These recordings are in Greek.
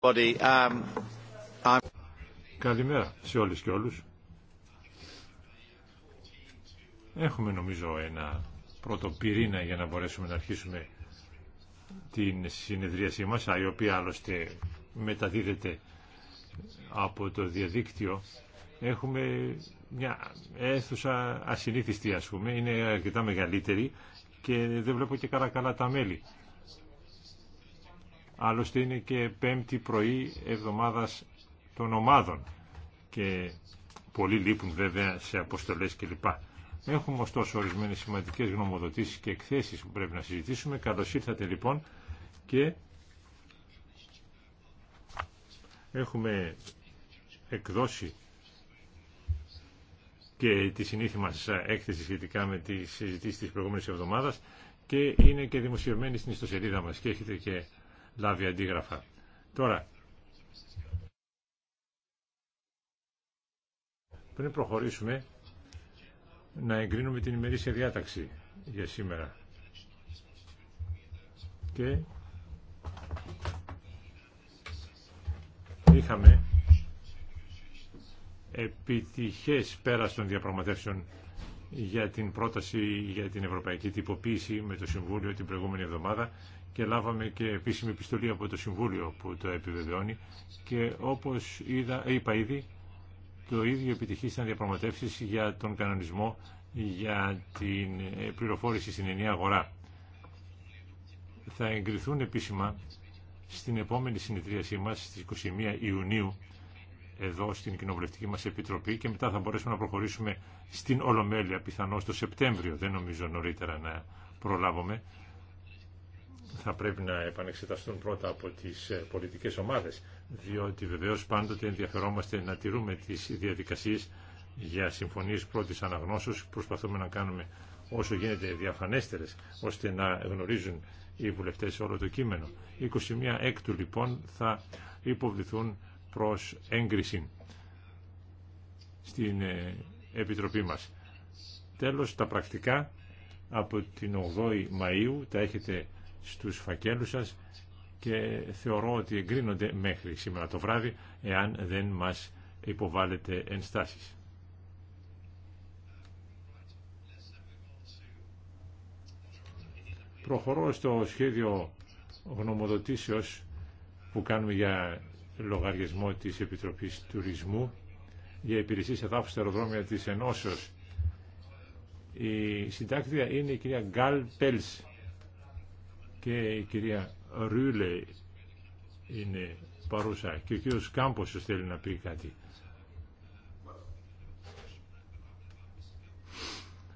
Um, Καλημέρα σε όλες και όλους. Έχουμε νομίζω ένα πρώτο πυρήνα για να μπορέσουμε να αρχίσουμε την συνεδρίασή μας, η οποία άλλωστε μεταδίδεται από το διαδίκτυο. Έχουμε μια αίθουσα ασυνήθιστη ας πούμε, είναι αρκετά μεγαλύτερη και δεν βλέπω και καλά καλά τα μέλη. Άλλωστε είναι και πέμπτη πρωί εβδομάδας των ομάδων και πολλοί λείπουν βέβαια σε αποστολές κλπ. Έχουμε ωστόσο ορισμένε σημαντικέ γνωμοδοτήσεις και εκθέσει που πρέπει να συζητήσουμε. Καλώ ήρθατε λοιπόν και έχουμε εκδώσει και τη συνήθι μα έκθεση σχετικά με τι συζητήσει της προηγούμενης εβδομάδα και είναι και δημοσιευμένη στην ιστοσελίδα μα και έχετε και λάβει αντίγραφα. Τώρα, πριν προχωρήσουμε, να εγκρίνουμε την ημερήσια διάταξη για σήμερα. Και είχαμε επιτυχές πέρα των διαπραγματεύσεων για την πρόταση για την ευρωπαϊκή τυποποίηση με το Συμβούλιο την προηγούμενη εβδομάδα και λάβαμε και επίσημη επιστολή από το Συμβούλιο που το επιβεβαιώνει και όπως είδα, είπα ήδη το ίδιο επιτυχή ήταν διαπραγματεύσεις για τον κανονισμό για την ε, πληροφόρηση στην ενιαία αγορά. Θα εγκριθούν επίσημα στην επόμενη συνεδρίασή μας στις 21 Ιουνίου εδώ στην Κοινοβουλευτική μας Επιτροπή και μετά θα μπορέσουμε να προχωρήσουμε στην Ολομέλεια, πιθανώς το Σεπτέμβριο, δεν νομίζω νωρίτερα να προλάβουμε θα πρέπει να επανεξεταστούν πρώτα από τις ε, πολιτικές ομάδες, διότι βεβαίως πάντοτε ενδιαφερόμαστε να τηρούμε τις διαδικασίες για συμφωνίες πρώτης αναγνώσεως, προσπαθούμε να κάνουμε όσο γίνεται διαφανέστερες, ώστε να γνωρίζουν οι βουλευτές όλο το κείμενο. 21 έκτου λοιπόν θα υποβληθούν προς έγκριση στην ε, Επιτροπή μας. Τέλος, τα πρακτικά από την 8η Μαΐου τα έχετε στους φακέλους σας και θεωρώ ότι εγκρίνονται μέχρι σήμερα το βράδυ εάν δεν μας υποβάλλετε ενστάσεις. Προχωρώ στο σχέδιο γνωμοδοτήσεως που κάνουμε για λογαριασμό της Επιτροπής Τουρισμού για υπηρεσίες εδάφους στα αεροδρόμια της Ενώσεως. Η συντάκτρια είναι η κυρία Γκάλ Πέλς και η κυρία Ρούλε είναι παρούσα και ο κύριος Κάμπος θέλει να πει κάτι.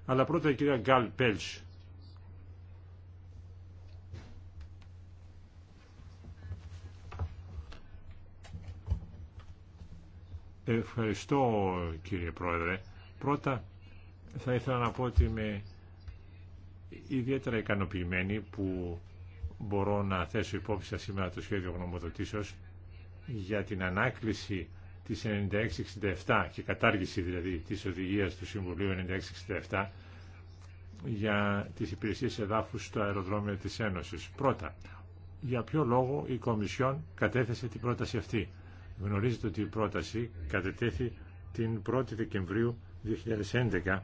Αλλά πρώτα η κυρία Γκάλ Πέλς. Ευχαριστώ κύριε Πρόεδρε. Πρώτα θα ήθελα να πω ότι είμαι ιδιαίτερα ικανοποιημένη που μπορώ να θέσω υπόψη σας σήμερα το σχέδιο γνωμοδοτήσεως για την ανάκληση της 9667 και κατάργηση δηλαδή της οδηγίας του Συμβουλίου 9667 για τις υπηρεσίες εδάφους στο αεροδρόμιο της Ένωσης. Πρώτα, για ποιο λόγο η Κομισιόν κατέθεσε την πρόταση αυτή. Γνωρίζετε ότι η πρόταση κατετέθη την 1η Δεκεμβρίου 2011,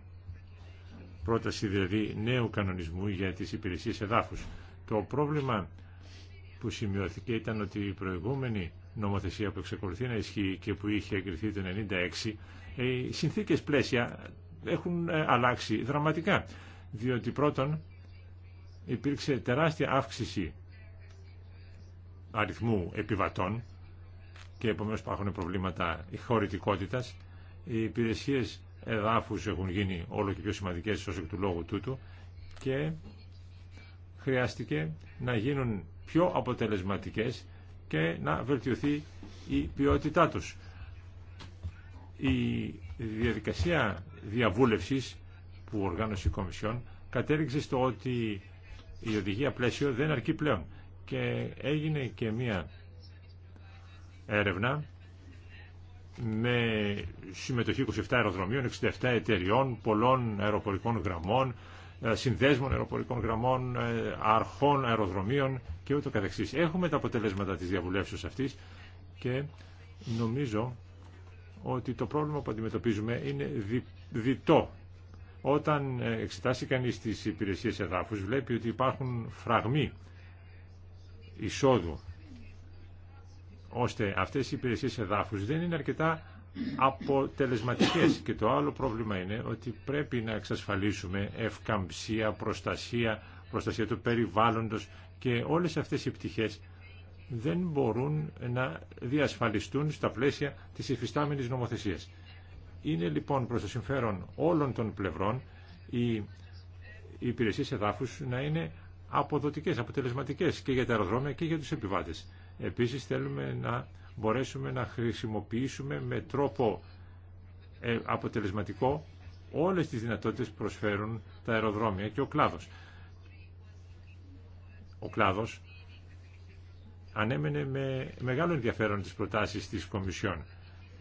πρόταση δηλαδή νέου κανονισμού για τις υπηρεσίες εδάφους. Το πρόβλημα που σημειώθηκε ήταν ότι η προηγούμενη νομοθεσία που εξακολουθεί να ισχύει και που είχε εγκριθεί το 1996, ε, οι συνθήκες πλαίσια έχουν ε, αλλάξει δραματικά. Διότι πρώτον υπήρξε τεράστια αύξηση αριθμού επιβατών και επομένως υπάρχουν προβλήματα χωρητικότητας. Οι υπηρεσίες εδάφους έχουν γίνει όλο και πιο σημαντικές ως εκ του λόγου τούτου και χρειάστηκε να γίνουν πιο αποτελεσματικές και να βελτιωθεί η ποιότητά τους. Η διαδικασία διαβούλευσης που οργάνωσε η Κομισιόν κατέληξε στο ότι η οδηγία πλαίσιο δεν αρκεί πλέον και έγινε και μία έρευνα με συμμετοχή 27 αεροδρομίων, 67 εταιριών, πολλών αεροπορικών γραμμών, ε, συνδέσμων αεροπορικών γραμμών, ε, αρχών αεροδρομίων και ούτω καθεξής. Έχουμε τα αποτελέσματα της διαβουλεύσεως αυτής και νομίζω ότι το πρόβλημα που αντιμετωπίζουμε είναι δι, διτό. Όταν ε, εξετάσει κανείς τις υπηρεσίες εδάφους βλέπει ότι υπάρχουν φραγμοί εισόδου ώστε αυτές οι υπηρεσίες εδάφους δεν είναι αρκετά αποτελεσματικές. Και το άλλο πρόβλημα είναι ότι πρέπει να εξασφαλίσουμε ευκαμψία, προστασία, προστασία του περιβάλλοντος και όλες αυτές οι πτυχές δεν μπορούν να διασφαλιστούν στα πλαίσια της υφιστάμενης νομοθεσίας. Είναι λοιπόν προς το συμφέρον όλων των πλευρών οι υπηρεσίες εδάφους να είναι Αποδοτικέ, αποτελεσματικέ και για τα αεροδρόμια και για τους επιβάτες. Επίσης θέλουμε να μπορέσουμε να χρησιμοποιήσουμε με τρόπο ε, αποτελεσματικό όλες τις δυνατότητες που προσφέρουν τα αεροδρόμια και ο κλάδος. Ο κλάδος ανέμενε με μεγάλο ενδιαφέρον τις προτάσεις της Κομισιόν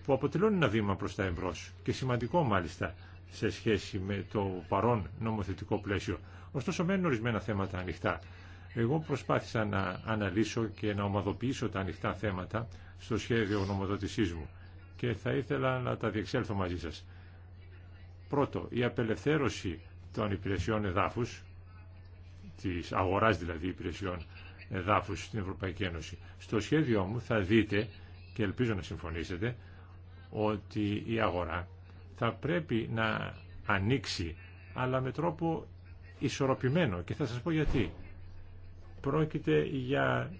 που αποτελούν ένα βήμα προς τα εμπρός και σημαντικό μάλιστα σε σχέση με το παρόν νομοθετικό πλαίσιο. Ωστόσο μένουν ορισμένα θέματα ανοιχτά. Εγώ προσπάθησα να αναλύσω και να ομαδοποιήσω τα ανοιχτά θέματα στο σχέδιο γνωμοδότησής μου και θα ήθελα να τα διεξέλθω μαζί σας. Πρώτο, η απελευθέρωση των υπηρεσιών εδάφου, της αγοράς δηλαδή υπηρεσιών εδάφου στην Ευρωπαϊκή Ένωση. Στο σχέδιό μου θα δείτε και ελπίζω να συμφωνήσετε ότι η αγορά θα πρέπει να ανοίξει, αλλά με τρόπο ισορροπημένο. Και θα σας πω γιατί. Πρόκειται για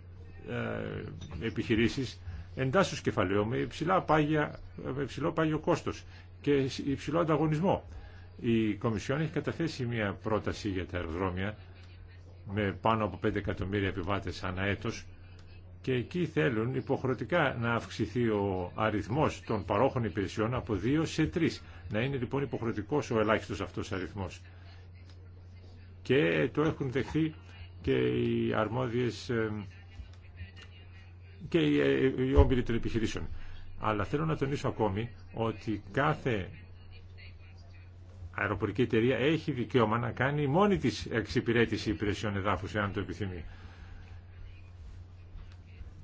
ε, επιχειρήσεις εντάσσεως κεφαλαίου με, υψηλά πάγια, με υψηλό πάγιο κόστος και υψηλό ανταγωνισμό. Η Κομισιόν έχει καταθέσει μια πρόταση για τα αεροδρόμια με πάνω από 5 εκατομμύρια επιβάτες ανά έτος και εκεί θέλουν υποχρεωτικά να αυξηθεί ο αριθμός των παρόχων υπηρεσιών από 2 σε 3. Να είναι λοιπόν υποχρεωτικός ο ελάχιστος αυτός αριθμός. Και το έχουν δεχθεί και οι αρμόδιες ε, και ε, οι όμπειροι των επιχειρήσεων. Αλλά θέλω να τονίσω ακόμη ότι κάθε αεροπορική εταιρεία έχει δικαίωμα να κάνει μόνη της εξυπηρέτηση υπηρεσιών εδάφους, εάν το επιθυμεί.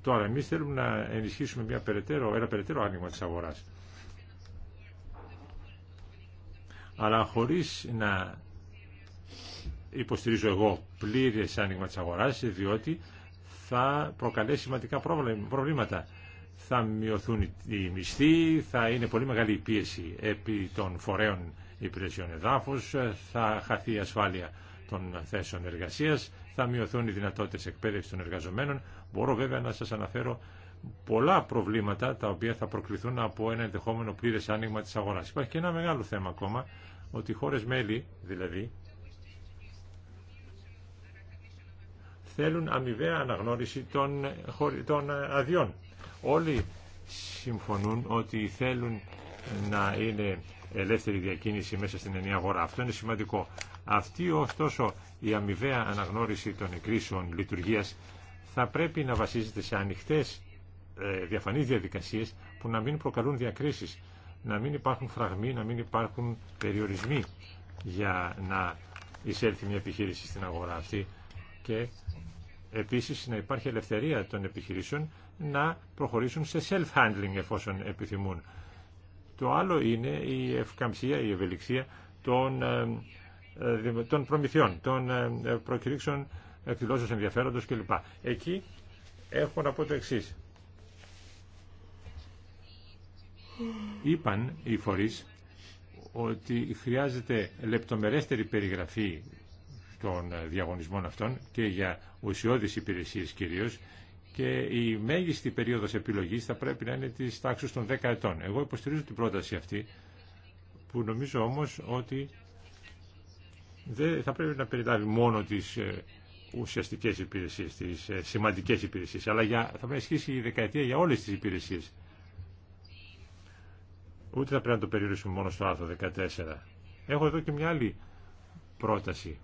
Τώρα, εμεί θέλουμε να ενισχύσουμε μια περαιτέρω, ένα περαιτέρω άνοιγμα τη αγορά. Αλλά χωρί να υποστηρίζω εγώ πλήρε άνοιγμα τη αγορά, διότι θα προκαλέσει σημαντικά προβλήματα. Θα μειωθούν οι μισθοί, θα είναι πολύ μεγάλη η πίεση επί των φορέων υπηρεσιών εδάφου, θα χαθεί η ασφάλεια των θέσεων εργασία, θα μειωθούν οι δυνατότητε εκπαίδευση των εργαζομένων, Μπορώ βέβαια να σας αναφέρω πολλά προβλήματα τα οποία θα προκληθούν από ένα ενδεχόμενο πλήρες άνοιγμα της αγοράς. Υπάρχει και ένα μεγάλο θέμα ακόμα, ότι οι χώρες μέλη δηλαδή θέλουν αμοιβαία αναγνώριση των, των αδειών. Όλοι συμφωνούν ότι θέλουν να είναι ελεύθερη διακίνηση μέσα στην ενιαία αγορά. Αυτό είναι σημαντικό. Αυτή ωστόσο η αμοιβαία αναγνώριση των εκκρίσεων λειτουργίας θα πρέπει να βασίζεται σε ανοιχτές ε, διαφανείς διαδικασίες που να μην προκαλούν διακρίσεις, να μην υπάρχουν φραγμοί, να μην υπάρχουν περιορισμοί για να εισέλθει μια επιχείρηση στην αγορά αυτή και επίσης να υπάρχει ελευθερία των επιχειρήσεων να προχωρήσουν σε self-handling εφόσον επιθυμούν. Το άλλο είναι η ευκαμψία, η ευελιξία των, ε, ε, των προμηθειών, των προκηρύξεων εκδηλώσεις ενδιαφέροντος κλπ. Εκεί έχω να πω το εξή. Είπαν οι φορείς ότι χρειάζεται λεπτομερέστερη περιγραφή των διαγωνισμών αυτών και για ουσιώδεις υπηρεσίες κυρίως και η μέγιστη περίοδος επιλογής θα πρέπει να είναι της τάξης των 10 ετών. Εγώ υποστηρίζω την πρόταση αυτή που νομίζω όμως ότι δεν θα πρέπει να περιλάβει μόνο τις ε, Ουσιαστικέ υπηρεσίες, τι ε, σημαντικές υπηρεσίες, αλλά για, θα πρέπει να ισχύσει η δεκαετία για όλες τις υπηρεσίες. Ούτε θα πρέπει να το περιορίσουμε μόνο στο άρθρο 14. Έχω εδώ και μια άλλη πρόταση.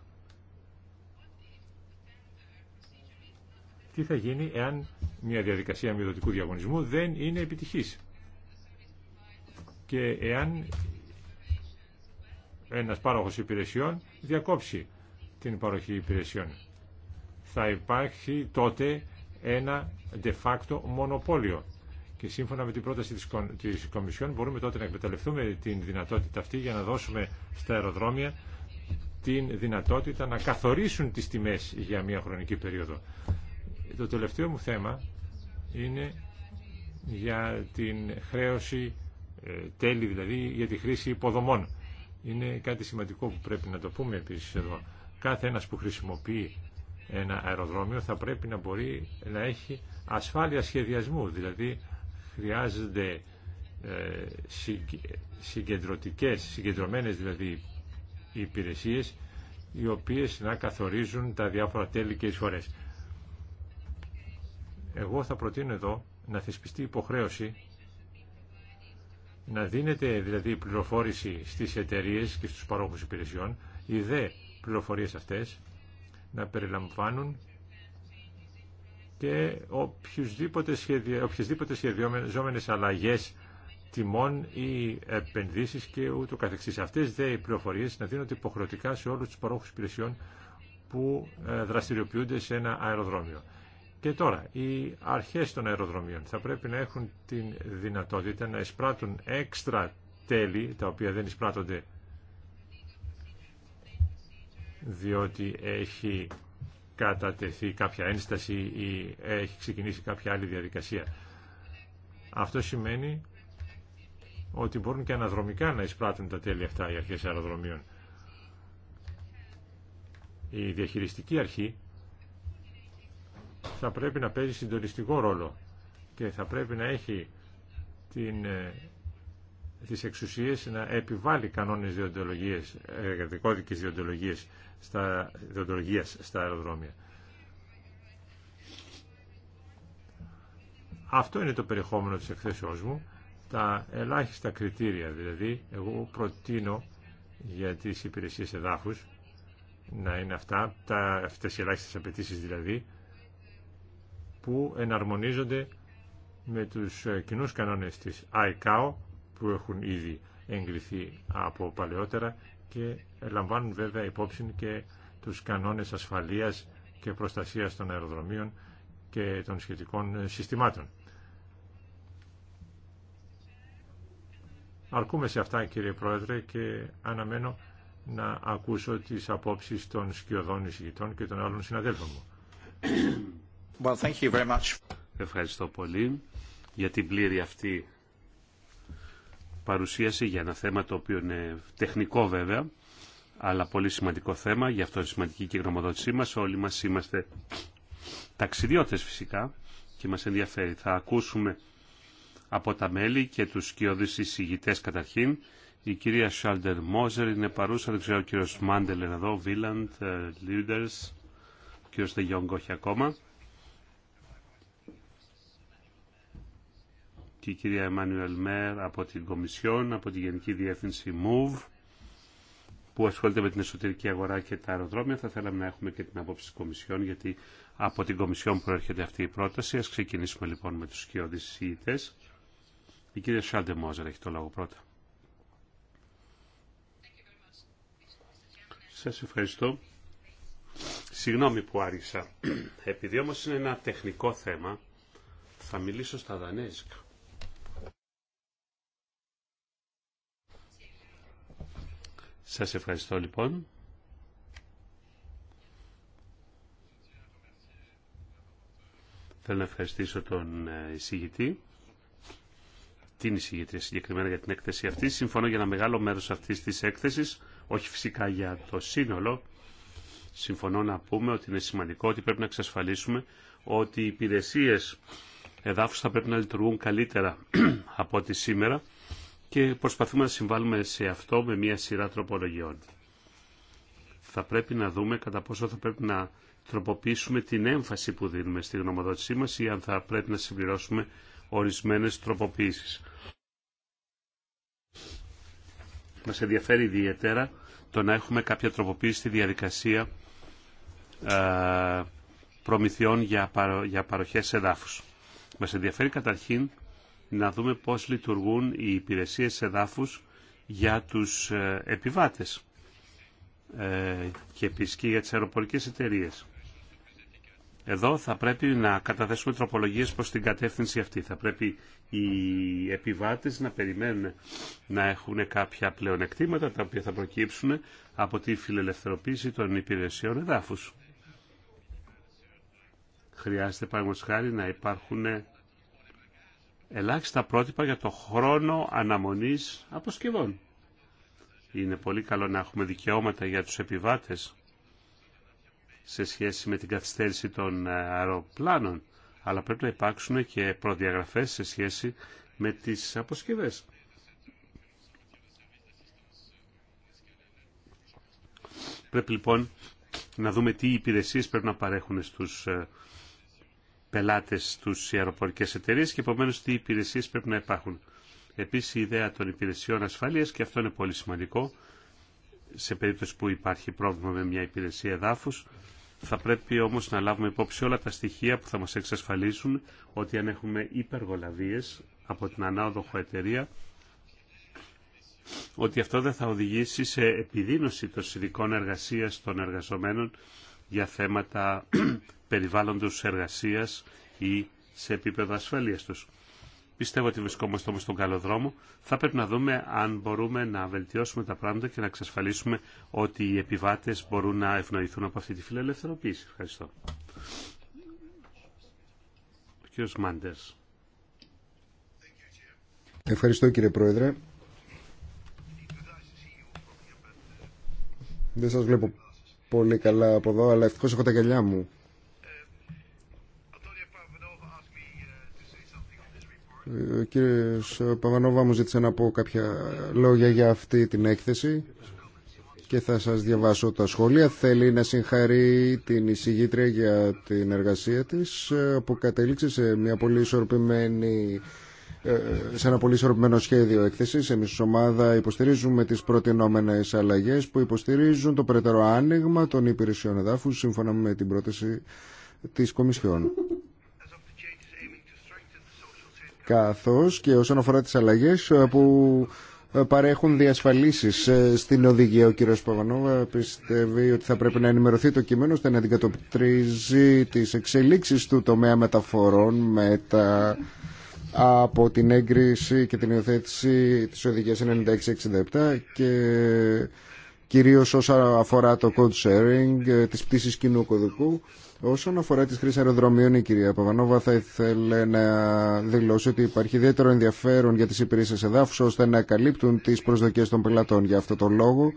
Τι θα γίνει εάν μια διαδικασία μειοδοτικού διαγωνισμού δεν είναι επιτυχής και εάν ένας πάροχος υπηρεσιών διακόψει την παροχή υπηρεσιών θα υπάρχει τότε ένα de facto μονοπόλιο. Και σύμφωνα με την πρόταση της Κομισιόν μπορούμε τότε να εκμεταλλευτούμε την δυνατότητα αυτή για να δώσουμε στα αεροδρόμια την δυνατότητα να καθορίσουν τις τιμές για μια χρονική περίοδο. Το τελευταίο μου θέμα είναι για την χρέωση ε, τέλη, δηλαδή για τη χρήση υποδομών. Είναι κάτι σημαντικό που πρέπει να το πούμε επίσης εδώ. Κάθε ένας που χρησιμοποιεί ένα αεροδρόμιο θα πρέπει να μπορεί να έχει ασφάλεια σχεδιασμού, δηλαδή χρειάζονται ε, συγκεντρωτικές, συγκεντρωμένες δηλαδή υπηρεσίες οι οποίες να καθορίζουν τα διάφορα τέλη και εισφορές. Εγώ θα προτείνω εδώ να θεσπιστεί υποχρέωση να δίνεται δηλαδή πληροφόρηση στις εταιρείες και στους παρόχους υπηρεσιών οι δε πληροφορίες αυτές να περιλαμβάνουν και σχεδιο, οποιασδήποτε σχεδιόμενες αλλαγές τιμών ή επενδύσεις και ούτω καθεξής. Αυτές δε οι πληροφορίες να δίνονται υποχρεωτικά σε όλους τους παρόχους υπηρεσιών που ε, δραστηριοποιούνται σε ένα αεροδρόμιο. Και τώρα, οι αρχές των αεροδρομίων θα πρέπει να έχουν την δυνατότητα να εισπράττουν έξτρα τέλη, τα οποία δεν εισπράττονται διότι έχει κατατεθεί κάποια ένσταση ή έχει ξεκινήσει κάποια άλλη διαδικασία. Αυτό σημαίνει ότι μπορούν και αναδρομικά να εισπράττουν τα τέλη αυτά οι αρχές αεροδρομίων. Η διαχειριστική αρχή θα πρέπει να παίζει συντονιστικό ρόλο και θα πρέπει να έχει την ε, τις εξουσίες να επιβάλλει κανόνες διοντολογίες, εργατικόδικες διοντολογίες στα, διοντολογίας στα αεροδρόμια. Αυτό είναι το περιεχόμενο της εκθέσεώς μου. Τα ελάχιστα κριτήρια, δηλαδή, εγώ προτείνω για τις υπηρεσίες εδάφους να είναι αυτά, τα, αυτές οι ελάχιστες απαιτήσει δηλαδή, που εναρμονίζονται με τους ε, κοινούς κανόνες της ICAO που έχουν ήδη εγκριθεί από παλαιότερα και λαμβάνουν βέβαια υπόψη και τους κανόνες ασφαλείας και προστασίας των αεροδρομίων και των σχετικών ε, συστημάτων. Αρκούμε σε αυτά κύριε Πρόεδρε και αναμένω να ακούσω τις απόψεις των σκιωδών εισηγητών και των άλλων συναδέλφων μου. Well, thank Ευχαριστώ πολύ για την πλήρη αυτή παρουσίαση για ένα θέμα το οποίο είναι τεχνικό βέβαια, αλλά πολύ σημαντικό θέμα, γι' αυτό είναι σημαντική και η γνωμοδότησή μας. Όλοι μας είμαστε ταξιδιώτες φυσικά και μας ενδιαφέρει. Θα ακούσουμε από τα μέλη και τους σκιώδεις εισηγητές καταρχήν. Η κυρία Σάλτερ Μόζερ είναι παρούσα, δεν ξέρω ο κύριος Μάντελ εδώ, Βίλαντ, Λίουντερς, ο κύριος όχι ακόμα. και η κυρία Εμμάνιουελ Μέρ από την Κομισιόν, από την Γενική Διεύθυνση MOVE που ασχολείται με την εσωτερική αγορά και τα αεροδρόμια. Θα θέλαμε να έχουμε και την απόψη της Κομισιόν γιατί από την Κομισιόν προέρχεται αυτή η πρόταση. Ας ξεκινήσουμε λοιπόν με τους σκιώδεις συζητητές. Η κυρία Σάντε Μόζερ έχει το λόγο πρώτα. Σας ευχαριστώ. Συγγνώμη που άργησα. Επειδή όμως είναι ένα τεχνικό θέμα, θα μιλήσω στα δανέζικα. Σας ευχαριστώ λοιπόν. Θέλω να ευχαριστήσω τον ε, εισηγητή, την εισηγητρία συγκεκριμένα για την έκθεση αυτή. Συμφωνώ για ένα μεγάλο μέρος αυτής της έκθεσης, όχι φυσικά για το σύνολο. Συμφωνώ να πούμε ότι είναι σημαντικό ότι πρέπει να εξασφαλίσουμε ότι οι υπηρεσίες εδάφους θα πρέπει να λειτουργούν καλύτερα από ό,τι σήμερα και προσπαθούμε να συμβάλλουμε σε αυτό με μια σειρά τροπολογιών. Θα πρέπει να δούμε κατά πόσο θα πρέπει να τροποποιήσουμε την έμφαση που δίνουμε στη γνωμοδότησή μας ή αν θα πρέπει να συμπληρώσουμε ορισμένες τροποποίησεις. Μας ενδιαφέρει ιδιαίτερα το να έχουμε κάποια τροποποίηση στη διαδικασία ε, προμηθειών για παροχές εδάφους. Μας ενδιαφέρει καταρχήν να δούμε πώς λειτουργούν οι υπηρεσίες εδάφους για τους ε, επιβάτες ε, και επίσης και για τις αεροπορικές εταιρείες. Εδώ θα πρέπει να καταθέσουμε τροπολογίες προς την κατεύθυνση αυτή. Θα πρέπει οι επιβάτες να περιμένουν να έχουν κάποια πλεονεκτήματα τα οποία θα προκύψουν από τη φιλελευθεροποίηση των υπηρεσιών εδάφους. Χρειάζεται, παραγωγικά, να υπάρχουν ελάχιστα πρότυπα για το χρόνο αναμονής αποσκευών. Είναι πολύ καλό να έχουμε δικαιώματα για τους επιβάτες σε σχέση με την καθυστέρηση των αεροπλάνων, αλλά πρέπει να υπάρξουν και προδιαγραφές σε σχέση με τις αποσκευές. Πρέπει λοιπόν να δούμε τι υπηρεσίες πρέπει να παρέχουν στους ε, Πελάτε του αεροπορικέ εταιρείε και επομένω τι υπηρεσίες πρέπει να υπάρχουν. Επίσης η ιδέα των υπηρεσιών ασφαλείας και αυτό είναι πολύ σημαντικό σε περίπτωση που υπάρχει πρόβλημα με μια υπηρεσία εδάφους θα πρέπει όμως να λάβουμε υπόψη όλα τα στοιχεία που θα μας εξασφαλίσουν ότι αν έχουμε υπεργολαβίε από την ανάδοχο εταιρεία ότι αυτό δεν θα οδηγήσει σε επιδείνωση των συνδικών εργασία των εργαζομένων για θέματα περιβάλλοντος εργασίας ή σε επίπεδο ασφαλείας τους. Πιστεύω ότι βρισκόμαστε όμως στον καλό δρόμο. Θα πρέπει να δούμε αν μπορούμε να βελτιώσουμε τα πράγματα και να εξασφαλίσουμε ότι οι επιβάτες μπορούν να ευνοηθούν από αυτή τη φιλελευθεροποίηση. Ευχαριστώ. Ο κύριος Ευχαριστώ κύριε Πρόεδρε. Δεν σας βλέπω πολύ καλά από εδώ, αλλά ευτυχώς έχω τα γυαλιά μου. Ε, ο κύριος Παπανόβα μου ζήτησε να πω κάποια λόγια για αυτή την έκθεση και θα σας διαβάσω τα σχόλια. Θέλει να συγχαρεί την εισηγήτρια για την εργασία της ε, που κατέληξε σε, μια πολύ ε, σε ένα πολύ ισορροπημένο σχέδιο έκθεσης. Εμείς ως ομάδα υποστηρίζουμε τις προτινόμενες αλλαγές που υποστηρίζουν το περαιτέρω άνοιγμα των υπηρεσιών εδάφους σύμφωνα με την πρόταση της Κομισιόν καθώς και όσον αφορά τις αλλαγές ε, που ε, παρέχουν διασφαλίσεις ε, στην οδηγία. Ο κύριος Παγανόβα πιστεύει ότι θα πρέπει να ενημερωθεί το κείμενο ώστε να αντικατοπτρίζει τις εξελίξεις του τομέα μεταφορών μετά από την έγκριση και την υιοθέτηση της οδηγίας 96-67 και κυρίως όσα αφορά το code sharing, τις πτήσεις κοινού κωδικού Όσον αφορά τις χρήσεις αεροδρομίων, η κυρία Παπανόβα θα ήθελε να δηλώσει ότι υπάρχει ιδιαίτερο ενδιαφέρον για τις υπηρεσίες εδάφους ώστε να καλύπτουν τις προσδοκίες των πελατών. Για αυτό τον λόγο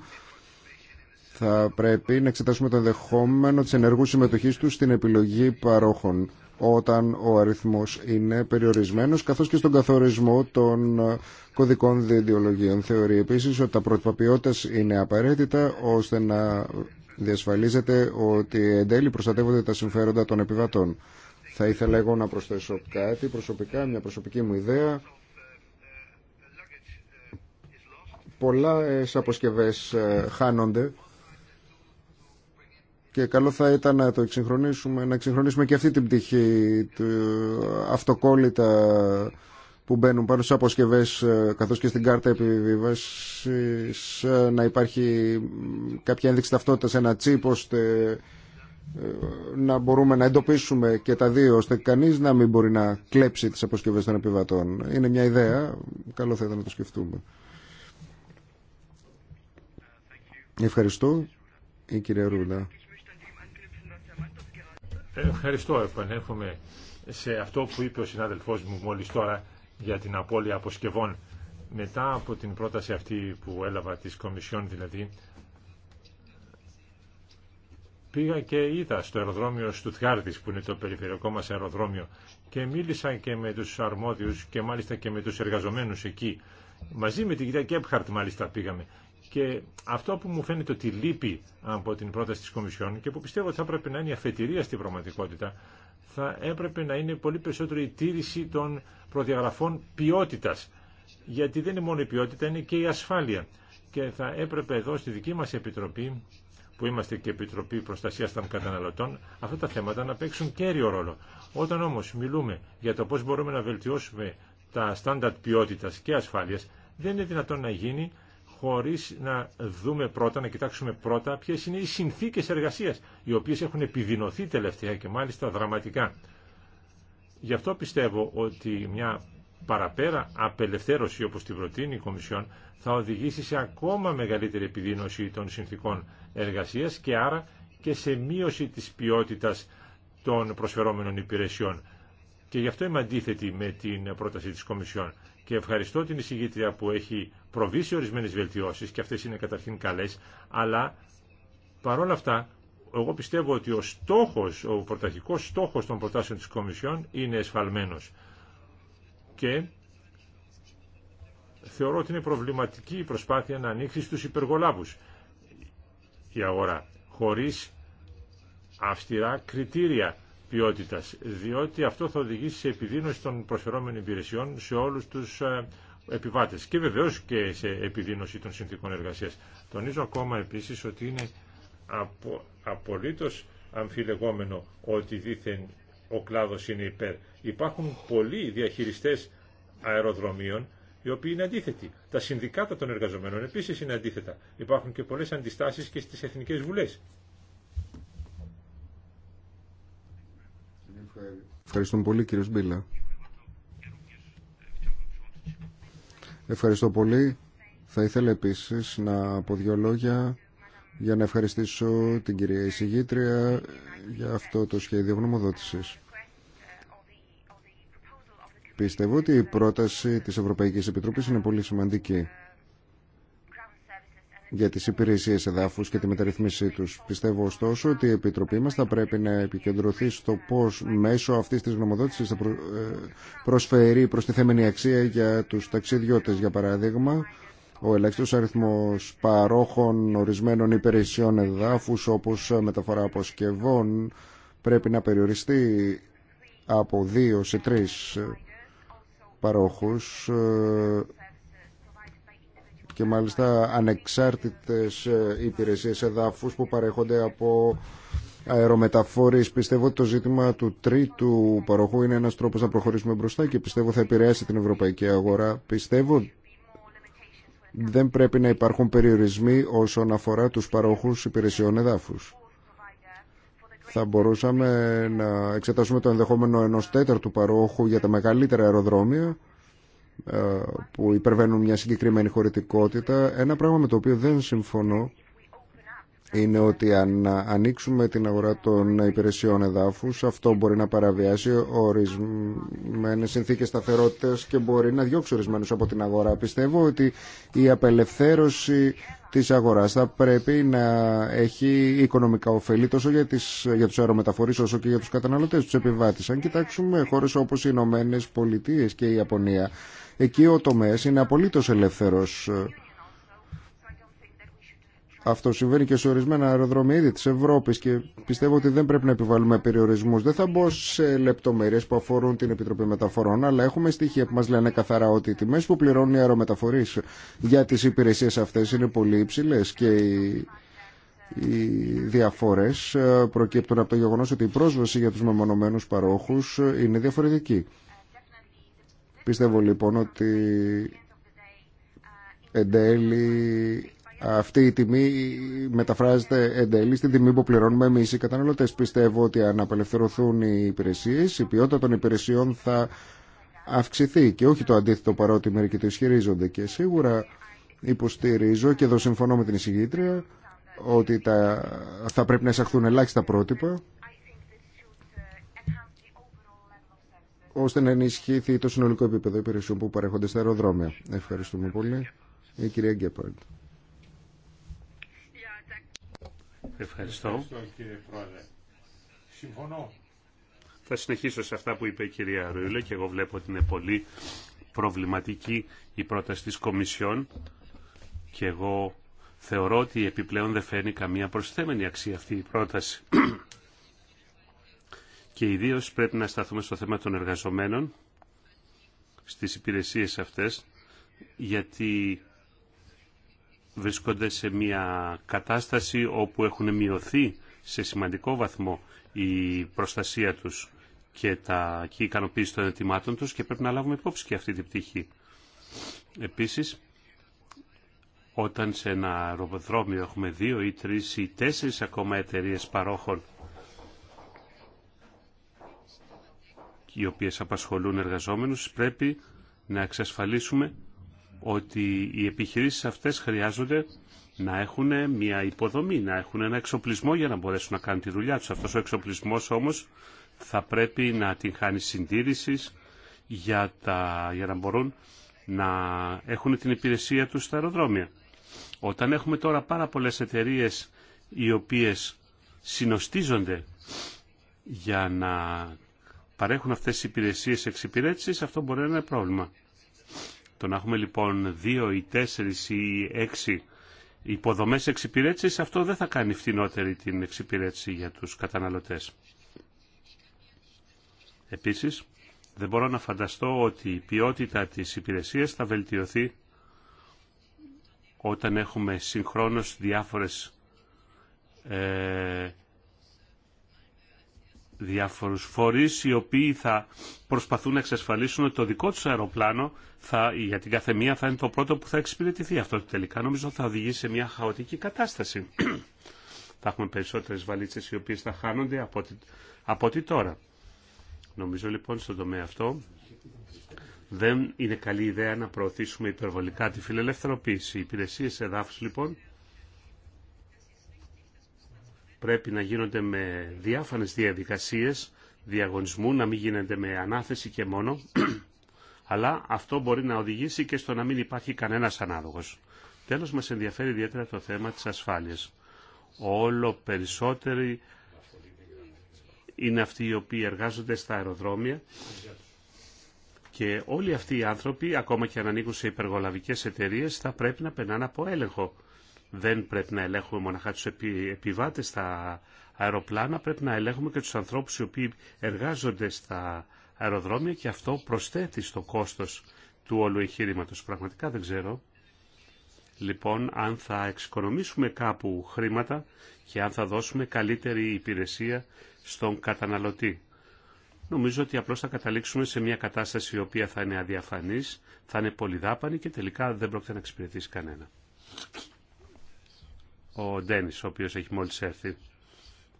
θα πρέπει να εξετάσουμε το δεχόμενο της ενεργού συμμετοχής τους στην επιλογή παρόχων όταν ο αριθμός είναι περιορισμένος καθώς και στον καθορισμό των κωδικών διεντιολογίων. Θεωρεί επίσης ότι τα πρότυπα είναι απαραίτητα ώστε να διασφαλίζεται ότι εν τέλει προστατεύονται τα συμφέροντα των επιβατών. Θα ήθελα εγώ να προσθέσω κάτι προσωπικά, μια προσωπική μου ιδέα. Πολλά ε, αποσκευές ε, χάνονται και καλό θα ήταν να το εξυγχρονίσουμε, να εξυγχρονίσουμε και αυτή την πτυχή αυτοκόλλητα που μπαίνουν πάνω στις αποσκευέ, ε, καθώς και στην κάρτα επιβίβασης ε, να υπάρχει κάποια ένδειξη ταυτότητας, ένα τσίπ ώστε ε, να μπορούμε να εντοπίσουμε και τα δύο ώστε κανείς να μην μπορεί να κλέψει τις αποσκευέ των επιβατών. Είναι μια ιδέα, καλό θα ήταν να το σκεφτούμε. Ευχαριστώ. Η κυρία Ρούλα. Ευχαριστώ. Επανέρχομαι σε αυτό που είπε ο συνάδελφός μου μόλις τώρα για την απώλεια αποσκευών μετά από την πρόταση αυτή που έλαβα της Κομισιόν δηλαδή πήγα και είδα στο αεροδρόμιο Στουτγάρδης που είναι το περιφερειακό μας αεροδρόμιο και μίλησα και με τους αρμόδιους και μάλιστα και με τους εργαζομένους εκεί μαζί με την κυρία Κέπχαρτ μάλιστα πήγαμε και αυτό που μου φαίνεται ότι λείπει από την πρόταση της Κομισιόν και που πιστεύω ότι θα πρέπει να είναι η αφετηρία στην πραγματικότητα θα έπρεπε να είναι πολύ περισσότερο η τήρηση των προδιαγραφών ποιότητας. Γιατί δεν είναι μόνο η ποιότητα, είναι και η ασφάλεια. Και θα έπρεπε εδώ στη δική μας Επιτροπή, που είμαστε και Επιτροπή Προστασίας των Καταναλωτών, αυτά τα θέματα να παίξουν κέριο ρόλο. Όταν όμως μιλούμε για το πώς μπορούμε να βελτιώσουμε τα στάνταρτ ποιότητας και ασφάλειας, δεν είναι δυνατόν να γίνει χωρίς να δούμε πρώτα, να κοιτάξουμε πρώτα ποιες είναι οι συνθήκες εργασίας, οι οποίες έχουν επιδεινωθεί τελευταία και μάλιστα δραματικά. Γι' αυτό πιστεύω ότι μια παραπέρα απελευθέρωση όπως την προτείνει η Κομισιόν θα οδηγήσει σε ακόμα μεγαλύτερη επιδείνωση των συνθήκων εργασίας και άρα και σε μείωση της ποιότητας των προσφερόμενων υπηρεσιών. Και γι' αυτό είμαι αντίθετη με την πρόταση της Κομισιόν και ευχαριστώ την εισηγήτρια που έχει προβήσει ορισμένε βελτιώσει και αυτέ είναι καταρχήν καλέ, αλλά παρόλα αυτά εγώ πιστεύω ότι ο στόχος, ο πρωταρχικός στόχος των προτάσεων της Κομισιόν είναι εσφαλμένος. Και θεωρώ ότι είναι προβληματική η προσπάθεια να ανοίξει στους υπεργολάβους η αγορά, χωρίς αυστηρά κριτήρια διότι αυτό θα οδηγήσει σε επιδείνωση των προσφερόμενων υπηρεσιών σε όλου του ε, επιβάτε. και βεβαίω και σε επιδείνωση των συνθήκων εργασία. Τονίζω ακόμα επίση ότι είναι απο, απολύτως αμφιλεγόμενο ότι δήθεν ο κλάδο είναι υπέρ. Υπάρχουν πολλοί διαχειριστέ αεροδρομίων οι οποίοι είναι αντίθετοι. Τα συνδικάτα των εργαζομένων επίση είναι αντίθετα. Υπάρχουν και πολλέ αντιστάσει και στι εθνικέ βουλέ. Ευχαριστούμε πολύ κύριε Μπίλα. Ευχαριστώ πολύ. Θα ήθελα επίσης να πω δύο λόγια για να ευχαριστήσω την κυρία εισηγήτρια για αυτό το σχέδιο γνωμοδότησης. Πιστεύω ότι η πρόταση της Ευρωπαϊκής Επιτροπής είναι πολύ σημαντική για τις υπηρεσίες εδάφους και τη μεταρρυθμίσή τους. Πιστεύω ωστόσο ότι η Επιτροπή μας θα πρέπει να επικεντρωθεί στο πώς μέσω αυτής της γνωμοδότησης θα ε, προσφέρει προστιθέμενη αξία για τους ταξιδιώτες για παράδειγμα ο ελάχιστος αριθμός παρόχων ορισμένων υπηρεσιών εδάφους όπως μεταφορά αποσκευών πρέπει να περιοριστεί από δύο σε τρεις παρόχους ε, και μάλιστα ανεξάρτητες ε, υπηρεσίες εδάφους που παρέχονται από αερομεταφόρες. Πιστεύω ότι το ζήτημα του τρίτου παροχού είναι ένας τρόπος να προχωρήσουμε μπροστά και πιστεύω θα επηρεάσει την ευρωπαϊκή αγορά. Πιστεύω δεν πρέπει να υπάρχουν περιορισμοί όσον αφορά τους παρόχους υπηρεσιών εδάφους. Θα μπορούσαμε να εξετάσουμε το ενδεχόμενο ενός τέταρτου παρόχου για τα μεγαλύτερα αεροδρόμια ε, που υπερβαίνουν μια συγκεκριμένη χωρητικότητα. Ένα πράγμα με το οποίο δεν συμφωνώ είναι ότι αν ανοίξουμε την αγορά των υπηρεσιών εδάφους αυτό μπορεί να παραβιάσει ορισμένες συνθήκες σταθερότητας και μπορεί να διώξει ορισμένους από την αγορά. Πιστεύω ότι η απελευθέρωση της αγοράς θα πρέπει να έχει οικονομικά ωφέλη τόσο για, τις, για τους αερομεταφορείς όσο και για τους καταναλωτές, τους επιβάτες. Αν κοιτάξουμε χώρες όπως οι Ηνωμένε Πολιτείε και η Ιαπωνία Εκεί ο τομέας είναι απολύτως ελεύθερος. Αυτό συμβαίνει και σε ορισμένα αεροδρόμια ήδη της Ευρώπης και πιστεύω ότι δεν πρέπει να επιβάλλουμε περιορισμούς. Δεν θα μπω σε λεπτομέρειες που αφορούν την Επιτροπή Μεταφορών, αλλά έχουμε στοιχεία που μας λένε καθαρά ότι οι τιμές που πληρώνουν οι αερομεταφορείς για τις υπηρεσίες αυτές είναι πολύ υψηλέ και οι, οι διαφορές ε, προκύπτουν από το γεγονός ότι η πρόσβαση για τους μεμονωμένους παρόχους ε, είναι διαφορετική. Πιστεύω λοιπόν ότι εν αυτή η τιμή μεταφράζεται εν τέλει στην τιμή που πληρώνουμε εμείς οι καταναλωτές. Πιστεύω ότι αν απελευθερωθούν οι υπηρεσίες, η ποιότητα των υπηρεσιών θα αυξηθεί και όχι το αντίθετο παρότι μερικοί το ισχυρίζονται και σίγουρα υποστηρίζω και εδώ συμφωνώ με την εισηγήτρια ότι θα πρέπει να εισαχθούν ελάχιστα πρότυπα ώστε να ενισχύθει το συνολικό επίπεδο υπηρεσιών που παρέχονται στα αεροδρόμια. Ευχαριστούμε πολύ. Η κυρία Γκέπαρντ. Ευχαριστώ. Συμφωνώ. Θα συνεχίσω σε αυτά που είπε η κυρία Ρούλε και εγώ βλέπω ότι είναι πολύ προβληματική η πρόταση της Κομισιόν και εγώ θεωρώ ότι επιπλέον δεν φέρνει καμία προσθέμενη αξία αυτή η πρόταση και ιδίως πρέπει να σταθούμε στο θέμα των εργαζομένων στις υπηρεσίες αυτές γιατί βρίσκονται σε μια κατάσταση όπου έχουν μειωθεί σε σημαντικό βαθμό η προστασία τους και, τα, και η ικανοποίηση των ετοιμάτων τους και πρέπει να λάβουμε υπόψη και αυτή την πτυχή. Επίσης, όταν σε ένα ρομποδρόμιο έχουμε δύο ή τρεις ή τέσσερις ακόμα εταιρείε παρόχων οι οποίες απασχολούν εργαζόμενους, πρέπει να εξασφαλίσουμε ότι οι επιχειρήσεις αυτές χρειάζονται να έχουν μια υποδομή, να έχουν ένα εξοπλισμό για να μπορέσουν να κάνουν τη δουλειά τους. Αυτός ο εξοπλισμός όμως θα πρέπει να την χάνει συντήρησης για, τα, για να μπορούν να έχουν την υπηρεσία τους στα αεροδρόμια. Όταν έχουμε τώρα πάρα πολλές εταιρείε οι οποίες συνοστίζονται για να παρέχουν αυτές οι υπηρεσίες εξυπηρέτησης, αυτό μπορεί να είναι πρόβλημα. Το να έχουμε λοιπόν δύο ή τέσσερις ή έξι υποδομές εξυπηρέτησης, αυτό δεν θα κάνει φτηνότερη την εξυπηρέτηση για τους καταναλωτές. Επίσης, δεν μπορώ να φανταστώ ότι η ποιότητα της υπηρεσίας θα βελτιωθεί όταν έχουμε συγχρόνως διάφορες ε, διάφορους φορείς οι οποίοι θα προσπαθούν να εξασφαλίσουν ότι το δικό τους αεροπλάνο θα, για την καθεμία θα είναι το πρώτο που θα εξυπηρετηθεί. Αυτό τελικά νομίζω θα οδηγήσει σε μια χαοτική κατάσταση. θα έχουμε περισσότερες βαλίτσες οι οποίες θα χάνονται από ό,τι από τη τώρα. Νομίζω λοιπόν στον τομέα αυτό δεν είναι καλή ιδέα να προωθήσουμε υπερβολικά τη φιλελευθερωποίηση. Οι υπηρεσίες εδάφους λοιπόν πρέπει να γίνονται με διάφανες διαδικασίες διαγωνισμού, να μην γίνεται με ανάθεση και μόνο, αλλά αυτό μπορεί να οδηγήσει και στο να μην υπάρχει κανένας ανάλογος. Τέλος, μας ενδιαφέρει ιδιαίτερα το θέμα της ασφάλειας. Όλο περισσότεροι είναι αυτοί οι οποίοι εργάζονται στα αεροδρόμια και όλοι αυτοί οι άνθρωποι, ακόμα και αν ανήκουν σε υπεργολαβικές εταιρείες, θα πρέπει να περνάνε από έλεγχο δεν πρέπει να ελέγχουμε μοναχά τους επι, επιβάτες στα αεροπλάνα, πρέπει να ελέγχουμε και τους ανθρώπους οι οποίοι εργάζονται στα αεροδρόμια και αυτό προσθέτει στο κόστος του όλου εγχείρηματος. Πραγματικά δεν ξέρω. Λοιπόν, αν θα εξοικονομήσουμε κάπου χρήματα και αν θα δώσουμε καλύτερη υπηρεσία στον καταναλωτή. Νομίζω ότι απλώς θα καταλήξουμε σε μια κατάσταση η οποία θα είναι αδιαφανής, θα είναι πολυδάπανη και τελικά δεν πρόκειται να εξυπηρετήσει κανένα ο Ντένις, ο οποίος έχει μόλις έρθει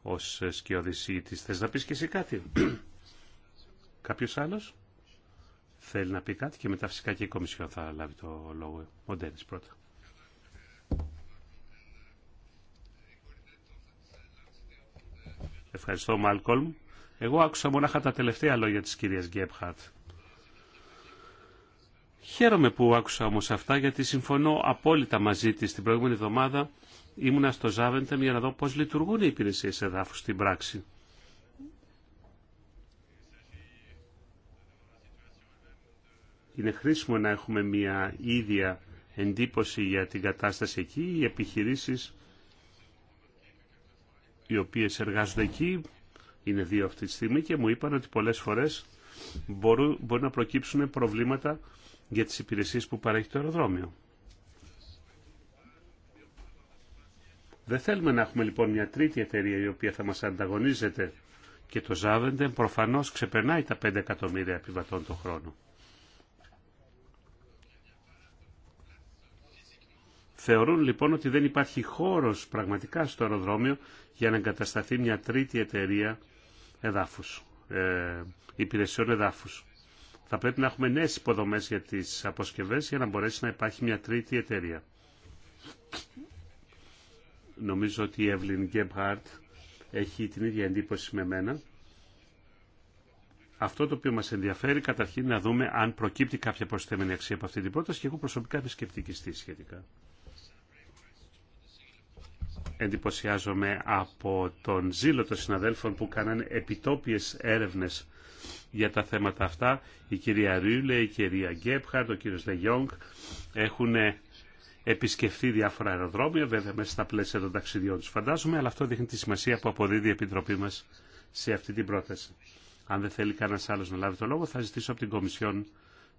ως σκιοδησίτης. Θες να πεις και εσύ κάτι. Κάποιος άλλος θέλει να πει κάτι και μετά φυσικά και η Κομισιόν θα λάβει το λόγο. Ο Ντένις πρώτα. Ευχαριστώ Μάλκολμ. Εγώ άκουσα μονάχα τα τελευταία λόγια της κυρίας Γκέπχαρτ. Χαίρομαι που άκουσα όμως αυτά γιατί συμφωνώ απόλυτα μαζί της την προηγούμενη εβδομάδα ήμουνα στο Ζάβεντεμ για να δω πώς λειτουργούν οι υπηρεσίες εδάφους στην πράξη. Είναι χρήσιμο να έχουμε μια ίδια εντύπωση για την κατάσταση εκεί. Οι επιχειρήσεις οι οποίες εργάζονται εκεί, είναι δύο αυτή τη στιγμή και μου είπαν ότι πολλές φορές μπορούν, μπορεί να προκύψουν προβλήματα για τις υπηρεσίες που παρέχει το αεροδρόμιο. Δεν θέλουμε να έχουμε λοιπόν μια τρίτη εταιρεία η οποία θα μας ανταγωνίζεται και το Ζάβεντεν προφανώς ξεπερνάει τα 5 εκατομμύρια επιβατών το χρόνο. Θεωρούν λοιπόν ότι δεν υπάρχει χώρος πραγματικά στο αεροδρόμιο για να εγκατασταθεί μια τρίτη εταιρεία εδάφους, ε, υπηρεσιών εδάφους. Θα πρέπει να έχουμε νέες υποδομές για τις αποσκευές για να μπορέσει να υπάρχει μια τρίτη εταιρεία. Νομίζω ότι η Εύλιν Γκέμπχαρτ έχει την ίδια εντύπωση με μένα. Αυτό το οποίο μας ενδιαφέρει καταρχήν να δούμε αν προκύπτει κάποια προσθέμενη αξία από αυτή την πρόταση και εγώ προσωπικά είμαι σκεπτικιστή σχετικά. Εντυπωσιάζομαι από τον ζήλο των συναδέλφων που κάνανε επιτόπιες έρευνες για τα θέματα αυτά. Η κυρία Ρούλε, η κυρία Γκέμπχαρτ, ο κύριος Δε Γιόγκ έχουν επισκεφθεί διάφορα αεροδρόμια, βέβαια μέσα στα πλαίσια των ταξιδιών του φαντάζομαι, αλλά αυτό δείχνει τη σημασία που αποδίδει η Επιτροπή μα σε αυτή την πρόταση. Αν δεν θέλει κανένα άλλο να λάβει το λόγο, θα ζητήσω από την Κομισιόν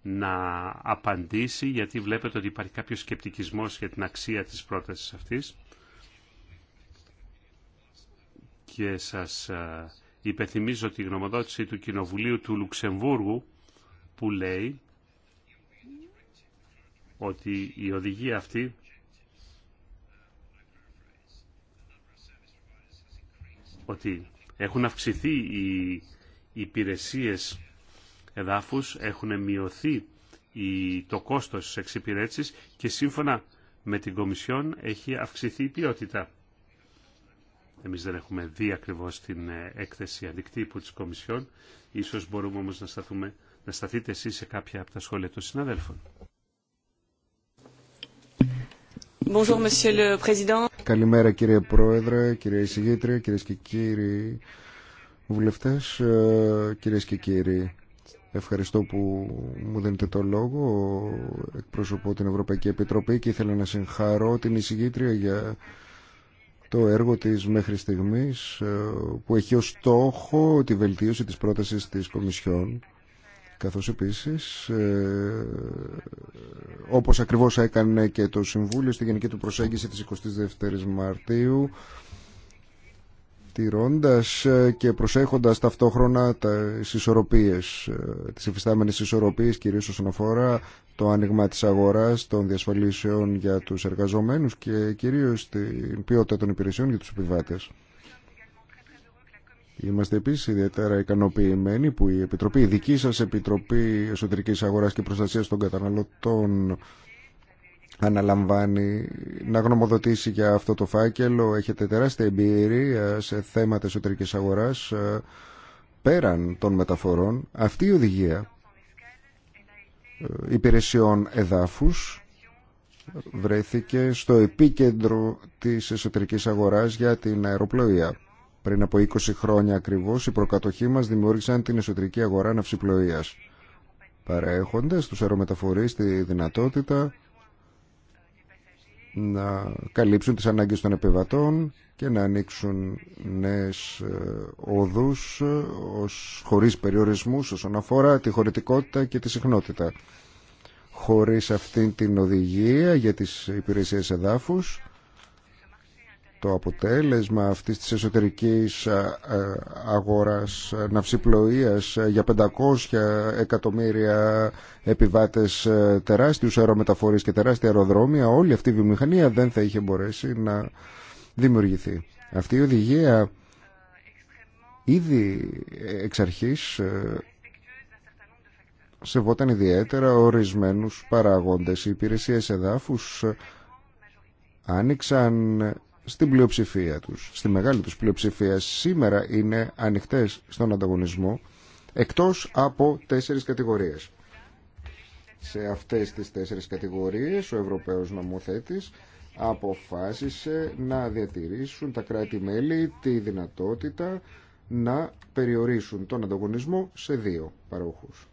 να απαντήσει, γιατί βλέπετε ότι υπάρχει κάποιο σκεπτικισμό για την αξία τη πρόταση αυτή. Και σα ε, υπενθυμίζω τη γνωμοδότηση του Κοινοβουλίου του Λουξεμβούργου που λέει ότι η οδηγία αυτή ότι έχουν αυξηθεί οι υπηρεσίες εδάφους, έχουν μειωθεί το κόστος της εξυπηρέτησης και σύμφωνα με την Κομισιόν έχει αυξηθεί η ποιότητα. Εμείς δεν έχουμε δει ακριβώς την ε, έκθεση αντικτύπου της Κομισιόν. Ίσως μπορούμε όμως να, σταθούμε, να σταθείτε εσείς σε κάποια από τα σχόλια των συναδέλφων. Καλημέρα κύριε Πρόεδρε, κύριε Εισηγήτρια, κυρίε και κύριοι βουλευτές, ε, κυρίε και κύριοι. Ευχαριστώ που μου δίνετε το λόγο. Εκπροσωπώ την Ευρωπαϊκή Επιτροπή και ήθελα να συγχαρώ την εισηγήτρια για το έργο της μέχρι στιγμής ε, που έχει ως στόχο τη βελτίωση της πρότασης της Κομισιόν καθώς επίσης ε, όπως ακριβώς έκανε και το Συμβούλιο στη γενική του προσέγγιση της 22ης Μαρτίου τηρώντας ε, και προσέχοντας ταυτόχρονα τις ισορροπίες, ε, τις υφιστάμενες ισορροπίες κυρίως όσον αφορά το άνοιγμα της αγοράς, των διασφαλίσεων για τους εργαζομένους και κυρίως την ποιότητα των υπηρεσιών για τους επιβάτες. Είμαστε επίση ιδιαίτερα ικανοποιημένοι που η Επιτροπή, η δική σα Επιτροπή για αυτό το φάκελο. Έχετε τεράστια εμπειρία σε θέματα εσωτερική αγορα και προστασια των Καταναλωτών αναλαμβάνει να γνωμοδοτήσει για αυτό το φάκελο. Έχετε τεράστια εμπειρία σε θέματα εσωτερικη αγοράς ε, πέραν των μεταφορών. Αυτή η οδηγία ε, υπηρεσιών εδάφους ε, βρέθηκε στο επίκεντρο της εσωτερικής αγοράς για την αεροπλοεία. Πριν από 20 χρόνια ακριβώς, οι προκατοχοί μα δημιούργησαν την εσωτερική αγορά ναυσιπλοεία, παρέχοντα στου αερομεταφορείς τη δυνατότητα να καλύψουν τις ανάγκες των επιβατών και να ανοίξουν νέες ε, οδούς ε, ως, χωρίς περιορισμούς όσον αφορά τη χωρητικότητα και τη συχνότητα. Χωρίς αυτήν την οδηγία για τις υπηρεσίες εδάφους το αποτέλεσμα αυτής της εσωτερικής ε, αγοράς ναυσιπλοείας για 500 εκατομμύρια επιβάτες ε, τεράστιους αερομεταφορείς και τεράστια αεροδρόμια όλη αυτή η βιομηχανία δεν θα είχε μπορέσει να δημιουργηθεί. Αυτή η οδηγία ήδη εξ αρχής ε, σεβόταν ιδιαίτερα ορισμένους παράγοντες. Οι υπηρεσίες εδάφους άνοιξαν στην πλειοψηφία τους, στη μεγάλη τους πλειοψηφία σήμερα είναι ανοιχτές στον ανταγωνισμό εκτός από τέσσερις κατηγορίες. Σε αυτές τις τέσσερις κατηγορίες ο Ευρωπαίος νομοθέτης αποφάσισε να διατηρήσουν τα κράτη-μέλη τη δυνατότητα να περιορίσουν τον ανταγωνισμό σε δύο παρόχους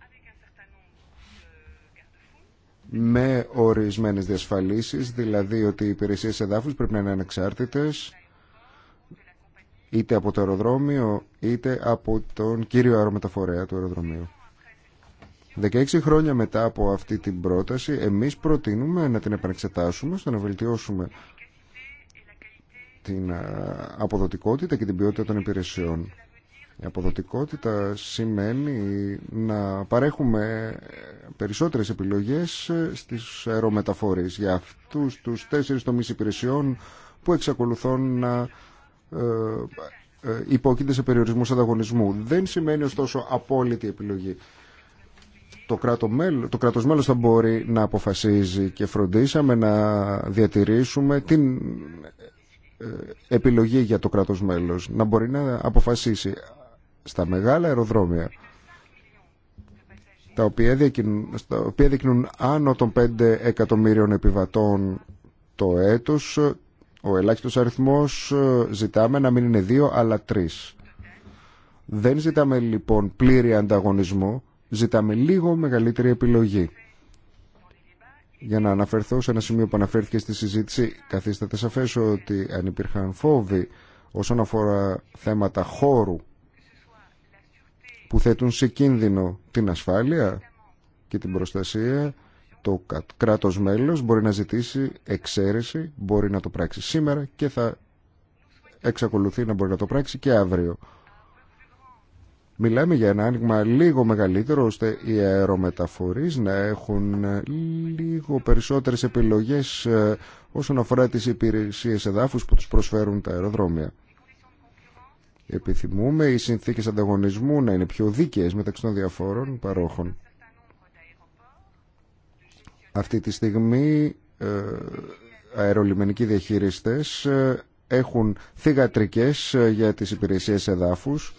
με ορισμένες διασφαλίσεις, δηλαδή ότι οι υπηρεσίες εδάφους πρέπει να είναι ανεξάρτητες είτε από το αεροδρόμιο είτε από τον κύριο αερομεταφορέα του αεροδρομίου. 16 χρόνια μετά από αυτή την πρόταση, εμείς προτείνουμε να την επανεξετάσουμε, στο να βελτιώσουμε την ε, αποδοτικότητα και την ποιότητα των υπηρεσιών. Η αποδοτικότητα σημαίνει να παρέχουμε περισσότερες επιλογές ε, στις αερομεταφορείς για αυτούς τους τέσσερις τομείς υπηρεσιών που εξακολουθούν να ε, ε, υπόκεινται σε περιορισμούς ανταγωνισμού. Δεν σημαίνει ωστόσο απόλυτη επιλογή. Το, κράτο μέλ, το κράτος μέλος θα μπορεί να αποφασίζει και φροντίσαμε να διατηρήσουμε την επιλογή για το κράτος μέλος να μπορεί να αποφασίσει στα μεγάλα αεροδρόμια τα οποία δείχνουν, άνω των 5 εκατομμύριων επιβατών το έτος ο ελάχιστος αριθμός ε, ζητάμε να μην είναι 2 αλλά 3 δεν ζητάμε λοιπόν πλήρη ανταγωνισμό ζητάμε λίγο μεγαλύτερη επιλογή για να αναφερθώ σε ένα σημείο που αναφέρθηκε στη συζήτηση καθίσταται σαφές ότι αν υπήρχαν φόβοι όσον αφορά θέματα χώρου που θέτουν σε κίνδυνο την ασφάλεια και την προστασία, το κράτος μέλος μπορεί να ζητήσει εξαίρεση, μπορεί να το πράξει σήμερα και θα εξακολουθεί να μπορεί να το πράξει και αύριο. Μιλάμε για ένα άνοιγμα λίγο μεγαλύτερο ώστε οι αερομεταφορείς να έχουν λίγο περισσότερες επιλογές ε, όσον αφορά τις υπηρεσίες εδάφους που τους προσφέρουν τα αεροδρόμια. Επιθυμούμε οι συνθήκες ανταγωνισμού να είναι πιο δίκαιες μεταξύ των διαφόρων παρόχων. Αυτή τη στιγμή ε, αερολιμενικοί διαχείριστες ε, έχουν θηγατρικές ε, για τις υπηρεσίες εδάφους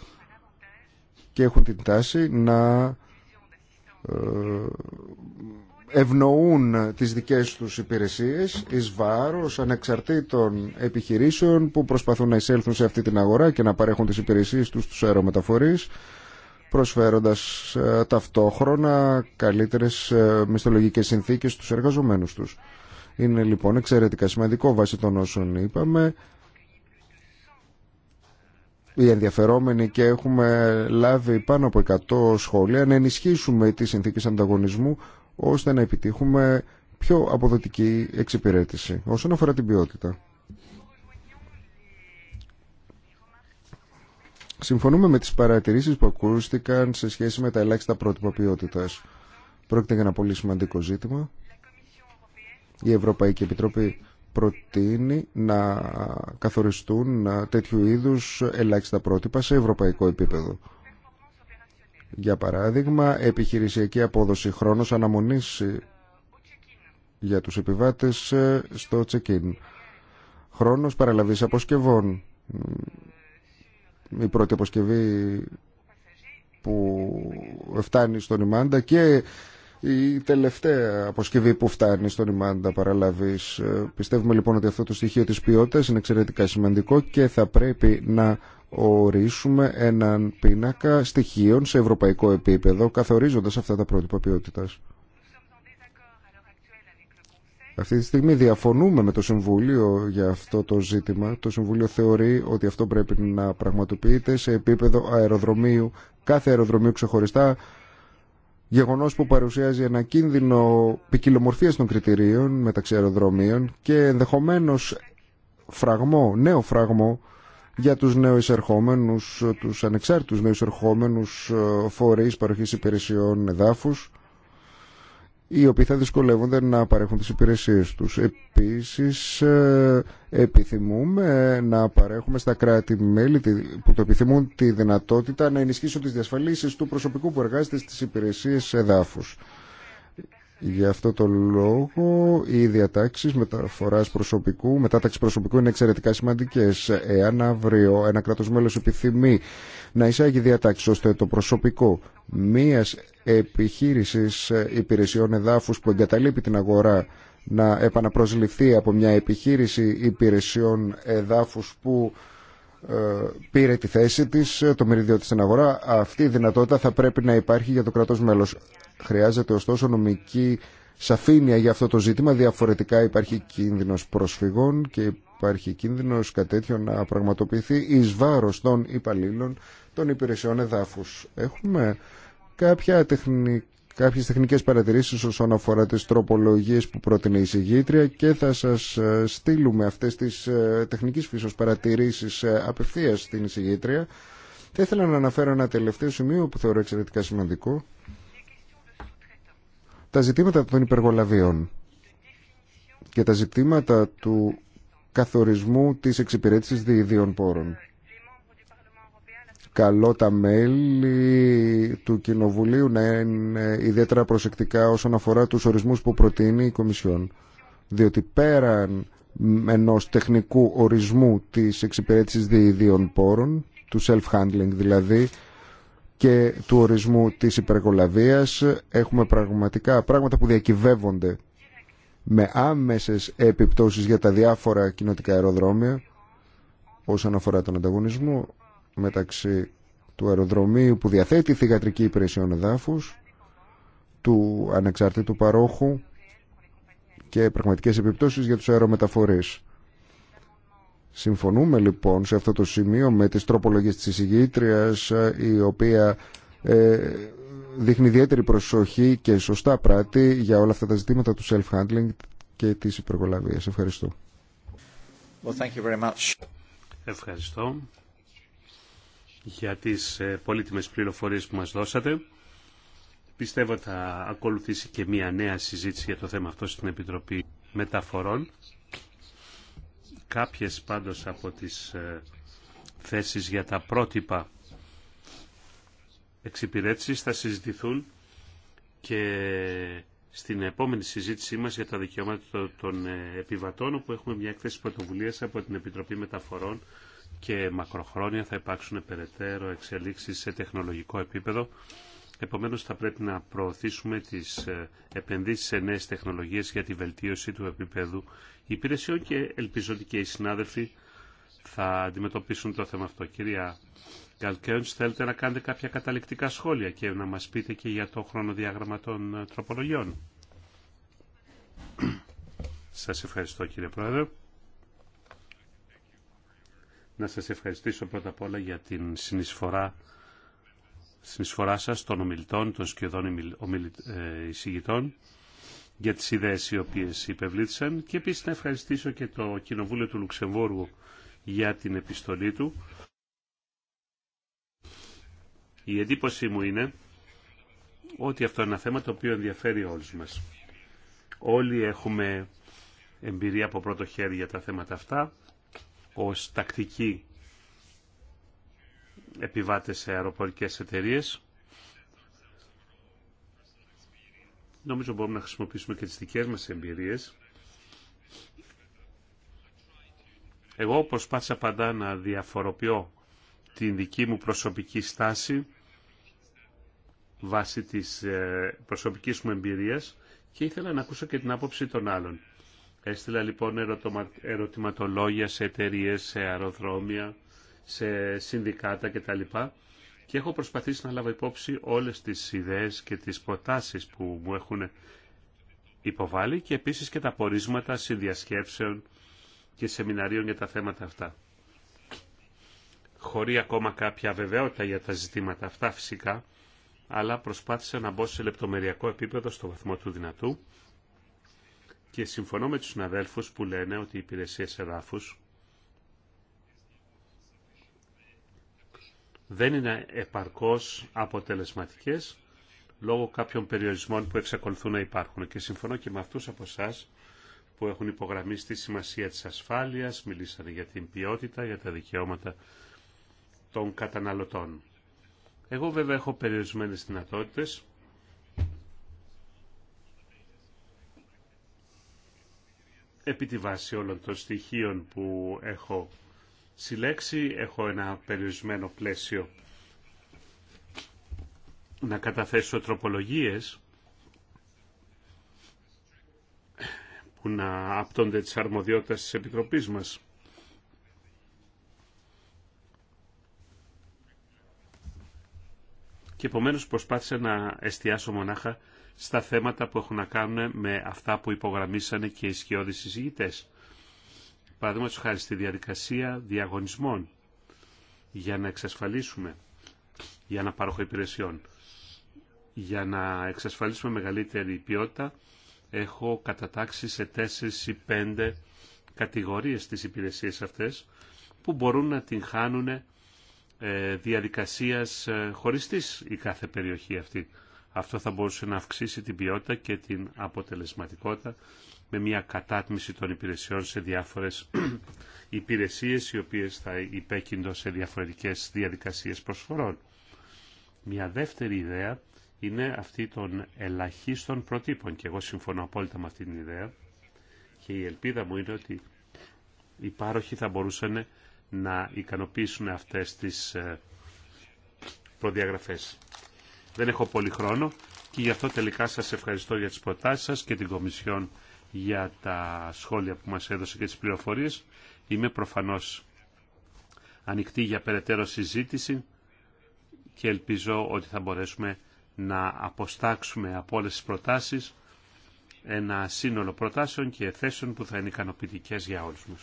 και έχουν την τάση να ευνοούν τις δικές τους υπηρεσίες εις βάρος ανεξαρτήτων επιχειρήσεων που προσπαθούν να εισέλθουν σε αυτή την αγορά και να παρέχουν τις υπηρεσίες τους στους αερομεταφορείς προσφέροντας ε, ταυτόχρονα καλύτερες ε, μισθολογικές συνθήκες στους εργαζομένους τους. Είναι λοιπόν εξαιρετικά σημαντικό βάσει των όσων είπαμε οι ενδιαφερόμενοι και έχουμε λάβει πάνω από 100 σχόλια να ενισχύσουμε τις συνθήκες ανταγωνισμού ώστε να επιτύχουμε πιο αποδοτική εξυπηρέτηση όσον αφορά την ποιότητα. Συμφωνούμε με τις παρατηρήσεις που ακούστηκαν σε σχέση με τα ελάχιστα πρότυπα ποιότητας. Πρόκειται για ένα πολύ σημαντικό ζήτημα. Η Ευρωπαϊκή Επιτροπή προτείνει να καθοριστούν τέτοιου είδους ελάχιστα πρότυπα σε ευρωπαϊκό επίπεδο. Για παράδειγμα, επιχειρησιακή απόδοση χρόνος αναμονής ε, για τους επιβάτες ε, στο check-in. Χρόνος παραλαβής αποσκευών. Η πρώτη αποσκευή που φτάνει στον Ιμάντα και η τελευταία αποσκευή που φτάνει στον Ιμάντα παραλαβής. Ε, πιστεύουμε λοιπόν ότι αυτό το στοιχείο της ποιότητας είναι εξαιρετικά σημαντικό και θα πρέπει να ορίσουμε έναν πίνακα στοιχείων σε ευρωπαϊκό επίπεδο, καθορίζοντας αυτά τα πρότυπα ποιοτητα. Αυτή τη στιγμή διαφωνούμε με το Συμβούλιο για αυτό το ζήτημα. Το Συμβούλιο θεωρεί ότι αυτό πρέπει να πραγματοποιείται σε επίπεδο αεροδρομίου, κάθε αεροδρομίου ξεχωριστά, Γεγονό που παρουσιάζει ένα κίνδυνο ποικιλομορφία των κριτηρίων μεταξύ αεροδρομίων και ενδεχομένω φραγμό, νέο φραγμό για τους νέους ερχόμενους, τους ανεξάρτητους νέους ερχόμενους ε, φορείς παροχής υπηρεσιών εδάφους οι οποίοι θα δυσκολεύονται να παρέχουν τις υπηρεσίες τους. Επίσης, ε, επιθυμούμε να παρέχουμε στα κράτη-μέλη που το επιθυμούν τη δυνατότητα να ενισχύσουν τις διασφαλίσεις του προσωπικού που εργάζεται στις υπηρεσίες εδάφους. Γι' αυτό το λόγο οι διατάξει μεταφορά προσωπικού, μετάταξη προσωπικού είναι εξαιρετικά σημαντικέ. Εάν αύριο ένα κράτο μέλο επιθυμεί να εισάγει διατάξει ώστε το προσωπικό μια επιχείρηση υπηρεσιών εδάφου που εγκαταλείπει την αγορά να επαναπροσληφθεί από μια επιχείρηση υπηρεσιών εδάφους που ε, πήρε τη θέση της, ε, το μεριδιό της στην αγορά. Αυτή η δυνατότητα θα πρέπει να υπάρχει για το κράτος μέλος. Χρειάζεται ωστόσο νομική σαφήνεια για αυτό το ζήτημα. Διαφορετικά υπάρχει κίνδυνος προσφυγών και υπάρχει κίνδυνος κατ' τέτοιο να πραγματοποιηθεί εις βάρος των υπαλλήλων των υπηρεσιών εδάφους. Έχουμε κάποια τεχνική κάποιες τεχνικές παρατηρήσεις όσον αφορά τις τροπολογίες που πρότεινε η συγγήτρια και θα σας ε, στείλουμε αυτές τις ε, τεχνικές φύσεως παρατηρήσεις ε, απευθείας στην συγγήτρια. Θα ήθελα να αναφέρω ένα τελευταίο σημείο που θεωρώ εξαιρετικά σημαντικό. Τα ζητήματα των υπεργολαβίων και τα ζητήματα του καθορισμού της εξυπηρέτησης διειδίων πόρων. Καλό τα μέλη του Κοινοβουλίου να είναι ιδιαίτερα προσεκτικά όσον αφορά τους ορισμούς που προτείνει η Κομισιόν. Διότι πέραν ενό τεχνικού ορισμού της εξυπηρέτησης διειδίων πόρων, του self-handling δηλαδή, και του ορισμού της υπερκολαβίας, έχουμε πραγματικά πράγματα που διακυβεύονται με άμεσες επιπτώσεις για τα διάφορα κοινοτικά αεροδρόμια όσον αφορά τον ανταγωνισμό μεταξύ του αεροδρομίου που διαθέτει θηγατρική υπηρεσιών εδάφου, του ανεξάρτητου παρόχου και πραγματικές επιπτώσεις για τους αερομεταφορείς. Συμφωνούμε λοιπόν σε αυτό το σημείο με τις τροπολογίες της εισηγήτριας η οποία ε, δείχνει ιδιαίτερη προσοχή και σωστά πράττει για όλα αυτά τα ζητήματα του self-handling και τη υπεργολαβίας. Ευχαριστώ. Well, thank you Ευχαριστώ για τις ε, πολύτιμες πληροφορίες που μας δώσατε. Πιστεύω θα ακολουθήσει και μία νέα συζήτηση για το θέμα αυτό στην Επιτροπή Μεταφορών. Κάποιες πάντως από τις ε, θέσεις για τα πρότυπα εξυπηρέτησης θα συζητηθούν και στην επόμενη συζήτησή μας για τα δικαιώματα των ε, επιβατών, όπου έχουμε μια έκθεση πρωτοβουλίας από την Επιτροπή Μεταφορών και μακροχρόνια θα υπάρξουν περαιτέρω εξελίξεις σε τεχνολογικό επίπεδο. Επομένως θα πρέπει να προωθήσουμε τις ε, επενδύσεις σε νέες τεχνολογίες για τη βελτίωση του επίπεδου υπηρεσιών και ελπίζω ότι και οι συνάδελφοι θα αντιμετωπίσουν το θέμα αυτό. Κυρία Γκαλκέοντς, θέλετε να κάνετε κάποια καταληκτικά σχόλια και να μας πείτε και για το χρονοδιάγραμμα των ε, τροπολογιών. Σας ευχαριστώ κύριε Πρόεδρε να σας ευχαριστήσω πρώτα απ' όλα για την συνεισφορά, συνεισφορά σας των ομιλητών, των σχεδόν ε, εισηγητών για τις ιδέες οι οποίες υπευλήθησαν και επίσης να ευχαριστήσω και το Κοινοβούλιο του Λουξεμβούργου για την επιστολή του. Η εντύπωσή μου είναι ότι αυτό είναι ένα θέμα το οποίο ενδιαφέρει όλους μας. Όλοι έχουμε εμπειρία από πρώτο χέρι για τα θέματα αυτά ως τακτικοί επιβάτες σε αεροπορικές εταιρείες. Νομίζω μπορούμε να χρησιμοποιήσουμε και τις δικές μας εμπειρίες. Εγώ προσπάθησα παντά να διαφοροποιώ την δική μου προσωπική στάση βάσει της ε, προσωπικής μου εμπειρίας και ήθελα να ακούσω και την άποψη των άλλων. Έστειλα λοιπόν ερωτηματολόγια σε εταιρείε, σε αεροδρόμια, σε συνδικάτα κτλ. Και έχω προσπαθήσει να λάβω υπόψη όλες τις ιδέες και τις προτάσεις που μου έχουν υποβάλει και επίσης και τα πορίσματα συνδιασκέψεων και σεμιναρίων για τα θέματα αυτά. Χωρί ακόμα κάποια βεβαιότητα για τα ζητήματα αυτά φυσικά, αλλά προσπάθησα να μπω σε λεπτομεριακό επίπεδο στο βαθμό του δυνατού και συμφωνώ με τους συναδέλφους που λένε ότι οι υπηρεσίες εδάφους δεν είναι επαρκώς αποτελεσματικές λόγω κάποιων περιορισμών που εξακολουθούν να υπάρχουν. Και συμφωνώ και με αυτούς από εσά που έχουν υπογραμμίσει τη σημασία της ασφάλειας, μιλήσανε για την ποιότητα, για τα δικαιώματα των καταναλωτών. Εγώ βέβαια έχω περιορισμένες δυνατότητες επί τη βάση όλων των στοιχείων που έχω συλλέξει, έχω ένα περιορισμένο πλαίσιο να καταθέσω τροπολογίες που να απτώνται τις αρμοδιότητες της Επιτροπής μας. Και επομένως προσπάθησα να εστιάσω μονάχα στα θέματα που έχουν να κάνουν με αυτά που υπογραμμίσανε και οι σκιώδεις συζητητές. Παραδείγματος χάρη στη διαδικασία διαγωνισμών για να εξασφαλίσουμε για να πάροχο υπηρεσιών. Για να εξασφαλίσουμε μεγαλύτερη ποιότητα έχω κατατάξει σε τέσσερις ή πέντε κατηγορίες τις υπηρεσίες αυτές που μπορούν να την χάνουν ε, διαδικασίας ε, χωριστής η κάθε περιοχή αυτή. Αυτό θα μπορούσε να αυξήσει την ποιότητα και την αποτελεσματικότητα με μια κατάτμιση των υπηρεσιών σε διάφορες υπηρεσίες οι οποίες θα υπέκυντο σε διαφορετικές διαδικασίες προσφορών. Μια δεύτερη ιδέα είναι αυτή των ελαχίστων προτύπων και εγώ συμφωνώ απόλυτα με αυτή την ιδέα και η ελπίδα μου είναι ότι οι πάροχοι θα μπορούσαν να ικανοποιήσουν αυτές τις ε, προδιαγραφές. Δεν έχω πολύ χρόνο και γι' αυτό τελικά σας ευχαριστώ για τις προτάσεις σας και την Κομισιόν για τα σχόλια που μας έδωσε και τις πληροφορίες. Είμαι προφανώς ανοιχτή για περαιτέρω συζήτηση και ελπίζω ότι θα μπορέσουμε να αποστάξουμε από όλες τις προτάσεις ένα σύνολο προτάσεων και θέσεων που θα είναι ικανοποιητικέ για όλους μας.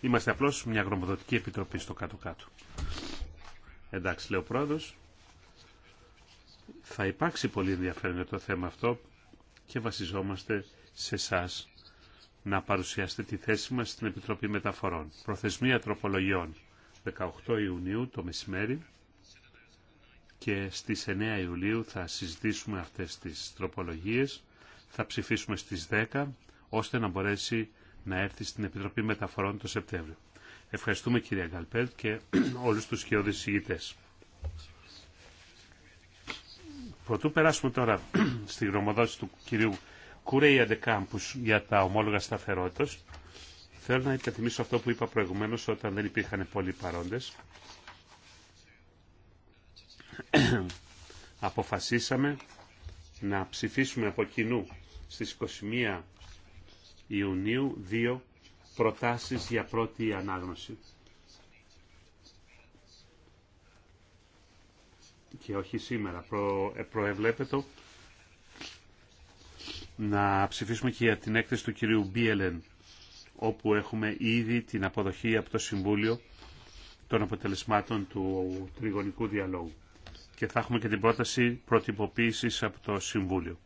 Είμαστε απλώς μια γνωμοδοτική επιτροπή στο κάτω-κάτω. Εντάξει, λέω θα υπάρξει πολύ ενδιαφέρον για το θέμα αυτό και βασιζόμαστε σε εσά να παρουσιάσετε τη θέση μας στην Επιτροπή Μεταφορών. Προθεσμία τροπολογιών 18 Ιουνίου το μεσημέρι και στις 9 Ιουλίου θα συζητήσουμε αυτές τις τροπολογίες, θα ψηφίσουμε στις 10 ώστε να μπορέσει να έρθει στην Επιτροπή Μεταφορών το Σεπτέμβριο. Ευχαριστούμε κυρία Γκαλπέλτ και όλους τους σκιώδεις Προτού περάσουμε τώρα στη γνωμοδότηση του κυρίου Κουρέι Αντεκάμπου για τα ομόλογα σταθερότητα. θέλω να υπενθυμίσω αυτό που είπα προηγουμένως όταν δεν υπήρχαν πολλοί παρόντες. Αποφασίσαμε να ψηφίσουμε από κοινού στις 21 Ιουνίου δύο προτάσεις για πρώτη ανάγνωση. και όχι σήμερα προ, ε, προεβλέπετο να ψηφίσουμε και για την έκθεση του κυρίου Μπίελεν όπου έχουμε ήδη την αποδοχή από το Συμβούλιο των αποτελεσμάτων του τριγωνικού διαλόγου και θα έχουμε και την πρόταση προτυποποίησης από το Συμβούλιο.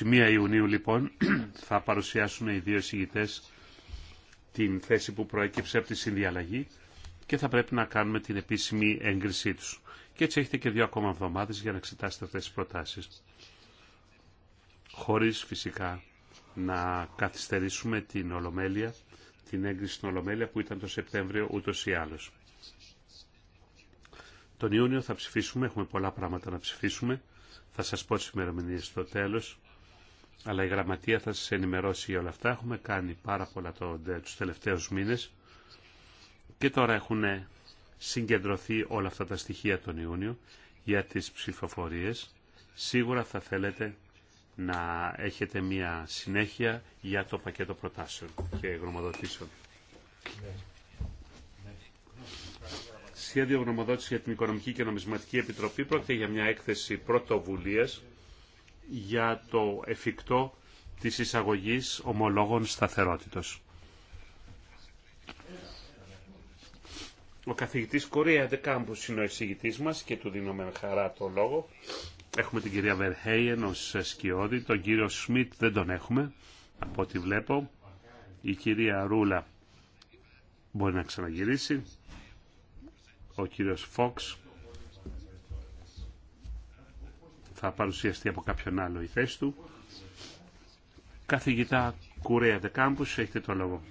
21 Ιουνίου λοιπόν θα παρουσιάσουν οι δύο εισηγητές την θέση που προέκυψε από τη συνδιαλλαγή και θα πρέπει να κάνουμε την επίσημη έγκρισή τους. Και έτσι έχετε και δύο ακόμα εβδομάδες για να εξετάσετε αυτές τις προτάσεις. Χωρίς φυσικά να καθυστερήσουμε την Ολομέλεια, την έγκριση στην Ολομέλεια που ήταν το Σεπτέμβριο ούτως ή άλλως. Τον Ιούνιο θα ψηφίσουμε, έχουμε πολλά πράγματα να ψηφίσουμε. Θα σας πω τις ημερομηνίες στο τέλος, αλλά η γραμματεία θα σας ενημερώσει για όλα αυτά. Έχουμε κάνει πάρα πολλά τους τελευταίους μήνες και τώρα έχουν συγκεντρωθεί όλα αυτά τα στοιχεία τον Ιούνιο για τις ψηφοφορίες. Σίγουρα θα θέλετε να έχετε μία συνέχεια για το πακέτο προτάσεων και γνωμοδοτήσεων. Σχέδιο γνωμοδότηση για την Οικονομική και Νομισματική Επιτροπή πρόκειται για μια έκθεση πρωτοβουλίας για το εφικτό της εισαγωγής ομολόγων σταθερότητος. Ο καθηγητής Κορία Δεκάμπους είναι ο εισηγητή μα και του δίνουμε χαρά το λόγο. Έχουμε την κυρία Βερχέιεν ω σκιώδη, τον κύριο Σμιτ δεν τον έχουμε, από ό,τι βλέπω. Η κυρία Ρούλα μπορεί να ξαναγυρίσει. Ο κύριος Φόξ θα παρουσιαστεί από κάποιον άλλο η θέση του. Καθηγητά Κουρέα Δεκάμπους, έχετε το λόγο.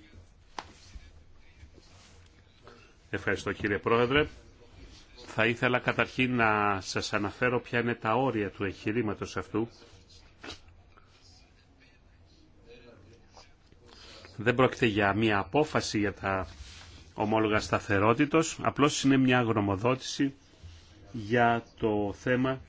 Ευχαριστώ κύριε Πρόεδρε. Θα ήθελα καταρχήν να σας αναφέρω ποια είναι τα όρια του εγχειρήματο αυτού. Δεν πρόκειται για μία απόφαση για τα ομόλογα σταθερότητος, απλώς είναι μια γνωμοδότηση για το θέμα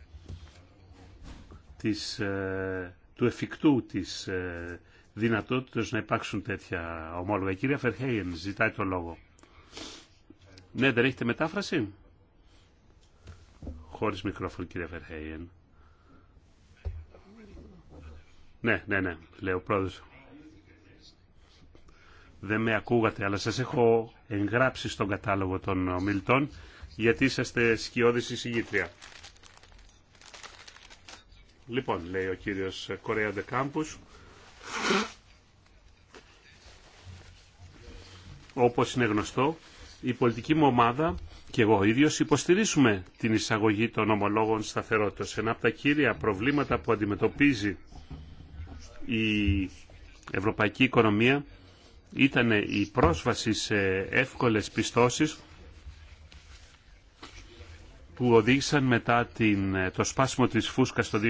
της, ε, του εφικτού της ε, δυνατότητας να υπάρξουν τέτοια ομόλογα. Η κυρία Φερχέιεν ζητάει το λόγο. Ναι, δεν έχετε μετάφραση. Χωρίς μικρόφωνο, κύριε Βερχέιεν. Ναι, ναι, ναι, λέει ο πρόεδρος. Δεν με ακούγατε, αλλά σας έχω εγγράψει στον κατάλογο των μιλτών γιατί είσαστε σκιώδης εισηγήτρια. Λοιπόν, λέει ο κύριος Κορέα Ντεκάμπους, όπως είναι γνωστό, η πολιτική μου ομάδα και εγώ ίδιος υποστηρίζουμε την εισαγωγή των ομολόγων σταθερότητας. Ένα από τα κύρια προβλήματα που αντιμετωπίζει η ευρωπαϊκή οικονομία ήταν η πρόσβαση σε εύκολες πιστώσεις που οδήγησαν μετά την, το σπάσιμο της φούσκας το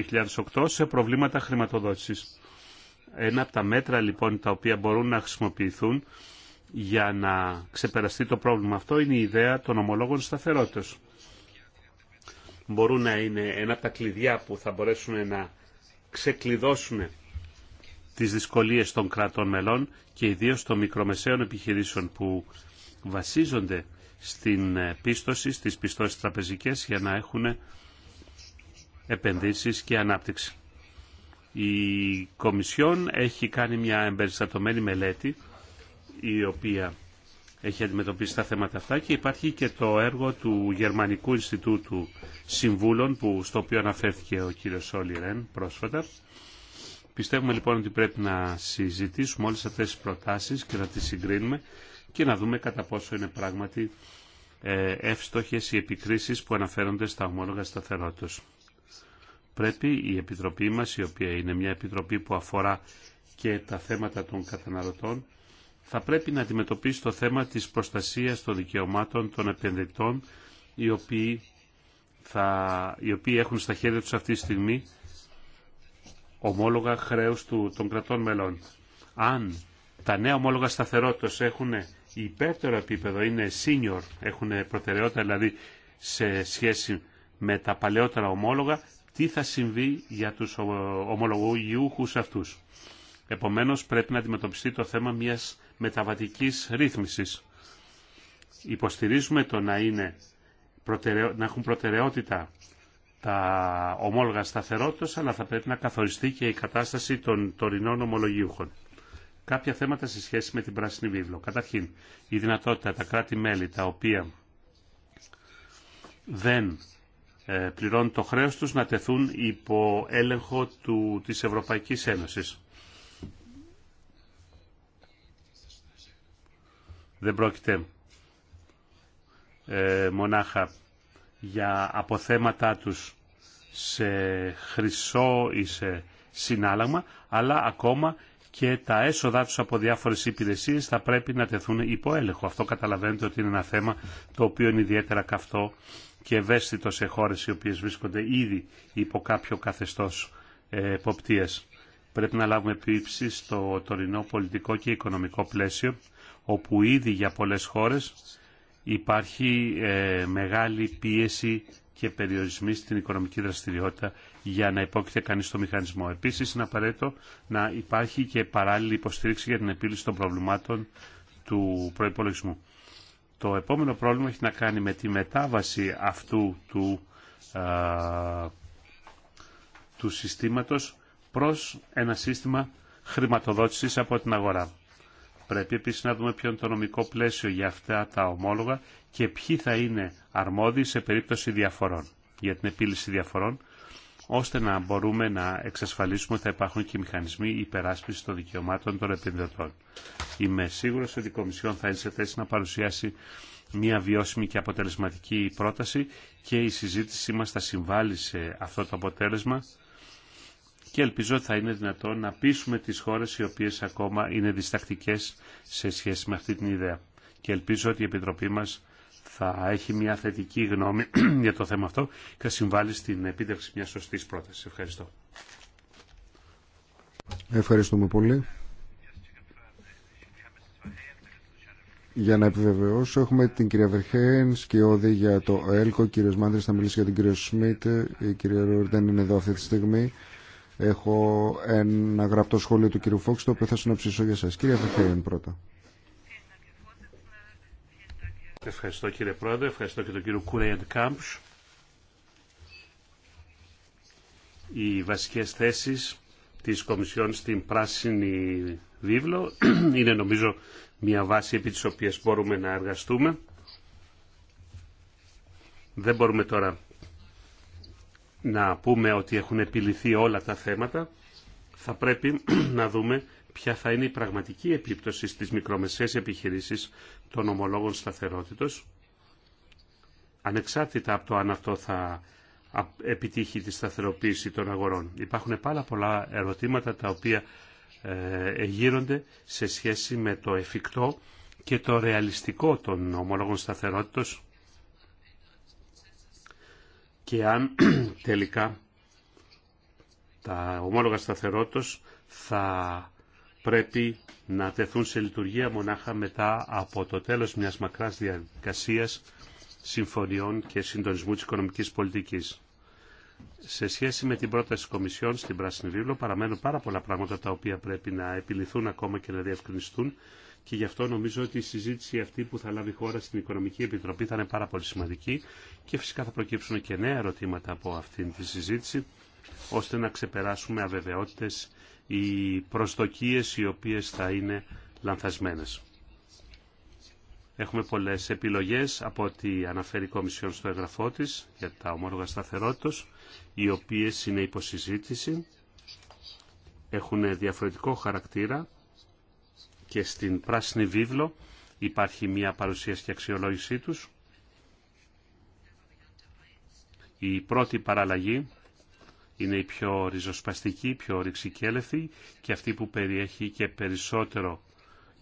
2008 σε προβλήματα χρηματοδότησης. Ένα από τα μέτρα λοιπόν τα οποία μπορούν να χρησιμοποιηθούν για να ξεπεραστεί το πρόβλημα αυτό είναι η ιδέα των ομολόγων σταθερότητας. Μπορούν να είναι ένα από τα κλειδιά που θα μπορέσουν να ξεκλειδώσουν τις δυσκολίες των κρατών μελών και ιδίως των μικρομεσαίων επιχειρήσεων που βασίζονται στην ε, πίστοση, στις πιστώσεις τραπεζικές για να έχουν επενδύσεις και ανάπτυξη. Η Κομισιόν έχει κάνει μια εμπεριστατωμένη μελέτη η οποία έχει αντιμετωπίσει τα θέματα αυτά και υπάρχει και το έργο του Γερμανικού Ινστιτούτου Συμβούλων που, στο οποίο αναφέρθηκε ο κύριος Όλι Ρεν πρόσφατα. Πιστεύουμε λοιπόν ότι πρέπει να συζητήσουμε όλες αυτές τις προτάσεις και να τις συγκρίνουμε και να δούμε κατά πόσο είναι πράγματι ε, εύστοχες οι επικρίσεις που αναφέρονται στα ομόλογα σταθερότητα. Πρέπει η Επιτροπή μας, η οποία είναι μια Επιτροπή που αφορά και τα θέματα των καταναλωτών, θα πρέπει να αντιμετωπίσει το θέμα της προστασίας των δικαιωμάτων των επενδυτών οι οποίοι, θα, οι οποίοι έχουν στα χέρια τους αυτή τη στιγμή ομόλογα χρέους του, των κρατών μελών. Αν τα νέα ομόλογα σταθερότητας έχουν υπέρτερο επίπεδο, είναι senior, έχουν προτεραιότητα δηλαδή σε σχέση με τα παλαιότερα ομόλογα, τι θα συμβεί για τους ομολογούς αυτούς. Επομένως πρέπει να αντιμετωπιστεί το θέμα μιας μεταβατικής ρύθμισης. Υποστηρίζουμε το να, είναι να έχουν προτεραιότητα τα ομόλογα σταθερότητα, αλλά θα πρέπει να καθοριστεί και η κατάσταση των τωρινών ομολογίουχων. Κάποια θέματα σε σχέση με την Πράσινη Βίβλο. Καταρχήν, η δυνατότητα τα κράτη-μέλη τα οποία δεν ε, πληρώνουν το χρέος τους να τεθούν υπό έλεγχο του, της Ευρωπαϊκής Ένωσης. Δεν πρόκειται ε, μονάχα για αποθέματα τους σε χρυσό ή σε συνάλλαγμα, αλλά ακόμα και τα έσοδά τους από διάφορες υπηρεσίες θα πρέπει να τεθούν υπό έλεγχο. Αυτό καταλαβαίνετε ότι είναι ένα θέμα το οποίο είναι ιδιαίτερα καυτό και ευαίσθητο σε χώρες οι οποίες βρίσκονται ήδη υπό κάποιο καθεστώς ε, εποπτείας. Πρέπει να λάβουμε επίψη στο τωρινό πολιτικό και οικονομικό πλαίσιο όπου ήδη για πολλές χώρες υπάρχει ε, μεγάλη πίεση και περιορισμή στην οικονομική δραστηριότητα για να υπόκειται κανείς στο μηχανισμό. Επίσης είναι απαραίτητο να υπάρχει και παράλληλη υποστήριξη για την επίλυση των προβλημάτων του προϋπολογισμού. Το επόμενο πρόβλημα έχει να κάνει με τη μετάβαση αυτού του, του συστήματος προς ένα σύστημα χρηματοδότησης από την αγορά. Πρέπει επίση να δούμε ποιο είναι το νομικό πλαίσιο για αυτά τα ομόλογα και ποιοι θα είναι αρμόδιοι σε περίπτωση διαφορών, για την επίλυση διαφορών, ώστε να μπορούμε να εξασφαλίσουμε ότι θα υπάρχουν και μηχανισμοί υπεράσπιση των δικαιωμάτων των επενδυτών. Είμαι σίγουρο ότι η Κομισιόν θα είναι σε θέση να παρουσιάσει μια βιώσιμη και αποτελεσματική πρόταση και η συζήτησή μας θα συμβάλλει σε αυτό το αποτέλεσμα και ελπίζω ότι θα είναι δυνατόν να πείσουμε τις χώρες οι οποίες ακόμα είναι διστακτικές σε σχέση με αυτή την ιδέα. Και ελπίζω ότι η Επιτροπή μας θα έχει μια θετική γνώμη για το θέμα αυτό και θα συμβάλλει στην επίτευξη μια σωστή πρόταση. Ευχαριστώ. Ευχαριστούμε πολύ. Για να επιβεβαιώσω, έχουμε την κυρία Βερχέν, σκιώδη για το ΕΛΚΟ, κύριος Μάντρης θα μιλήσει για τον κύριο Σμίτ, η κυρία Ρουρ είναι εδώ αυτή τη στιγμή. Έχω ένα γραπτό σχόλιο του κύριου Φόξ, το οποίο θα συνοψίσω για σας. Κύριε Βεχέιν πρώτα. Ευχαριστώ κύριε Πρόεδρε, ευχαριστώ και τον κύριο Κουρέιντ Κάμπς. Οι βασικές θέσεις της Κομισιόν στην Πράσινη Βίβλο είναι νομίζω μια βάση επί της οποίας μπορούμε να εργαστούμε. Δεν μπορούμε τώρα να πούμε ότι έχουν επιληθεί όλα τα θέματα, θα πρέπει να δούμε ποια θα είναι η πραγματική επίπτωση στις μικρομεσαίες επιχειρήσεις των ομολόγων σταθερότητος, ανεξάρτητα από το αν αυτό θα επιτύχει τη σταθεροποίηση των αγορών. Υπάρχουν πάρα πολλά ερωτήματα τα οποία ε, εγείρονται σε σχέση με το εφικτό και το ρεαλιστικό των ομολόγων σταθερότητος και αν τελικά τα ομόλογα σταθερότητα θα πρέπει να τεθούν σε λειτουργία μονάχα μετά από το τέλος μιας μακράς διαδικασίας συμφωνιών και συντονισμού της οικονομικής πολιτικής. Σε σχέση με την πρόταση της Κομισιόν στην Πράσινη Βίβλο παραμένουν πάρα πολλά πράγματα τα οποία πρέπει να επιληθούν ακόμα και να διευκρινιστούν και γι' αυτό νομίζω ότι η συζήτηση αυτή που θα λάβει η χώρα στην Οικονομική Επιτροπή θα είναι πάρα πολύ σημαντική και φυσικά θα προκύψουν και νέα ερωτήματα από αυτήν τη συζήτηση ώστε να ξεπεράσουμε αβεβαιότητες οι προσδοκίες οι οποίες θα είναι λανθασμένες. Έχουμε πολλές επιλογές από ό,τι αναφέρει η Κομισιόν στο εγγραφό της για τα ομόλογα σταθερότητα, οι οποίες είναι υποσυζήτηση, έχουν διαφορετικό χαρακτήρα και στην Πράσινη Βίβλο υπάρχει μια παρουσίαση και αξιολόγησή τους. Η πρώτη παραλλαγή είναι η πιο ριζοσπαστική, πιο ρηξικέλευτη και αυτή που περιέχει και περισσότερο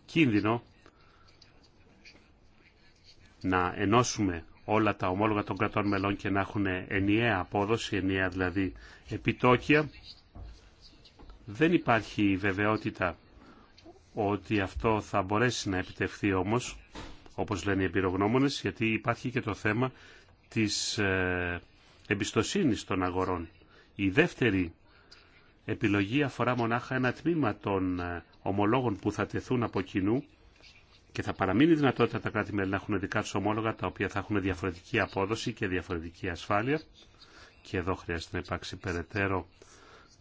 κίνδυνο να ενώσουμε όλα τα ομόλογα των κρατών μελών και να έχουν ενιαία απόδοση, ενιαία δηλαδή επιτόκια. Δεν υπάρχει βεβαιότητα ότι αυτό θα μπορέσει να επιτευχθεί όμως, όπως λένε οι εμπειρογνώμονες, γιατί υπάρχει και το θέμα της ε, εμπιστοσύνης των αγορών. Η δεύτερη επιλογή αφορά μονάχα ένα τμήμα των ε, ομολόγων που θα τεθούν από κοινού και θα παραμείνει δυνατότητα τα κράτη-μέλη να έχουν δικά τους ομόλογα τα οποία θα έχουν διαφορετική απόδοση και διαφορετική ασφάλεια. Και εδώ χρειάζεται να υπάρξει περαιτέρω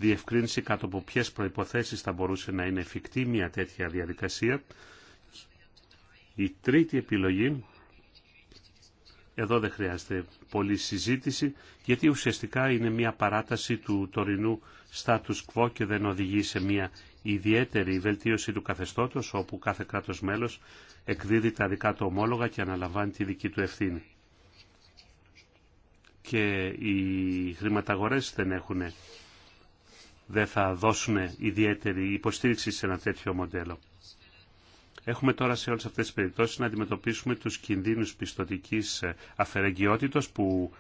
διευκρίνηση κάτω από ποιες προϋποθέσεις θα μπορούσε να είναι εφικτή μια τέτοια διαδικασία. Η τρίτη επιλογή, εδώ δεν χρειάζεται πολλή συζήτηση, γιατί ουσιαστικά είναι μια παράταση του τωρινού status quo και δεν οδηγεί σε μια ιδιαίτερη βελτίωση του καθεστώτος, όπου κάθε κράτος μέλος εκδίδει τα δικά του ομόλογα και αναλαμβάνει τη δική του ευθύνη. Και οι χρηματαγορές δεν έχουν δεν θα δώσουν ιδιαίτερη υποστήριξη σε ένα τέτοιο μοντέλο. Έχουμε τώρα σε όλες αυτές τις περιπτώσεις να αντιμετωπίσουμε τους κινδύνους πιστοτικής αφαιρεγγιότητος που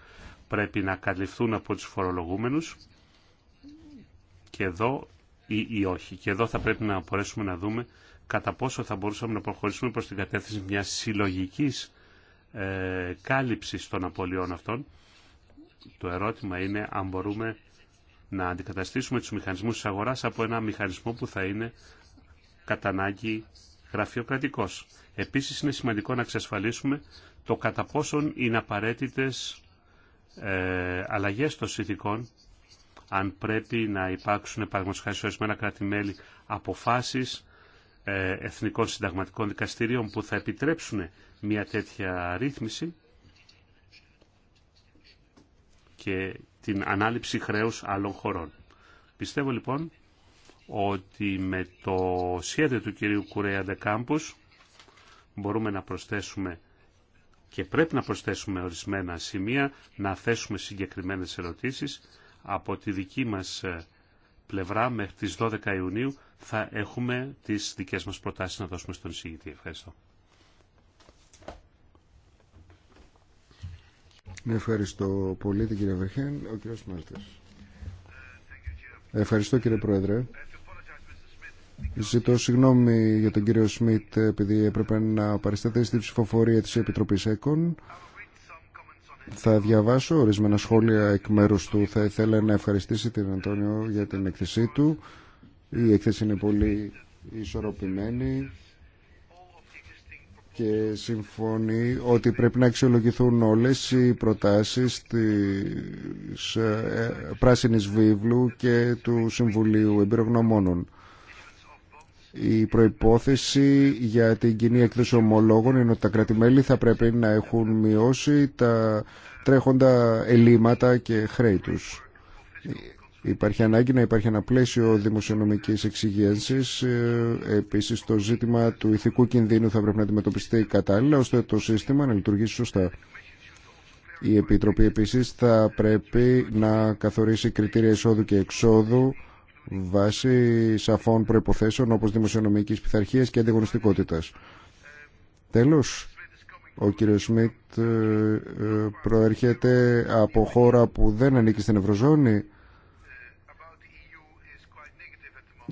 πρέπει να καλυφθούν από τους φορολογούμενους και εδώ ή, όχι. Και εδώ θα πρέπει να μπορέσουμε να δούμε κατά πόσο θα μπορούσαμε να προχωρήσουμε προς την κατεύθυνση μιας συλλογικής ε, κάλυψης των απολειών αυτών. Το ερώτημα είναι αν μπορούμε να αντικαταστήσουμε τους μηχανισμούς της αγοράς από ένα μηχανισμό που θα είναι κατά ανάγκη γραφειοκρατικός. Επίσης είναι σημαντικό να εξασφαλίσουμε το κατά πόσον είναι απαραίτητες ε, αλλαγές των συνθηκών αν πρέπει να υπάρξουν παραδείγματος σε ορισμένα κράτη-μέλη αποφάσεις ε, εθνικών συνταγματικών δικαστηρίων που θα επιτρέψουν μια τέτοια ρύθμιση και την ανάληψη χρέους άλλων χωρών. Πιστεύω λοιπόν ότι με το σχέδιο του κυρίου Κουρέα Ντεκάμπους μπορούμε να προσθέσουμε και πρέπει να προσθέσουμε ορισμένα σημεία, να θέσουμε συγκεκριμένες ερωτήσεις. Από τη δική μας ε, πλευρά μέχρι τις 12 Ιουνίου θα έχουμε τις δικές μας προτάσεις να δώσουμε στον εισηγητή. Ευχαριστώ. Ευχαριστώ πολύ την κύριε Βερχέν. Ο κύριο Ευχαριστώ κύριε Πρόεδρε. Ζητώ συγγνώμη για τον κύριο Σμιτ επειδή έπρεπε να παρισταθεί στην ψηφοφορία της Επιτροπής ΕΚΟΝ. Θα διαβάσω ορισμένα σχόλια εκ μέρους του. Θα ήθελα να ευχαριστήσει την Αντώνιο για την έκθεσή του. Η έκθεση είναι πολύ ισορροπημένη και συμφωνεί ότι πρέπει να αξιολογηθούν όλες οι προτάσεις της ε, Πράσινης Βίβλου και του Συμβουλίου Εμπειρογνωμόνων. Η προϋπόθεση για την κοινή έκδοση ομολόγων είναι ότι τα κράτη-μέλη θα πρέπει να έχουν μειώσει τα τρέχοντα ελλείμματα και χρέη τους. Υπάρχει ανάγκη να υπάρχει ένα πλαίσιο δημοσιονομικής εξυγένσης. Ε, επίσης το ζήτημα του ηθικού κινδύνου θα πρέπει να αντιμετωπιστεί κατάλληλα ώστε το σύστημα να λειτουργήσει σωστά. Η Επιτροπή επίσης θα πρέπει να καθορίσει κριτήρια εισόδου και εξόδου βάσει σαφών προϋποθέσεων όπως δημοσιονομικής πειθαρχίας και αντιγωνιστικότητας. Τέλος, ο κύριος Σμιτ ε, ε, προέρχεται από χώρα που δεν ανήκει στην Ευρωζώνη.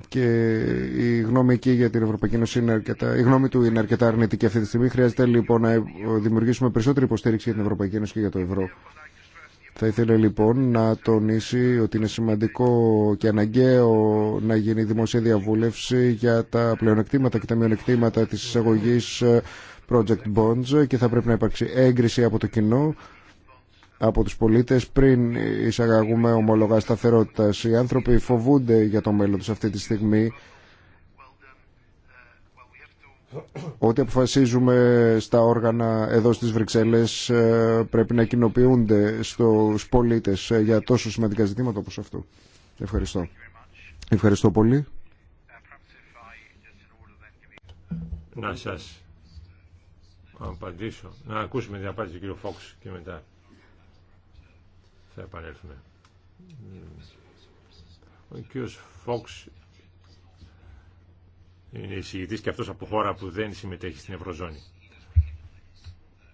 και η γνώμη εκεί για την Ευρωπαϊκή Ένωση είναι αρκετά, η γνώμη του είναι αρκετά αρνητική αυτή τη στιγμή. Χρειάζεται λοιπόν να δημιουργήσουμε περισσότερη υποστήριξη για την Ευρωπαϊκή Ένωση και για το ευρώ. Θα ήθελε λοιπόν να τονίσει ότι είναι σημαντικό και αναγκαίο να γίνει δημοσία διαβούλευση για τα πλεονεκτήματα και τα μειονεκτήματα της εισαγωγής ε, project bonds και θα πρέπει να υπάρξει έγκριση από το κοινό από τους πολίτες πριν εισαγαγούμε ομολογά σταθερότητα. Οι άνθρωποι φοβούνται για το μέλλον τους αυτή τη στιγμή. Ό,τι αποφασίζουμε στα όργανα εδώ στις Βρυξέλλες ε, πρέπει να κοινοποιούνται στους πολίτες ε, για τόσο σημαντικά ζητήματα όπως αυτό. Ευχαριστώ. Ευχαριστώ πολύ. Να σας απαντήσω. Να ακούσουμε την απάντηση του κύριου Φόξ και μετά θα επανέλθουμε. Ο κ. Φόξ είναι εισηγητή και αυτός από χώρα που δεν συμμετέχει στην Ευρωζώνη.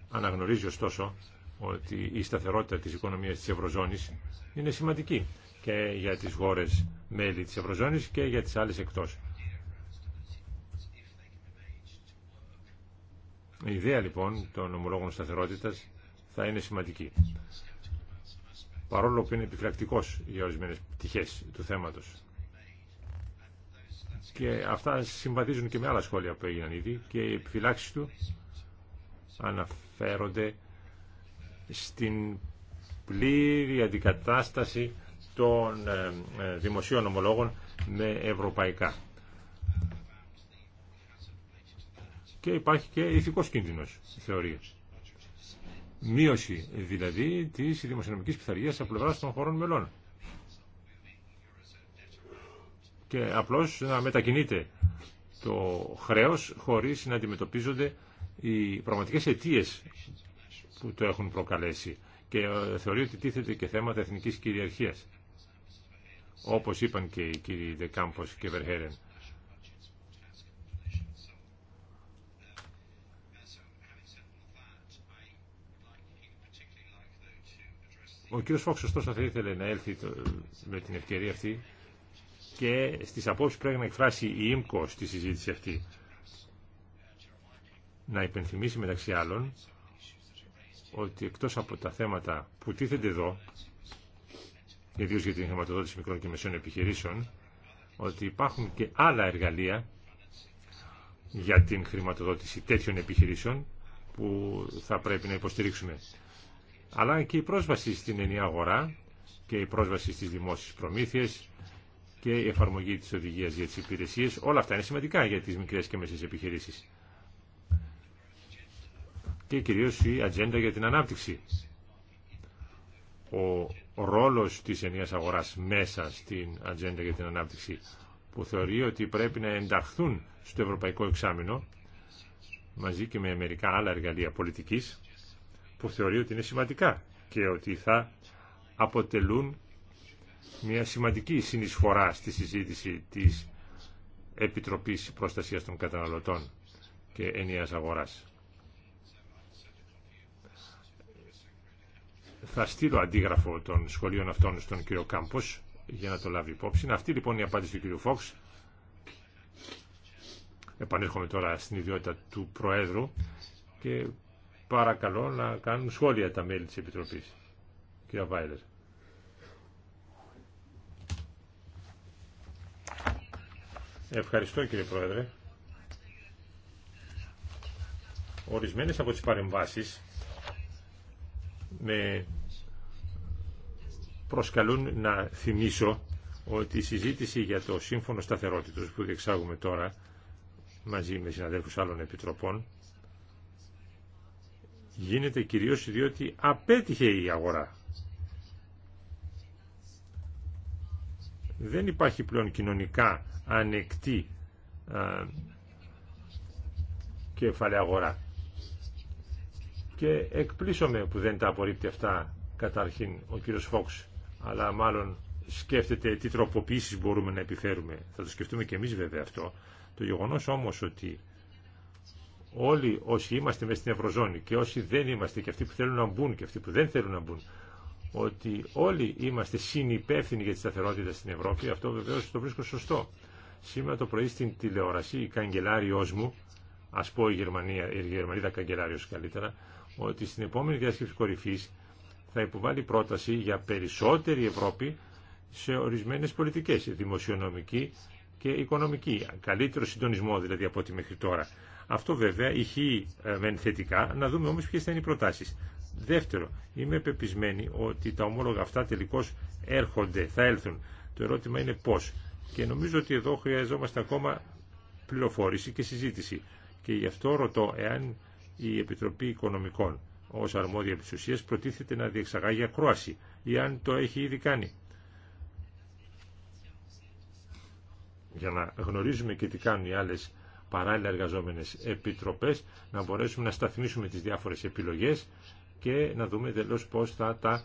Αναγνωρίζει ωστόσο ότι η σταθερότητα της οικονομίας της Ευρωζώνης είναι σημαντική και για τις χώρες μέλη της Ευρωζώνης και για τις άλλες εκτός. Η ιδέα λοιπόν των ομολόγων σταθερότητας θα είναι σημαντική παρόλο που είναι επιφυλακτικός για ορισμένες πτυχές του θέματος. Και αυτά συμβαδίζουν και με άλλα σχόλια που έγιναν ήδη και οι επιφυλάξει του αναφέρονται στην πλήρη αντικατάσταση των ε, ε, δημοσίων ομολόγων με ευρωπαϊκά. Και υπάρχει και ηθικός κίνδυνος, θεωρίας. Μείωση δηλαδή τη δημοσιονομική πειθαρχία από πλευρά των χωρών μελών. Και απλώ να μετακινείται το χρέος χωρίς να αντιμετωπίζονται οι πραγματικές αιτίε που το έχουν προκαλέσει και ε, θεωρεί ότι τίθεται και θέματα εθνικής κυριαρχίας όπως είπαν και οι κύριοι Δεκάμπο και Βερχέρεν Ο κύριος Φόξ, ωστόσο, θα ήθελε να έλθει με την ευκαιρία αυτή και στις απόψεις πρέπει να εκφράσει η ΙΜΚΟ στη συζήτηση αυτή. Να υπενθυμίσει μεταξύ άλλων ότι εκτός από τα θέματα που τίθενται εδώ, ιδίως για την χρηματοδότηση μικρών και μεσών επιχειρήσεων, ότι υπάρχουν και άλλα εργαλεία για την χρηματοδότηση τέτοιων επιχειρήσεων που θα πρέπει να υποστηρίξουμε αλλά και η πρόσβαση στην ενιαία αγορά και η πρόσβαση στις δημόσιες προμήθειες και η εφαρμογή της οδηγίας για τις υπηρεσίες. Όλα αυτά είναι σημαντικά για τις μικρές και μεσές επιχειρήσεις. Και κυρίως η ατζέντα για την ανάπτυξη. Ο ρόλος της ενιαίας αγοράς μέσα στην ατζέντα για την ανάπτυξη που θεωρεί ότι πρέπει να ενταχθούν στο ευρωπαϊκό εξάμεινο μαζί και με μερικά άλλα εργαλεία πολιτικής που θεωρεί ότι είναι σημαντικά και ότι θα αποτελούν μια σημαντική συνεισφορά στη συζήτηση της Επιτροπής Προστασίας των Καταναλωτών και Ενιαίας Αγοράς. Θα στείλω αντίγραφο των σχολείων αυτών στον κύριο Κάμπος για να το λάβει υπόψη. Αυτή λοιπόν η απάντηση του κύριου Φόξ. Επανέρχομαι τώρα στην ιδιότητα του Προέδρου και Παρακαλώ να κάνουν σχόλια τα μέλη της Επιτροπής. Κύριε Βάιλερ. Ευχαριστώ κύριε Πρόεδρε. Ορισμένες από τις παρεμβάσεις με προσκαλούν να θυμίσω ότι η συζήτηση για το σύμφωνο σταθερότητος που διεξάγουμε τώρα μαζί με συναδέλφους άλλων επιτροπών γίνεται κυρίως διότι απέτυχε η αγορά. Δεν υπάρχει πλέον κοινωνικά ανεκτή α, κεφαλαία αγορά. Και εκπλήσωμαι που δεν τα απορρίπτει αυτά καταρχήν ο κύριος Φόξ, αλλά μάλλον σκέφτεται τι τροποποιήσεις μπορούμε να επιφέρουμε. Θα το σκεφτούμε και εμείς βέβαια αυτό. Το γεγονός όμως ότι όλοι όσοι είμαστε μέσα στην Ευρωζώνη και όσοι δεν είμαστε και αυτοί που θέλουν να μπουν και αυτοί που δεν θέλουν να μπουν ότι όλοι είμαστε συνυπεύθυνοι για τη σταθερότητα στην Ευρώπη, αυτό βεβαίω το βρίσκω σωστό. Σήμερα το πρωί στην τηλεόραση η καγκελάριό μου, α πω η, Γερμανία, η Γερμανίδα καγκελάριο καλύτερα, ότι στην επόμενη διάσκεψη κορυφή θα υποβάλει πρόταση για περισσότερη Ευρώπη σε ορισμένες πολιτικές, δημοσιονομική και οικονομική. Καλύτερο συντονισμό δηλαδή από ό,τι μέχρι τώρα. Αυτό βέβαια ηχεί ε, μεν θετικά, να δούμε όμως ποιες θα είναι οι προτάσεις. Δεύτερο, είμαι πεπισμένη ότι τα ομόλογα αυτά τελικώς έρχονται, θα έλθουν. Το ερώτημα είναι πώς. Και νομίζω ότι εδώ χρειαζόμαστε ακόμα πληροφόρηση και συζήτηση. Και γι' αυτό ρωτώ εάν η Επιτροπή Οικονομικών ως αρμόδια της προτίθεται να διεξαγάγει ακρόαση ή αν το έχει ήδη κάνει. Για να γνωρίζουμε και τι κάνουν οι άλλες παράλληλα εργαζόμενες επιτροπές, να μπορέσουμε να σταθμίσουμε τις διάφορες επιλογές και να δούμε τελώς πώς θα τα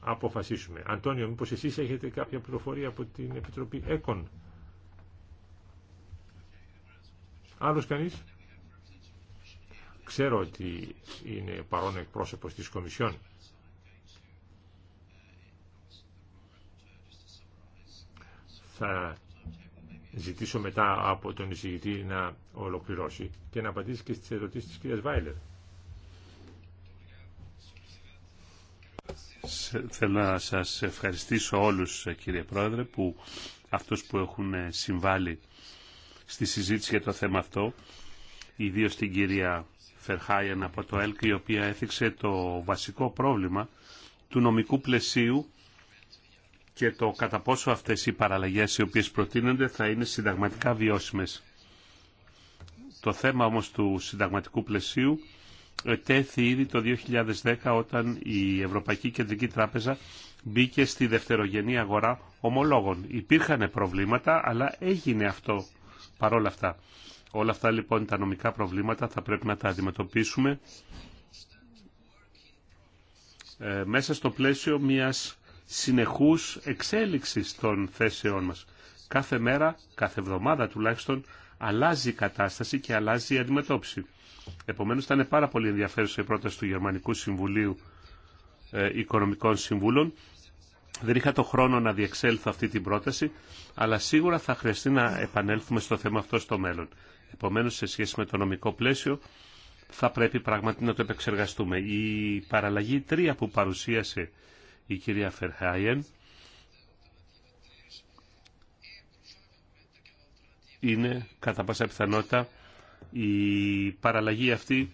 αποφασίσουμε. Αντώνιο, μήπως εσείς έχετε κάποια πληροφορία από την Επιτροπή ΕΚΟΝ. Άλλος κανείς. Ξέρω ότι είναι παρόν εκπρόσωπος της Κομισιόν. Θα ζητήσω μετά από τον εισηγητή να ολοκληρώσει και να απαντήσει και στις ερωτήσεις της κυρίας Βάιλερ. Θέλω να σας ευχαριστήσω όλους κύριε Πρόεδρε που αυτούς που έχουν συμβάλει στη συζήτηση για το θέμα αυτό ιδίως την κυρία Φερχάιεν από το ΕΛΚ η οποία έθιξε το βασικό πρόβλημα του νομικού πλαισίου και το κατά πόσο αυτές οι παραλλαγές οι οποίες προτείνονται θα είναι συνταγματικά βιώσιμες. Το θέμα όμως του συνταγματικού πλαισίου τέθη ήδη το 2010 όταν η Ευρωπαϊκή Κεντρική Τράπεζα μπήκε στη δευτερογενή αγορά ομολόγων. Υπήρχαν προβλήματα, αλλά έγινε αυτό παρόλα αυτά. Όλα αυτά λοιπόν τα νομικά προβλήματα θα πρέπει να τα αντιμετωπίσουμε ε, μέσα στο πλαίσιο μιας συνεχούς εξέλιξης των θέσεών μας. Κάθε μέρα, κάθε εβδομάδα τουλάχιστον, αλλάζει η κατάσταση και αλλάζει η αντιμετώπιση. Επομένως, ήταν πάρα πολύ ενδιαφέρουσα η πρόταση του Γερμανικού Συμβουλίου ε, Οικονομικών Συμβούλων. Δεν είχα το χρόνο να διεξέλθω αυτή την πρόταση, αλλά σίγουρα θα χρειαστεί να επανέλθουμε στο θέμα αυτό στο μέλλον. Επομένως, σε σχέση με το νομικό πλαίσιο, θα πρέπει πραγματικά να το επεξεργαστούμε. Η παραλλαγή 3 που παρουσίασε η κυρία Φερχάιεν είναι κατά πάσα πιθανότητα η παραλλαγή αυτή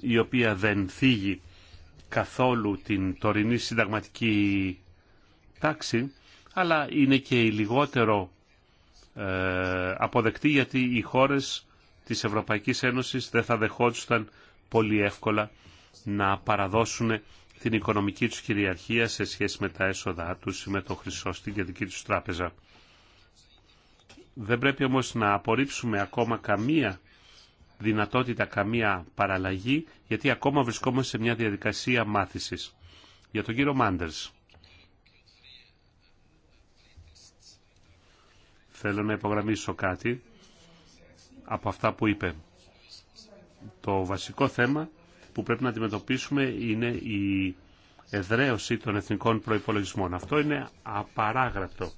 η οποία δεν θίγει καθόλου την τωρινή συνταγματική τάξη αλλά είναι και η λιγότερο ε, αποδεκτή γιατί οι χώρες της Ευρωπαϊκής Ένωσης δεν θα δεχόντουσαν πολύ εύκολα να παραδώσουν την οικονομική τους κυριαρχία σε σχέση με τα έσοδά τους ή με το χρυσό στην κεντρική τους τράπεζα. Δεν πρέπει όμως να απορρίψουμε ακόμα καμία δυνατότητα, καμία παραλλαγή, γιατί ακόμα βρισκόμαστε σε μια διαδικασία μάθησης. Για τον κύριο Μάντερς. Θέλω να υπογραμμίσω κάτι από αυτά που είπε. Το βασικό θέμα που πρέπει να αντιμετωπίσουμε είναι η εδραίωση των εθνικών προϋπολογισμών. Αυτό είναι απαράγραπτο.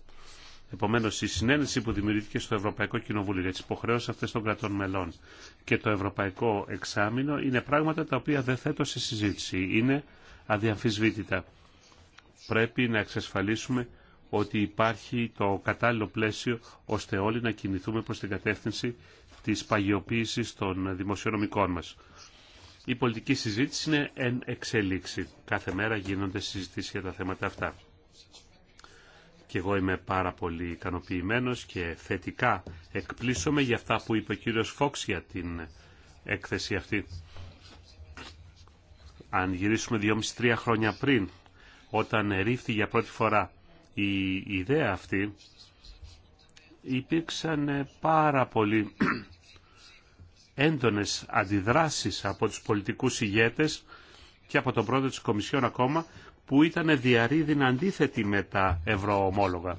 Επομένω, η συνένεση που δημιουργήθηκε στο Ευρωπαϊκό Κοινοβούλιο για τι υποχρεώσει αυτέ των κρατών μελών και το Ευρωπαϊκό Εξάμεινο είναι πράγματα τα οποία δεν θέτω σε συζήτηση. Είναι αδιαμφισβήτητα. Πρέπει να εξασφαλίσουμε ότι υπάρχει το κατάλληλο πλαίσιο ώστε όλοι να κινηθούμε προς την κατεύθυνση της παγιοποίησης των δημοσιονομικών μας η πολιτική συζήτηση είναι εν εξέλιξη. Κάθε μέρα γίνονται συζητήσεις για τα θέματα αυτά. Και εγώ είμαι πάρα πολύ ικανοποιημένο και θετικά εκπλήσωμαι για αυτά που είπε ο κύριος Φόξ για την έκθεση αυτή. Αν γυρίσουμε 2,5-3 χρόνια πριν, όταν ρίφθη για πρώτη φορά η ιδέα αυτή, υπήρξαν πάρα πολλοί έντονες αντιδράσεις από τους πολιτικούς ηγέτες και από τον πρόεδρο της Κομισιόν ακόμα που ήταν διαρρήδιν αντίθετη με τα ευρωομόλογα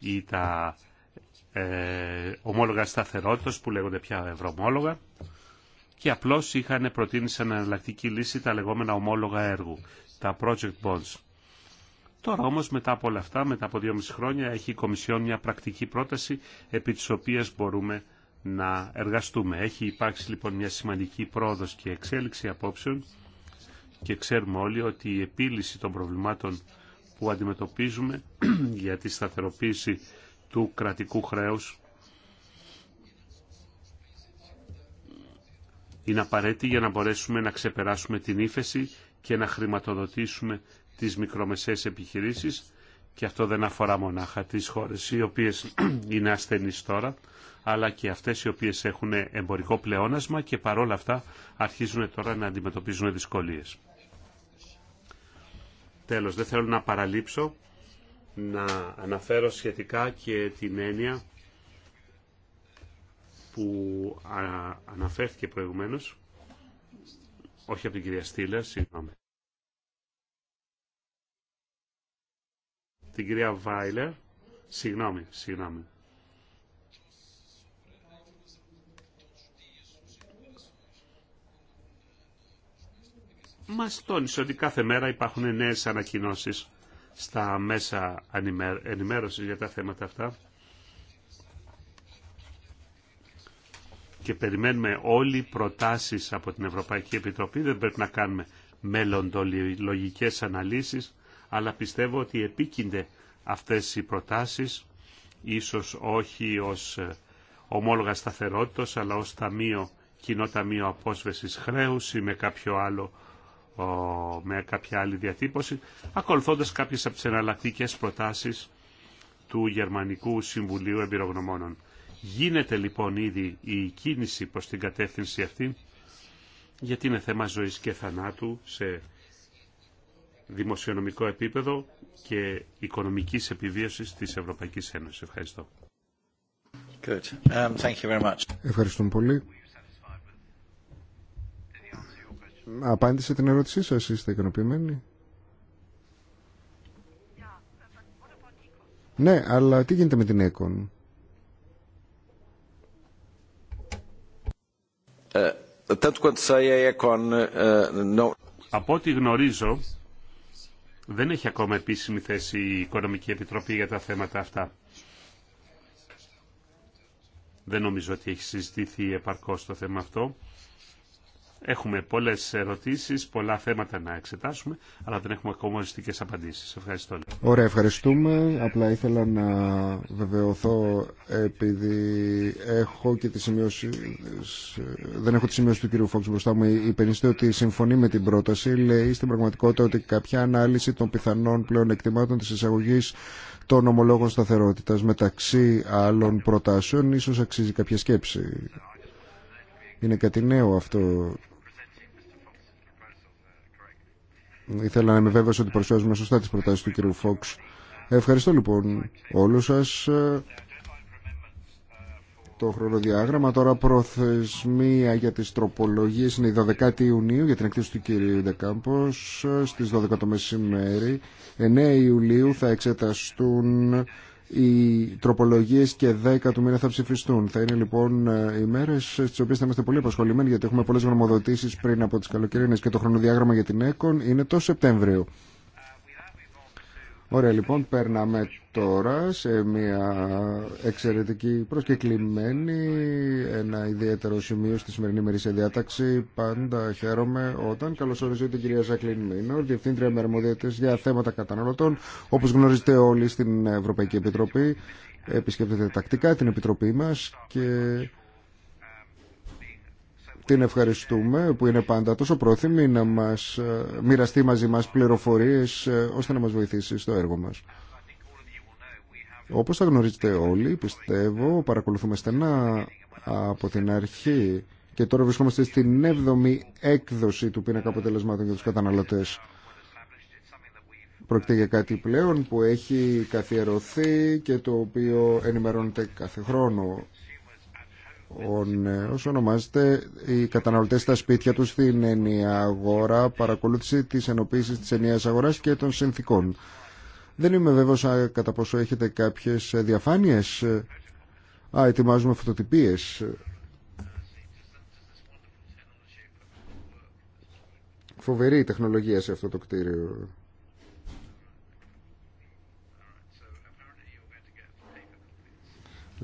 ή τα ε, ομόλογα σταθερότητας που λέγονται πια ευρωομόλογα και απλώς είχαν προτείνει σαν εναλλακτική λύση τα λεγόμενα ομόλογα έργου, τα project bonds. Τώρα όμως μετά από όλα αυτά, μετά από δύο χρόνια, έχει η Κομισιόν μια πρακτική πρόταση επί της οποίας μπορούμε να εργαστούμε. Έχει υπάρξει λοιπόν μια σημαντική πρόοδος και εξέλιξη απόψεων και ξέρουμε όλοι ότι η επίλυση των προβλημάτων που αντιμετωπίζουμε για τη σταθεροποίηση του κρατικού χρέους είναι απαραίτητη για να μπορέσουμε να ξεπεράσουμε την ύφεση και να χρηματοδοτήσουμε τις μικρομεσαίες επιχειρήσεις και αυτό δεν αφορά μονάχα τις χώρες οι οποίες είναι ασθενείς τώρα αλλά και αυτές οι οποίες έχουν εμπορικό πλεόνασμα και παρόλα αυτά αρχίζουν τώρα να αντιμετωπίζουν δυσκολίες. Τέλος, δεν θέλω να παραλείψω να αναφέρω σχετικά και την έννοια που αναφέρθηκε προηγουμένως, όχι από την κυρία Στήλερ, συγγνώμη, την κυρία Βάιλερ, συγγνώμη, συγγνώμη, μας τόνισε ότι κάθε μέρα υπάρχουν νέες ανακοινώσεις στα μέσα ενημέρωσης για τα θέματα αυτά. Και περιμένουμε όλοι προτάσεις από την Ευρωπαϊκή Επιτροπή. Δεν πρέπει να κάνουμε μελλοντολογικές αναλύσεις, αλλά πιστεύω ότι επίκυνται αυτές οι προτάσεις, ίσως όχι ως ε, ομόλογα σταθερότητος, αλλά ως ταμείο, κοινό ταμείο απόσβεσης χρέους ή με κάποιο άλλο με κάποια άλλη διατύπωση, ακολουθώντας κάποιες από τις εναλλακτικέ προτάσεις του Γερμανικού Συμβουλίου Εμπειρογνωμόνων. Γίνεται λοιπόν ήδη η κίνηση προς την κατεύθυνση αυτή, γιατί είναι θέμα ζωής και θανάτου σε δημοσιονομικό επίπεδο και οικονομικής επιβίωσης της Ευρωπαϊκής Ένωσης. Ευχαριστώ. Good. Um, thank Ευχαριστούμε πολύ. Απάντησε την ερώτησή σας, είστε ικανοποιημένοι. Ναι, αλλά τι γίνεται με την ΕΚΟΝ. Ε, Από ό,τι γνωρίζω, δεν έχει ακόμα επίσημη θέση η Οικονομική Επιτροπή για τα θέματα αυτά. Δεν νομίζω ότι έχει συζητηθεί επαρκώς το θέμα αυτό. Έχουμε πολλέ ερωτήσει, πολλά θέματα να εξετάσουμε, αλλά δεν έχουμε ακόμα οριστικέ απαντήσει. Ευχαριστώ. Ωραία, ευχαριστούμε. Απλά ήθελα να βεβαιωθώ, επειδή έχω και τις σημειώσεις, δεν έχω τη σημείωση του κ. Φόξ μπροστά μου, υπενιστεί ότι συμφωνεί με την πρόταση, λέει στην πραγματικότητα ότι κάποια ανάλυση των πιθανών πλέον εκτιμάτων τη εισαγωγή των ομολόγων σταθερότητα μεταξύ άλλων προτάσεων ίσω αξίζει κάποια σκέψη είναι κάτι νέο αυτό. Ήθελα να είμαι βέβαιος ότι προσφέρουμε σωστά τις προτάσεις του κ. Φόξ. Ευχαριστώ λοιπόν όλους σας ε, το χρονοδιάγραμμα. Τώρα προθεσμία για τις τροπολογίες είναι η 12η Ιουνίου για την εκτίση του κυρίου Ντεκάμπος ε, στις 12 το μεσημέρι. 9 Ιουλίου θα εξεταστούν οι τροπολογίε και 10 του μήνα θα ψηφιστούν. Θα είναι λοιπόν ε, οι μέρε στι οποίε θα είμαστε πολύ απασχολημένοι, γιατί έχουμε πολλέ γνωμοδοτήσει πριν από τι καλοκαιρινέ και το χρονοδιάγραμμα για την ΕΚΟΝ είναι το Σεπτέμβριο. Ωραία, λοιπόν, περνάμε τώρα σε μια εξαιρετική προσκεκλημένη, ένα ιδιαίτερο σημείο στη σημερινή σε διάταξη. Πάντα χαίρομαι όταν καλωσορίζω την κυρία Ζακλίν Μίνο, διευθύντρια με για θέματα καταναλωτών. Όπως γνωρίζετε όλοι στην Ευρωπαϊκή Επιτροπή, επισκέπτεται τακτικά την Επιτροπή μας και την ευχαριστούμε που είναι πάντα τόσο πρόθυμη να μας ε, μοιραστεί μαζί μας πληροφορίες ε, ώστε να μας βοηθήσει στο έργο μας. Όπως θα γνωρίζετε όλοι, πιστεύω, παρακολουθούμε στενά από την αρχή και τώρα βρισκόμαστε στην 7η έκδοση του πίνακα αποτελεσμάτων για τους καταναλωτές. Πρόκειται για κάτι πλέον που έχει καθιερωθεί και το οποίο ενημερώνεται κάθε χρόνο όσο ονομάζεται «Οι καταναλωτέ στα σπίτια του στην ενιαία αγορά, παρακολούθηση της ενοποίηση τη ενιαία αγορά και των συνθήκων». Δεν είμαι βέβαιο κατά πόσο έχετε κάποιες διαφάνειες. Α, ετοιμάζουμε φωτοτυπίες. Φοβερή τεχνολογία σε αυτό το κτίριο.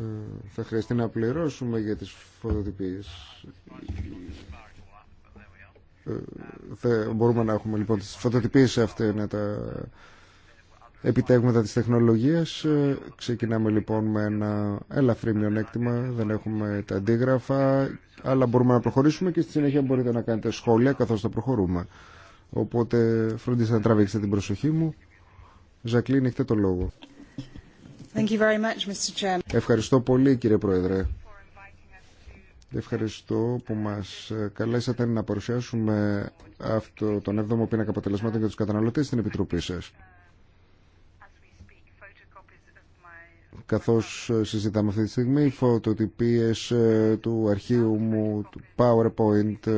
Ε, θα χρειαστεί να πληρώσουμε για τις φωτοτυπίες. Ε, θα μπορούμε να έχουμε λοιπόν τις φωτοτυπίες αυτές να τα επιτέγματα της τεχνολογίας. Ε, ξεκινάμε λοιπόν με ένα ελαφρύ μειονέκτημα, δεν έχουμε τα αντίγραφα, αλλά μπορούμε να προχωρήσουμε και στη συνέχεια μπορείτε να κάνετε σχόλια καθώς θα προχωρούμε. Οπότε φροντίστε να τραβήξετε την προσοχή μου. Ζακλίν, έχετε το λόγο. Ευχαριστώ πολύ κύριε Πρόεδρε. Ευχαριστώ που μας ε, καλέσατε να παρουσιάσουμε αυτό τον 7ο πίνακα αποτελεσμάτων για τους καταναλωτές στην Επιτροπή σας. Καθώς ε, συζητάμε αυτή τη στιγμή, οι φωτοτυπίες ε, του αρχείου μου, του PowerPoint,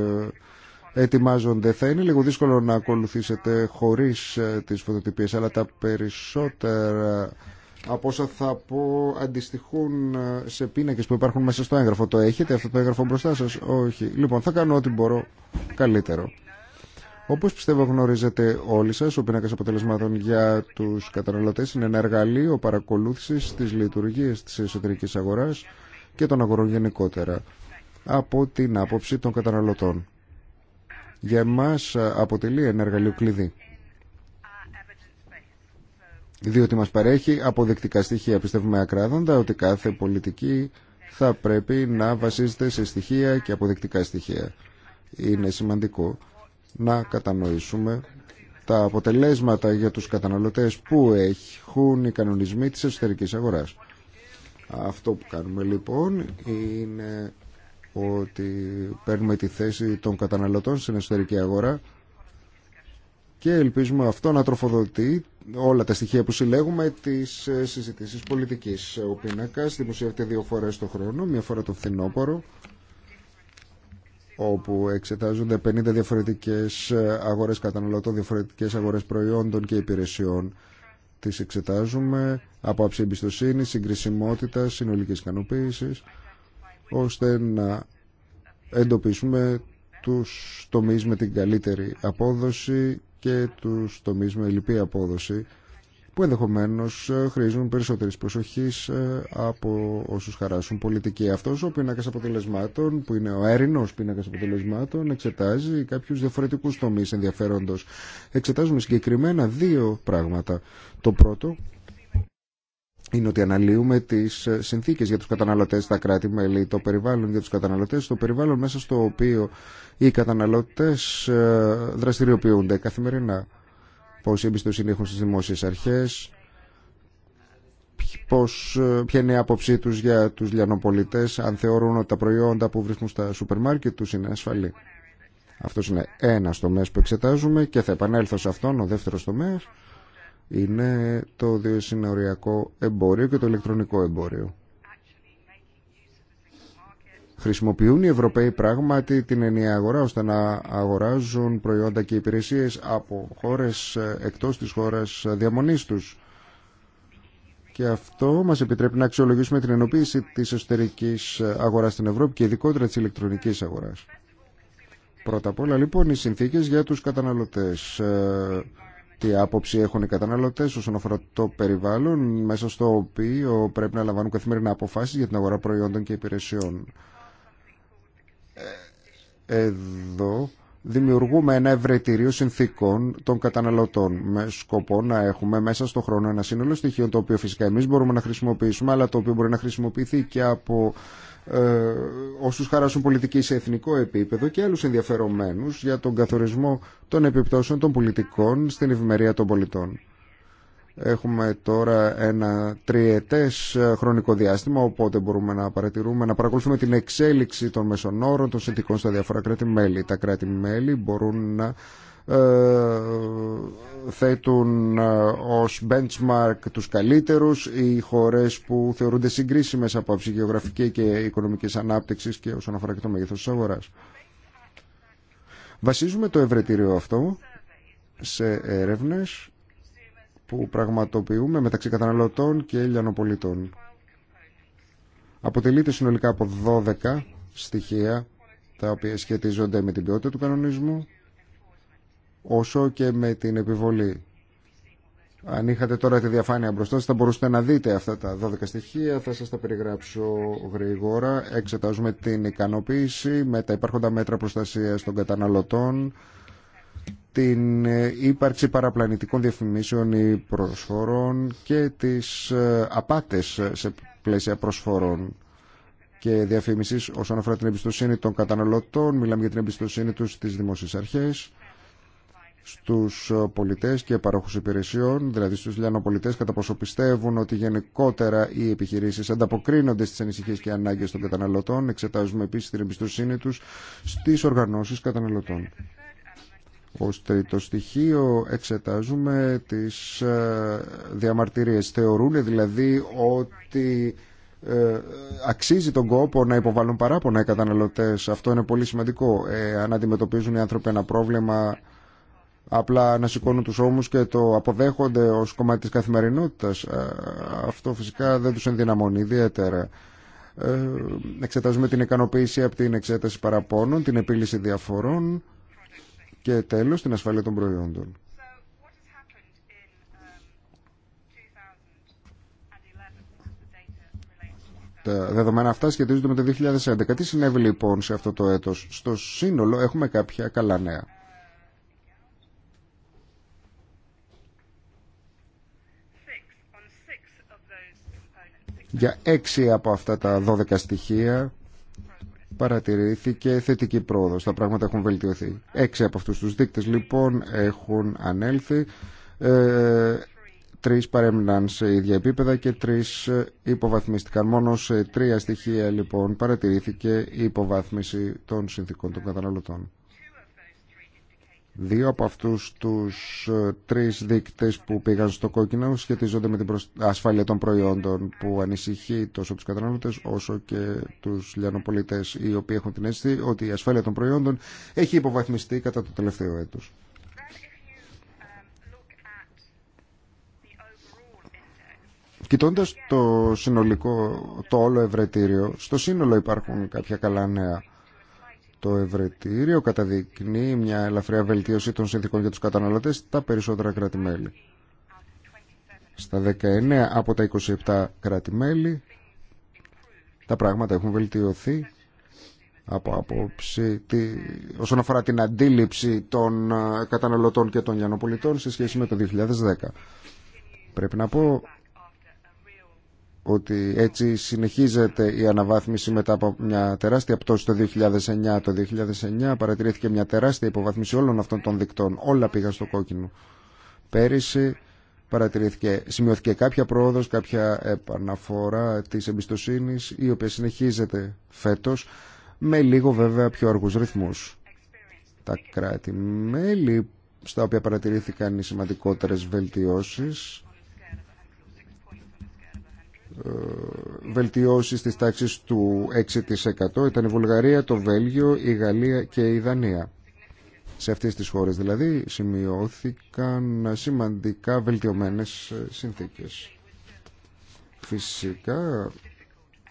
ετοιμάζονται. Θα είναι λίγο δύσκολο να ακολουθήσετε χωρίς τις φωτοτυπίες, αλλά τα περισσότερα από όσα θα πω αντιστοιχούν ε, σε πίνακες που υπάρχουν μέσα στο έγγραφο. Το έχετε αυτό το έγγραφο μπροστά σας? Όχι. Λοιπόν, θα κάνω ό,τι μπορώ καλύτερο. Όπως πιστεύω γνωρίζετε όλοι σας, ο πίνακας αποτελεσμάτων για τους καταναλωτές είναι ένα εργαλείο παρακολούθησης της λειτουργίας της εσωτερικής αγοράς και των αγορών γενικότερα από την άποψη των καταναλωτών. Για εμάς ε, αποτελεί ένα εργαλείο κλειδί διότι μας παρέχει αποδεκτικά στοιχεία. Πιστεύουμε ακράδαντα ότι κάθε πολιτική θα πρέπει να βασίζεται σε στοιχεία και αποδεκτικά στοιχεία. Είναι σημαντικό να κατανοήσουμε τα αποτελέσματα για τους καταναλωτές που έχουν οι κανονισμοί της εσωτερικής αγοράς. Αυτό που κάνουμε λοιπόν είναι ότι παίρνουμε τη θέση των καταναλωτών στην εσωτερική αγορά και ελπίζουμε αυτό να τροφοδοτεί όλα τα στοιχεία που συλλέγουμε τις ε, συζητήσεις πολιτική Ο πίνακα. δημοσιεύεται δύο φορές το χρόνο, μία φορά το φθινόπωρο όπου εξετάζονται 50 διαφορετικές ε, αγορές καταναλωτών, διαφορετικές αγορές προϊόντων και υπηρεσιών. Τις εξετάζουμε από άψη εμπιστοσύνη, συγκρισιμότητα, συνολική ικανοποίηση, ώστε να εντοπίσουμε τους τομείς με την καλύτερη απόδοση και τους τομείς με λυπή απόδοση που ενδεχομένως ε, χρήζουν περισσότερης προσοχής ε, από όσους χαράσουν πολιτική. Αυτός ο πίνακας αποτελεσμάτων, που είναι ο έρηνος πίνακας αποτελεσμάτων, εξετάζει κάποιους διαφορετικούς τομείς ενδιαφέροντος. Εξετάζουμε συγκεκριμένα δύο πράγματα. Το πρώτο είναι ότι αναλύουμε τι ε, συνθήκε για του καταναλωτέ, στα κράτη-μέλη, το περιβάλλον για του καταναλωτέ, το περιβάλλον μέσα στο οποίο οι καταναλωτέ ε, δραστηριοποιούνται καθημερινά. Πόση εμπιστοσύνη έχουν στι δημόσιε αρχέ, πώς, ε, ποια είναι η άποψή του για του λιανοπολιτές, αν θεωρούν ότι τα προϊόντα που βρίσκουν στα σούπερ μάρκετ του είναι ασφαλή. Αυτό είναι ένα τομέα που εξετάζουμε και θα επανέλθω σε αυτόν, ο δεύτερο τομέα είναι το διοσυνοριακό εμπόριο και το ηλεκτρονικό εμπόριο. Χρησιμοποιούν οι Ευρωπαίοι πράγματι την ενιαία αγορά ώστε να αγοράζουν προϊόντα και υπηρεσίες από χώρες ε, εκτός της χώρας ε, διαμονής τους. Και αυτό μας επιτρέπει να αξιολογήσουμε την ενοποίηση της εσωτερικής ε, αγοράς στην Ευρώπη και ειδικότερα της ηλεκτρονικής αγοράς. Πρώτα απ' όλα λοιπόν οι συνθήκες για τους καταναλωτές τι άποψη έχουν οι καταναλωτές όσον αφορά το περιβάλλον μέσα στο οποίο πρέπει να λαμβάνουν καθημερινά αποφάσεις για την αγορά προϊόντων και υπηρεσιών. Ε, εδώ δημιουργούμε ένα ευρετηρίο συνθήκων των καταναλωτών με σκοπό να έχουμε μέσα στο χρόνο ένα σύνολο στοιχείων το οποίο φυσικά εμείς μπορούμε να χρησιμοποιήσουμε αλλά το οποίο μπορεί να χρησιμοποιηθεί και από ε, Όσου χαράσουν πολιτική σε εθνικό επίπεδο και άλλου ενδιαφερομένους για τον καθορισμό των επιπτώσεων των πολιτικών στην ευημερία των πολιτών. Έχουμε τώρα ένα τριετές ε, χρονικό διάστημα, οπότε μπορούμε να παρατηρούμε, να παρακολουθούμε την εξέλιξη των μεσονόρων, των συνθηκών στα διάφορα κράτη-μέλη. Τα κράτη-μέλη μπορούν να ε, θέτουν ε, ως benchmark τους καλύτερους οι χώρες που θεωρούνται συγκρίσιμες από ψυχιογραφική και οικονομικής ανάπτυξης και όσον αφορά και το μέγεθος της αγοράς. Βασίζουμε το ευρετήριο αυτό σε έρευνες που πραγματοποιούμε μεταξύ καταναλωτών και ελληνοπολιτών. Αποτελείται συνολικά από 12 στοιχεία τα οποία σχετίζονται με την ποιότητα του κανονισμού, όσο και με την επιβολή. Αν είχατε τώρα τη διαφάνεια μπροστά σας θα μπορούσατε να δείτε αυτά τα 12 στοιχεία, θα σας τα περιγράψω γρήγορα. Εξετάζουμε την ικανοποίηση με τα υπάρχοντα μέτρα προστασίας των καταναλωτών, την ύπαρξη παραπλανητικών διαφημίσεων ή προσφορών και τις ε, απάτες σε πλαίσια προσφορών και διαφήμισης όσον αφορά την εμπιστοσύνη των καταναλωτών. Μιλάμε για την εμπιστοσύνη τους στις δημόσιες αρχές Στου ε, πολιτέ και παρόχου υπηρεσιών, δηλαδή στου λιανοπολιτέ, κατά πόσο πιστεύουν ότι γενικότερα οι επιχειρήσει ανταποκρίνονται στι ανησυχίε και ανάγκε των καταναλωτών. Εξετάζουμε επίση την εμπιστοσύνη του, στι οργανώσει καταναλωτών. Ω τρίτο στοιχείο εξετάζουμε τι ε, διαμαρτυρίε. Θεωρούν δηλαδή ότι ε, αξίζει τον κόπο να υποβάλουν παράπονα οι καταναλωτές. Αυτό είναι πολύ σημαντικό. αν αντιμετωπίζουν οι άνθρωποι ένα πρόβλημα απλά να σηκώνουν τους ώμους και το αποδέχονται ως κομμάτι της καθημερινότητας. Ε, αυτό φυσικά δεν τους ενδυναμώνει ιδιαίτερα. Ε, εξετάζουμε την ικανοποίηση από την εξέταση παραπώνων, την επίλυση διαφορών και τέλος την ασφάλεια των προϊόντων. Τα δεδομένα αυτά σχετίζονται με το 2011. Τι συνέβη λοιπόν σε αυτό το έτος. Στο σύνολο έχουμε κάποια καλά νέα. Για έξι από αυτά τα δώδεκα στοιχεία παρατηρήθηκε θετική πρόοδος. Τα πράγματα έχουν βελτιωθεί. Έξι από αυτούς τους δείκτες λοιπόν έχουν ανέλθει. Ε, τρεις παρέμειναν σε ίδια επίπεδα και τρεις υποβαθμίστηκαν. Μόνο σε τρία στοιχεία λοιπόν παρατηρήθηκε η υποβάθμιση των συνθήκων των καταναλωτών. Δύο από αυτούς τους ε, τρεις δείκτες που πήγαν στο κόκκινο σχετίζονται με την ασφάλεια των προϊόντων που ανησυχεί τόσο τους καταναλωτές όσο και τους λιανοπολίτες οι οποίοι έχουν την αίσθηση ότι η ασφάλεια των προϊόντων έχει υποβαθμιστεί κατά το τελευταίο έτος. Κοιτώντα το συνολικό, το όλο ευρετήριο, στο σύνολο υπάρχουν κάποια καλά νέα. Το ευρετήριο καταδεικνύει μια ελαφριά βελτίωση των συνθήκων για τους καταναλωτές στα περισσότερα κράτη-μέλη. Στα 19 από τα 27 κράτη-μέλη τα πράγματα έχουν βελτιωθεί από απόψη όσον αφορά την αντίληψη των ε, καταναλωτών και των γιανοπολιτών σε σχέση με το 2010. Πρέπει να πω ότι έτσι συνεχίζεται η αναβάθμιση μετά από μια τεράστια πτώση το 2009. Το 2009 παρατηρήθηκε μια τεράστια υποβαθμίση όλων αυτών των δικτών. Όλα πήγαν στο κόκκινο. Πέρυσι παρατηρήθηκε, σημειώθηκε κάποια πρόοδος, κάποια επαναφορά της εμπιστοσύνης, η οποία συνεχίζεται φέτος, με λίγο βέβαια πιο αργούς ρυθμούς. Τα κράτη-μέλη στα οποία παρατηρήθηκαν οι σημαντικότερες βελτιώσεις ε, βελτιώσεις της τάξης του 6% ήταν η Βουλγαρία, το Βέλγιο, η Γαλλία και η Δανία. Σε αυτές τις χώρες δηλαδή σημειώθηκαν σημαντικά βελτιωμένες ε, συνθήκες. Φυσικά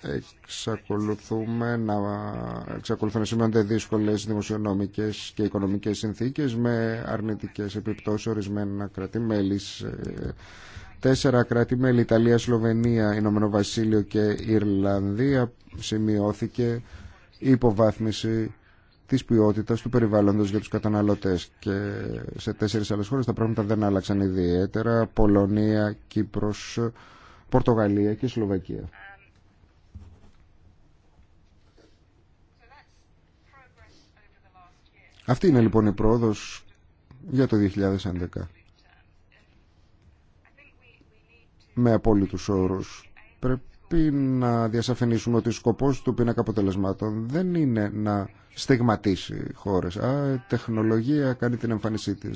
εξακολουθούμε να, εξακολουθούν να σημαίνονται δύσκολες δημοσιονομικές και οικονομικές συνθήκες με αρνητικές επιπτώσεις ορισμένα κράτη-μέλης Τέσσερα κράτη-μέλη, Ιταλία, Σλοβενία, Ηνωμένο Βασίλειο και Ιρλανδία σημειώθηκε η υποβάθμιση της ποιότητας του περιβάλλοντος για τους καταναλωτές και σε τέσσερις άλλες χώρες τα πράγματα δεν άλλαξαν ιδιαίτερα Πολωνία, Κύπρος, Πορτογαλία και Σλοβακία. Αυτή είναι λοιπόν η πρόοδος για το 2011. με απόλυτου όρου. Πρέπει να διασαφηνίσουμε ότι ο σκοπό του πίνακα αποτελεσμάτων δεν είναι να στιγματίσει χώρες. Α, η τεχνολογία κάνει την εμφάνισή τη.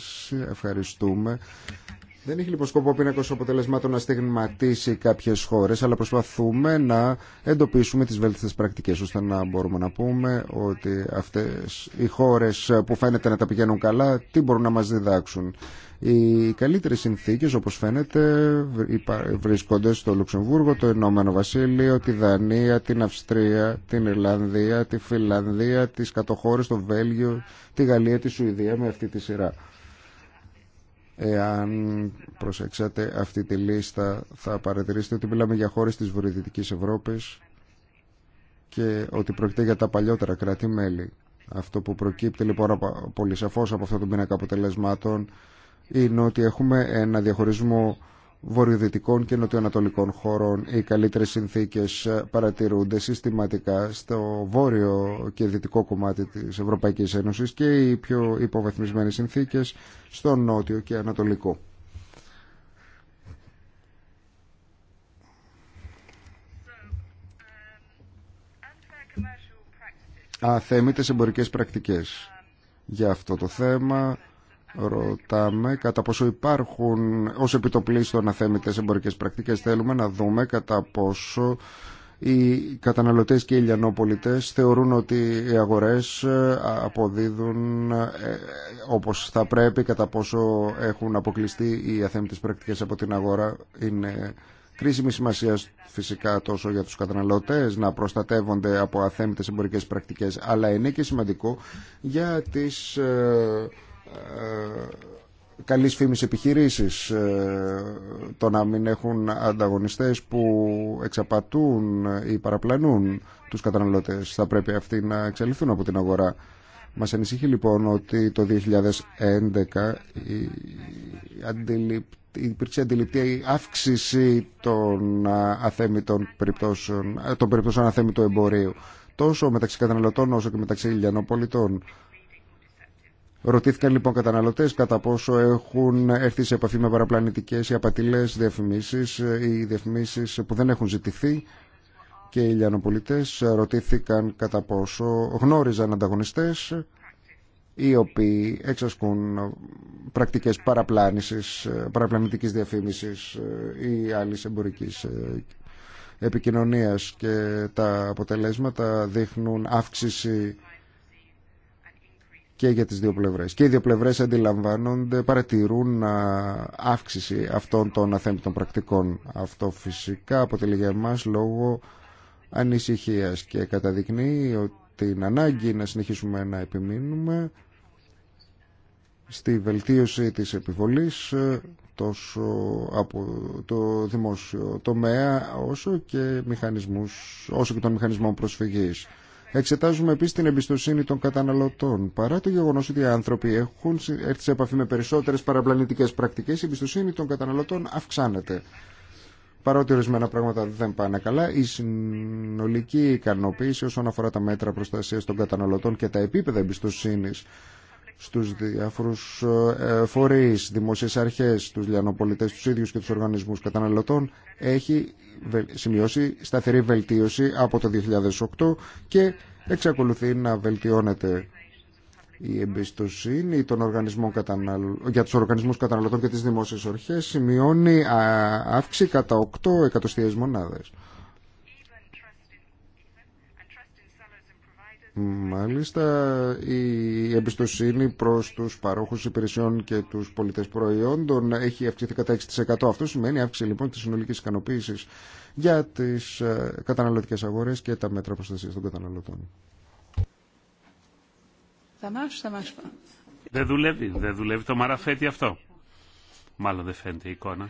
Ευχαριστούμε. Δεν έχει λοιπόν σκοπό ο αποτελεσμάτων να στιγματίσει κάποιες χώρες, αλλά προσπαθούμε να εντοπίσουμε τις βέλτιστες πρακτικές, ώστε να μπορούμε να πούμε ότι αυτές οι χώρες που φαίνεται να τα πηγαίνουν καλά, τι μπορούν να μας διδάξουν. Οι καλύτερε συνθήκε, όπω φαίνεται, βρίσκονται στο Λουξεμβούργο, το Ενωμένο Βασίλειο, τη Δανία, την Αυστρία, την Ιρλανδία, τη Φιλανδία, τι κατοχώρε, το Βέλγιο, τη Γαλλία, τη Σουηδία με αυτή τη σειρά. Εάν προσέξατε αυτή τη λίστα θα παρατηρήσετε ότι μιλάμε για χώρε της Βορειοδυτική Ευρώπη και ότι πρόκειται για τα παλιότερα κράτη-μέλη. Αυτό που προκύπτει λοιπόν πολύ σαφώ από αυτό το πίνακα αποτελεσμάτων είναι ότι έχουμε ένα διαχωρισμό βορειοδυτικών και νοτιοανατολικών χωρών. Οι καλύτερες συνθήκες ε, παρατηρούνται συστηματικά στο βόρειο και δυτικό κομμάτι της Ευρωπαϊκής Ένωσης και οι πιο υποβεθμισμένες συνθήκες στο νότιο και ανατολικό. Αθέμητες εμπορικές πρακτικές για αυτό το θέμα Ρωτάμε κατά πόσο υπάρχουν ως επιτοπλίστων αθέμητες εμπορικές πρακτικές. Θέλουμε να δούμε κατά πόσο οι καταναλωτές και οι λιανόπολιτες θεωρούν ότι οι αγορές ε, αποδίδουν ε, όπως θα πρέπει κατά πόσο έχουν αποκλειστεί οι αθέμητες πρακτικές από την αγορά είναι κρίσιμη σημασία φυσικά τόσο για τους καταναλωτές να προστατεύονται από αθέμητες εμπορικές πρακτικές αλλά είναι και σημαντικό για τις ε, ε, καλής φήμης επιχειρήσεις ε, το να μην έχουν ανταγωνιστές που εξαπατούν ή παραπλανούν τους καταναλωτές θα πρέπει αυτοί να εξελιχθούν από την αγορά μας ανησυχεί λοιπόν ότι το 2011 υπήρξε αντιληπτή αύξηση των αθέμητων περιπτώσεων ε, των περιπτώσεων αθέμητου εμπορίου τόσο μεταξύ καταναλωτών όσο και μεταξύ λιανοπολιτών. Ρωτήθηκαν λοιπόν καταναλωτέ κατά πόσο έχουν έρθει σε επαφή με παραπλανητικέ ή απατηλέ διαφημίσει ή διαφημίσει που δεν έχουν ζητηθεί και οι λιανοπολιτέ ρωτήθηκαν κατά πόσο γνώριζαν ανταγωνιστέ οι οποίοι εξασκούν πρακτικές παραπλάνησης, παραπλανητικής διαφήμισης ή άλλης εμπορικής επικοινωνίας και τα αποτελέσματα δείχνουν αύξηση και για τις δύο πλευρές. Και οι δύο πλευρές αντιλαμβάνονται, παρατηρούν αύξηση αυτών των αθέμπτων πρακτικών. Αυτό φυσικά αποτελεί για εμάς λόγο ανησυχίας και καταδεικνύει την ανάγκη να συνεχίσουμε να επιμείνουμε στη βελτίωση της επιβολής ε, τόσο από το δημόσιο τομέα όσο και, μηχανισμούς, όσο και των μηχανισμών προσφυγής. Εξετάζουμε επίση την εμπιστοσύνη των καταναλωτών. Παρά το γεγονό ότι οι άνθρωποι έχουν έρθει σε επαφή με περισσότερε παραπλανητικέ πρακτικέ, η εμπιστοσύνη των καταναλωτών αυξάνεται. Παρότι ορισμένα πράγματα δεν πάνε καλά, η συνολική ικανοποίηση όσον αφορά τα μέτρα προστασία των καταναλωτών και τα επίπεδα εμπιστοσύνη στους διάφορους ε, ε, φορείς, δημόσιες αρχές, τους λιανοπολιτές, τους ίδιους και τους οργανισμούς καταναλωτών έχει σημειώσει σταθερή βελτίωση από το 2008 και εξακολουθεί να βελτιώνεται η εμπιστοσύνη των οργανισμών για τους οργανισμούς καταναλωτών και τις δημόσιες αρχές σημειώνει αύξηση κατά 8 εκατοστιαίες μονάδες. Μάλιστα, η εμπιστοσύνη προς τους παρόχους υπηρεσιών και τους πολιτές προϊόντων έχει αυξηθεί κατά 6%. Αυτό σημαίνει αύξηση λοιπόν της συνολικής ικανοποίηση για τις ε, καταναλωτικές αγορές και τα μέτρα προστασίας των καταναλωτών. Δεν δουλεύει, δεν δουλεύει το μαραφέτη αυτό. Μάλλον δεν φαίνεται η εικόνα.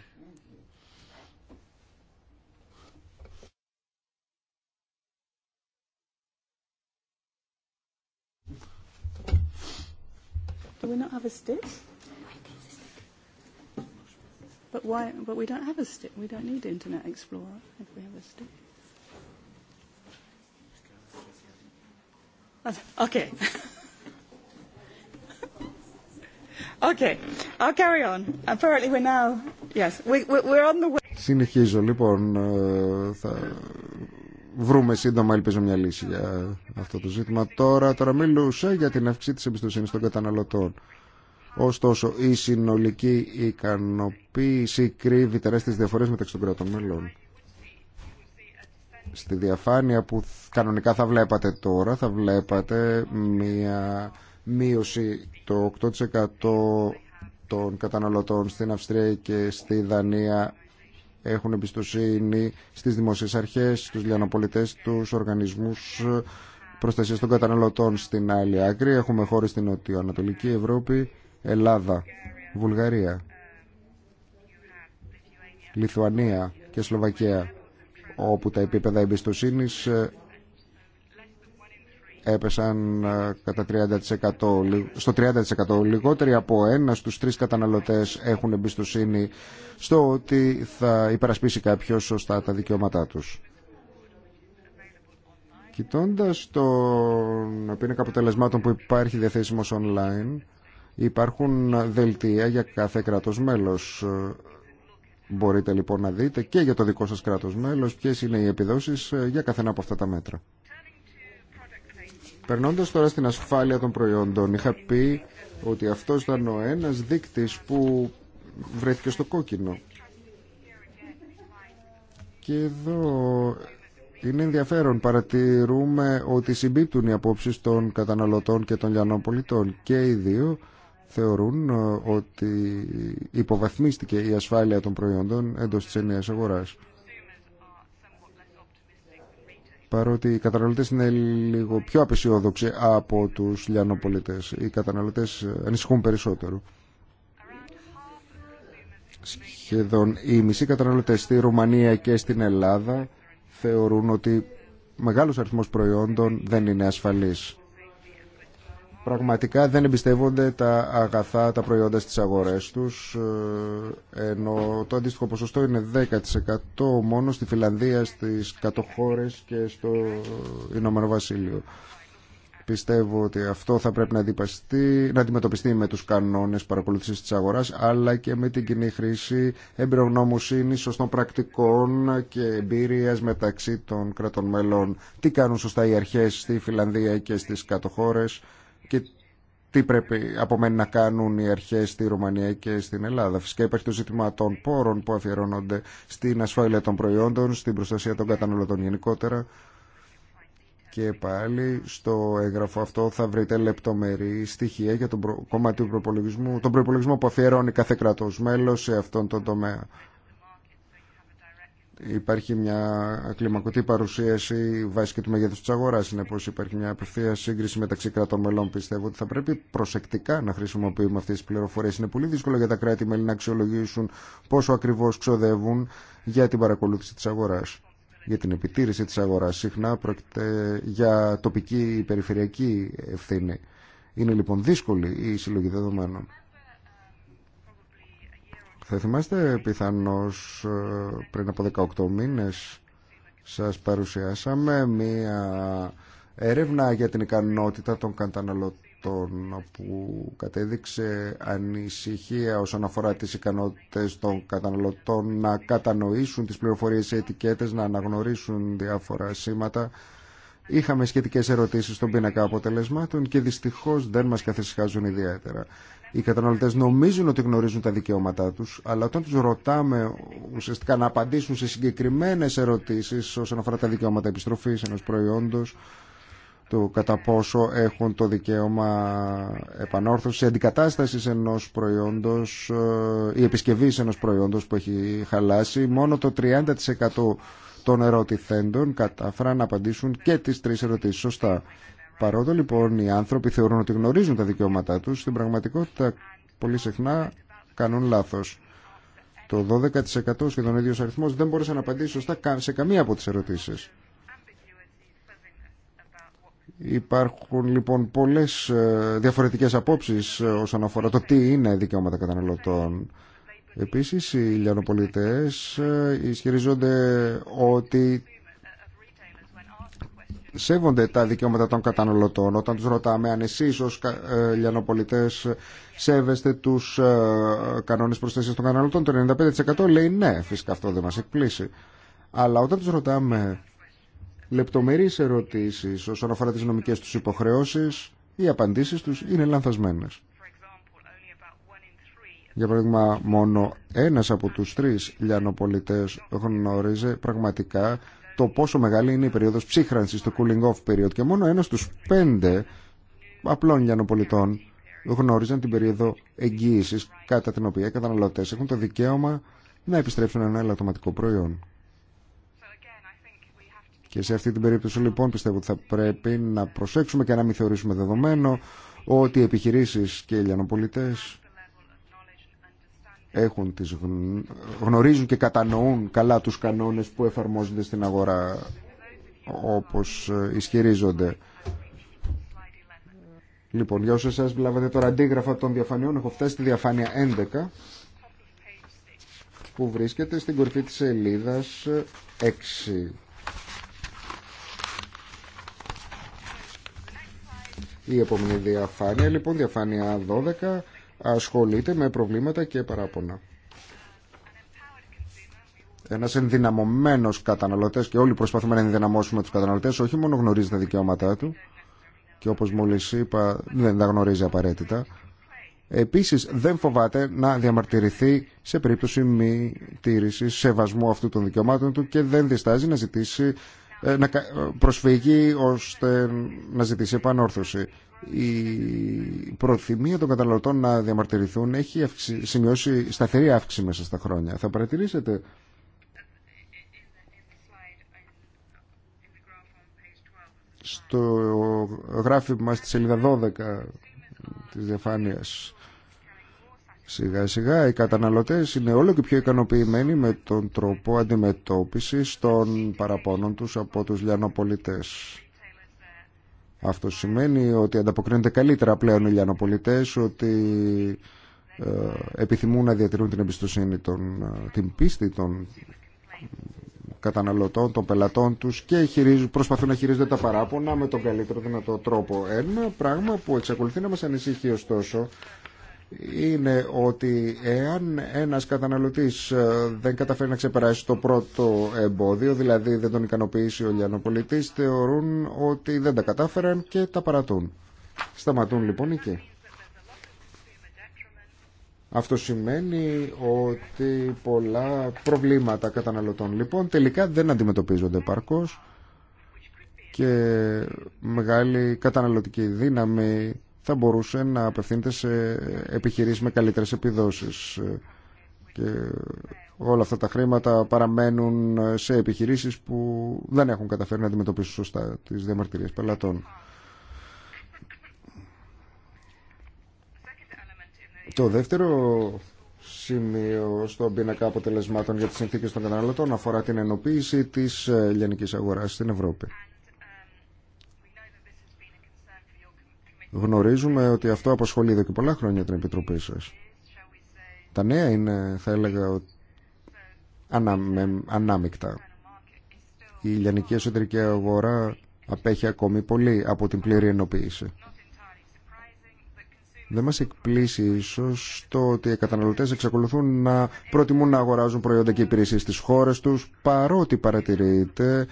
Do we not have a stick? But why? But we don't have a stick. We don't need Internet Explorer if we have a stick. Okay. Okay. I'll carry on. Apparently we're now. Yes. We, we're on the way. Συνεχίζω. Λοιπόν, θα βρούμε σύντομα, ελπίζω, μια λύση για αυτό το ζήτημα. Τώρα, τώρα μιλούσα για την αυξή τη εμπιστοσύνη των καταναλωτών. Ωστόσο, η συνολική ικανοποίηση κρύβει τεράστιε διαφορέ μεταξύ των κρατών μελών. Στη διαφάνεια που κανονικά θα βλέπατε τώρα, θα βλέπατε μια μείωση το 8% των καταναλωτών στην Αυστρία και στη Δανία έχουν εμπιστοσύνη στις δημοσίες αρχές, στους λιανοπολιτές, τους οργανισμούς προστασίας των καταναλωτών στην άλλη άκρη. Έχουμε χώρες στην Νοτιοανατολική Ευρώπη, Ελλάδα, Βουλγαρία, Λιθουανία και Σλοβακία όπου τα επίπεδα εμπιστοσύνης έπεσαν ε, κατά 30%, στο 30%. Λιγότεροι από ένα στους τρεις καταναλωτές έχουν εμπιστοσύνη στο ότι θα υπερασπίσει κάποιος σωστά τα δικαιώματά τους. Κοιτώντας τον πίνακα αποτελεσμάτων που υπάρχει διαθέσιμος online, υπάρχουν δελτία για κάθε κράτος μέλος. Μπορείτε λοιπόν να δείτε και για το δικό σας κράτος μέλος ποιες είναι οι επιδόσεις ε, για καθένα από αυτά τα μέτρα. Περνώντας τώρα στην ασφάλεια των προϊόντων, είχα πει ότι αυτό ήταν ο ένας δείκτης που βρέθηκε στο κόκκινο. Και εδώ είναι ενδιαφέρον. Παρατηρούμε ότι συμπίπτουν οι απόψεις των καταναλωτών και των λιανών πολιτών. Και οι δύο θεωρούν ε, ότι υποβαθμίστηκε η ασφάλεια των προϊόντων εντός της ενιαίας αγοράς παρότι οι καταναλωτές είναι λίγο πιο απεσιόδοξοι από τους λιανοπολιτές. Οι καταναλωτές ανησυχούν περισσότερο. Σχεδόν οι μισοί καταναλωτές στη Ρουμανία και στην Ελλάδα θεωρούν ότι μεγάλος αριθμός προϊόντων δεν είναι ασφαλής πραγματικά δεν εμπιστεύονται τα αγαθά, τα προϊόντα στις αγορές τους ε, ενώ το αντίστοιχο ποσοστό είναι 10% μόνο στη Φιλανδία, στις κατοχώρες και στο Ηνωμένο Βασίλειο. Πιστεύω ότι αυτό θα πρέπει να, να αντιμετωπιστεί με τους κανόνες παρακολούθησης της αγοράς αλλά και με την κοινή χρήση εμπειρογνώμοσύνης σωστών πρακτικών και εμπειρίας μεταξύ των κρατών μελών. Τι κάνουν σωστά οι αρχές στη Φιλανδία και στις κατοχώρες και τι πρέπει από μένα να κάνουν οι αρχές στη Ρουμανία και στην Ελλάδα. Φυσικά υπάρχει το ζήτημα των πόρων που αφιερώνονται στην ασφάλεια των προϊόντων, στην προστασία των καταναλωτών γενικότερα. Και πάλι στο έγγραφο αυτό θα βρείτε λεπτομερή στοιχεία για τον προ... κομμάτι του προπολογισμού, τον προπολογισμό που αφιερώνει κάθε κράτο μέλο σε αυτόν τον τομέα υπάρχει μια κλιμακωτή παρουσίαση βάσει και του μεγέθου τη αγορά. Συνεπώ, υπάρχει μια απευθεία σύγκριση μεταξύ κρατών μελών. Πιστεύω ότι θα πρέπει προσεκτικά να χρησιμοποιούμε αυτέ τι πληροφορίε. Είναι πολύ δύσκολο για τα κράτη-μέλη να αξιολογήσουν πόσο ακριβώ ξοδεύουν για την παρακολούθηση τη αγορά, για την επιτήρηση τη αγορά. Συχνά πρόκειται για τοπική ή περιφερειακή ευθύνη. Είναι λοιπόν δύσκολη συλλογή δεδομένων. Θα θυμάστε πιθανώς ε, πριν από 18 μήνες σας παρουσιάσαμε μία έρευνα για την ικανότητα των καταναλωτών που κατέδειξε ανησυχία όσον αφορά τις ικανότητες των καταναλωτών να κατανοήσουν τις πληροφορίες σε ετικέτες, να αναγνωρίσουν διάφορα σήματα. Είχαμε σχετικές ερωτήσεις στον πίνακα αποτελεσμάτων και δυστυχώς δεν μας καθησυχάζουν ιδιαίτερα. Οι καταναλωτέ νομίζουν ότι γνωρίζουν τα δικαιώματά του, αλλά όταν του ρωτάμε ουσιαστικά να απαντήσουν σε συγκεκριμένε ερωτήσει όσον αφορά τα δικαιώματα επιστροφή ενό προϊόντο, το κατά πόσο έχουν το δικαίωμα επανόρθωση, αντικατάσταση ενό προϊόντο ή ε, επισκευή ενό προϊόντο που έχει χαλάσει, μόνο το 30% των ερωτηθέντων κατάφεραν να απαντήσουν και τι τρει ερωτήσει, σωστά. Παρότι λοιπόν οι άνθρωποι θεωρούν ότι γνωρίζουν τα δικαιώματά τους, στην πραγματικότητα πολύ συχνά κάνουν λάθος. Το 12% σχεδόν ίδιο αριθμός δεν μπορούσε να απαντήσει σωστά σε καμία από τις ερωτήσεις. Υπάρχουν λοιπόν πολλές ε, διαφορετικές απόψεις ε, όσον αφορά το τι είναι δικαιώματα καταναλωτών. Επίσης οι λιανοπολιτές ε, ισχυριζόνται ότι σέβονται τα δικαιώματα των καταναλωτών. Όταν τους ρωτάμε αν εσείς ως ε, λιανοπολιτές σέβεστε τους ε, κανόνες προστασίας των καταναλωτών, το 95% λέει ναι, φυσικά αυτό δεν μας εκπλήσει. Αλλά όταν τους ρωτάμε λεπτομερείς ερωτήσεις όσον αφορά τις νομικές τους υποχρεώσεις, οι απαντήσεις τους είναι λανθασμένες. Για παράδειγμα, μόνο ένας από τους τρεις λιανοπολιτές γνώριζε πραγματικά το πόσο μεγάλη είναι η περίοδος ψύχρανσης, το cooling off περίοδο και μόνο ένας στου πέντε απλών λιανοπολιτών γνώριζαν την περίοδο εγγύησης κατά την οποία οι καταναλωτέ έχουν το δικαίωμα να επιστρέψουν ένα ελαττωματικό προϊόν. Και σε αυτή την περίπτωση λοιπόν πιστεύω ότι θα πρέπει να προσέξουμε και να μην θεωρήσουμε δεδομένο ότι οι επιχειρήσεις και οι λιανοπολιτές έχουν τις, γνωρίζουν και κατανοούν καλά τους κανόνες που εφαρμόζονται στην αγορά όπως ε, ισχυρίζονται. Λοιπόν, για όσους σας βλάβατε τώρα αντίγραφα των διαφανειών, έχω φτάσει στη διαφάνεια 11 που βρίσκεται στην κορυφή της σελίδας 6. Ε, Η επόμενη διαφάνεια, λοιπόν, διαφάνεια 12, ασχολείται με προβλήματα και παράπονα. Ένα ενδυναμωμένο καταναλωτέ και όλοι προσπαθούμε να ενδυναμώσουμε του καταναλωτέ, όχι μόνο γνωρίζει τα δικαιώματά του και όπω μόλι είπα δεν τα γνωρίζει απαραίτητα. Επίση δεν φοβάται να διαμαρτυρηθεί σε περίπτωση μη τήρηση σεβασμού αυτού των δικαιωμάτων του και δεν διστάζει να ζητήσει ε, να ε, προσφύγει ώστε να ζητήσει επανόρθωση η προθυμία των καταναλωτών να διαμαρτυρηθούν έχει σημειώσει σταθερή αύξηση μέσα στα χρόνια. Θα παρατηρήσετε στο γράφημα στη σελίδα 12 της διαφάνειας σιγά σιγά οι καταναλωτές είναι όλο και πιο ικανοποιημένοι με τον τρόπο αντιμετώπισης των παραπώνων τους από τους λιανοπολιτές αυτό σημαίνει ότι ανταποκρίνονται καλύτερα πλέον οι λιανοπολιτές, ότι ε, επιθυμούν να διατηρούν την εμπιστοσύνη, των, ε, την πίστη των καταναλωτών, των πελατών τους και χειρίζουν, προσπαθούν να χειρίζονται τα παράπονα με τον καλύτερο δυνατό τρόπο. Ένα πράγμα που εξακολουθεί να μας ανησυχεί ωστόσο είναι ότι εάν ένας καταναλωτής ε, δεν καταφέρει να ξεπεράσει το πρώτο εμπόδιο, δηλαδή δεν τον ικανοποιήσει ο λιανοπολιτής, θεωρούν ότι δεν τα κατάφεραν και τα παρατούν. Σταματούν λοιπόν εκεί. Αυτό σημαίνει ότι πολλά προβλήματα καταναλωτών λοιπόν τελικά δεν αντιμετωπίζονται παρκώς και μεγάλη καταναλωτική δύναμη θα μπορούσε να απευθύνεται σε επιχειρήσεις με καλύτερες επιδόσεις. Και όλα αυτά τα χρήματα παραμένουν σε επιχειρήσεις που δεν έχουν καταφέρει να αντιμετωπίσουν σωστά τις διαμαρτυρίες πελατών. Το δεύτερο σημείο στον πίνακα αποτελεσμάτων για τις συνθήκες των καταναλωτών αφορά την ενοποίηση της ελληνικής αγοράς στην Ευρώπη. Γνωρίζουμε ότι αυτό απασχολεί εδώ και πολλά χρόνια την Επιτροπή σα. Τα νέα είναι, θα έλεγα, ανά, ανάμεικτα. Η ηλιανική εσωτερική αγορά απέχει ακόμη πολύ από την πλήρη ενοποίηση. Δεν μας εκπλήσει ίσως το ότι οι καταναλωτές εξακολουθούν να προτιμούν να αγοράζουν προϊόντα και υπηρεσίες στις χώρες τους παρότι παρατηρείται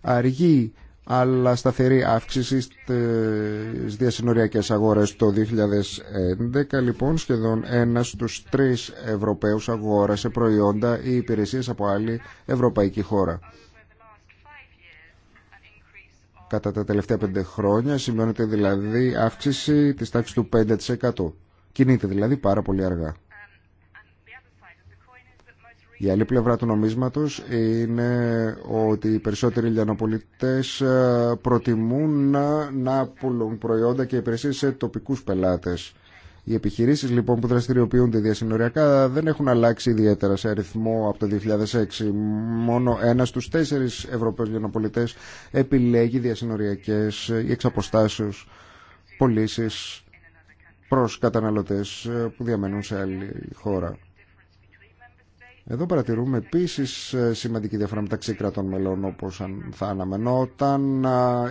αργή αλλά σταθερή αύξηση στις διασυνοριακές αγορές το 2011. Λοιπόν, σχεδόν ένας στους τρεις Ευρωπαίους αγόρασε προϊόντα ή υπηρεσίες από άλλη ευρωπαϊκή χώρα. Κατά τα τελευταία πέντε χρόνια σημειώνεται δηλαδή αύξηση της τάξης του 5%. Κινείται δηλαδή πάρα πολύ αργά. Η άλλη πλευρά του νομίσματος είναι ότι οι περισσότεροι λιανοπολιτές ε, προτιμούν να πουλούν προϊόντα και υπηρεσίες σε τοπικούς πελάτες. Οι επιχειρήσεις λοιπόν που δραστηριοποιούνται διασυνοριακά δεν έχουν αλλάξει ιδιαίτερα σε αριθμό από το 2006. Μόνο ένας στους τέσσερις Ευρωπαίους λιανοπολιτές επιλέγει διασυνοριακές ή εξαποστάσεως πωλήσει προς καταναλωτές ε, που διαμένουν σε άλλη χώρα. Εδώ παρατηρούμε επίση ε, σημαντική διαφορά μεταξύ κρατών μελών όπω θα αναμενόταν. Ε,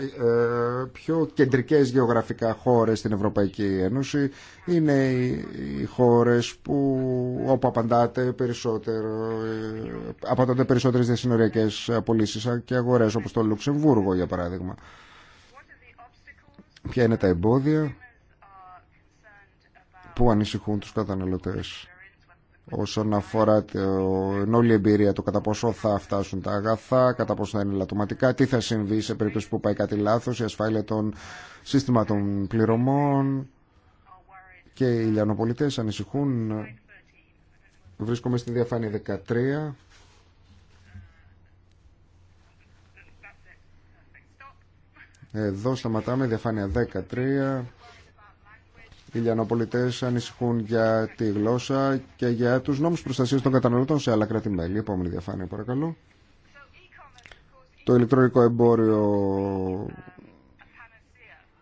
πιο κεντρικέ γεωγραφικά χώρε στην Ευρωπαϊκή Ένωση είναι οι χώρε όπου απαντάται περισσότερο, ε, απαντώνται περισσότερε διασυνοριακέ πωλήσει και αγορέ όπω το Λουξεμβούργο για παράδειγμα. Ποια είναι τα εμπόδια που ανησυχούν τους καταναλωτές όσον αφορά την όλη εμπειρία, το κατά πόσο θα φτάσουν τα αγαθά, κατά πόσο θα είναι λατωματικά, τι θα συμβεί σε περίπτωση που πάει κάτι λάθος, η ασφάλεια των συστημάτων πληρωμών και οι λιανοπολιτές ανησυχούν. Βρίσκομαι στη διαφάνεια 13. Εδώ σταματάμε, διαφάνεια 13. Οι λιανοπολιτέ ανησυχούν για τη γλώσσα και για του νόμου προστασίας των καταναλωτών σε άλλα κράτη-μέλη. Επόμενη διαφάνεια, παρακαλώ. Το ηλεκτρονικό εμπόριο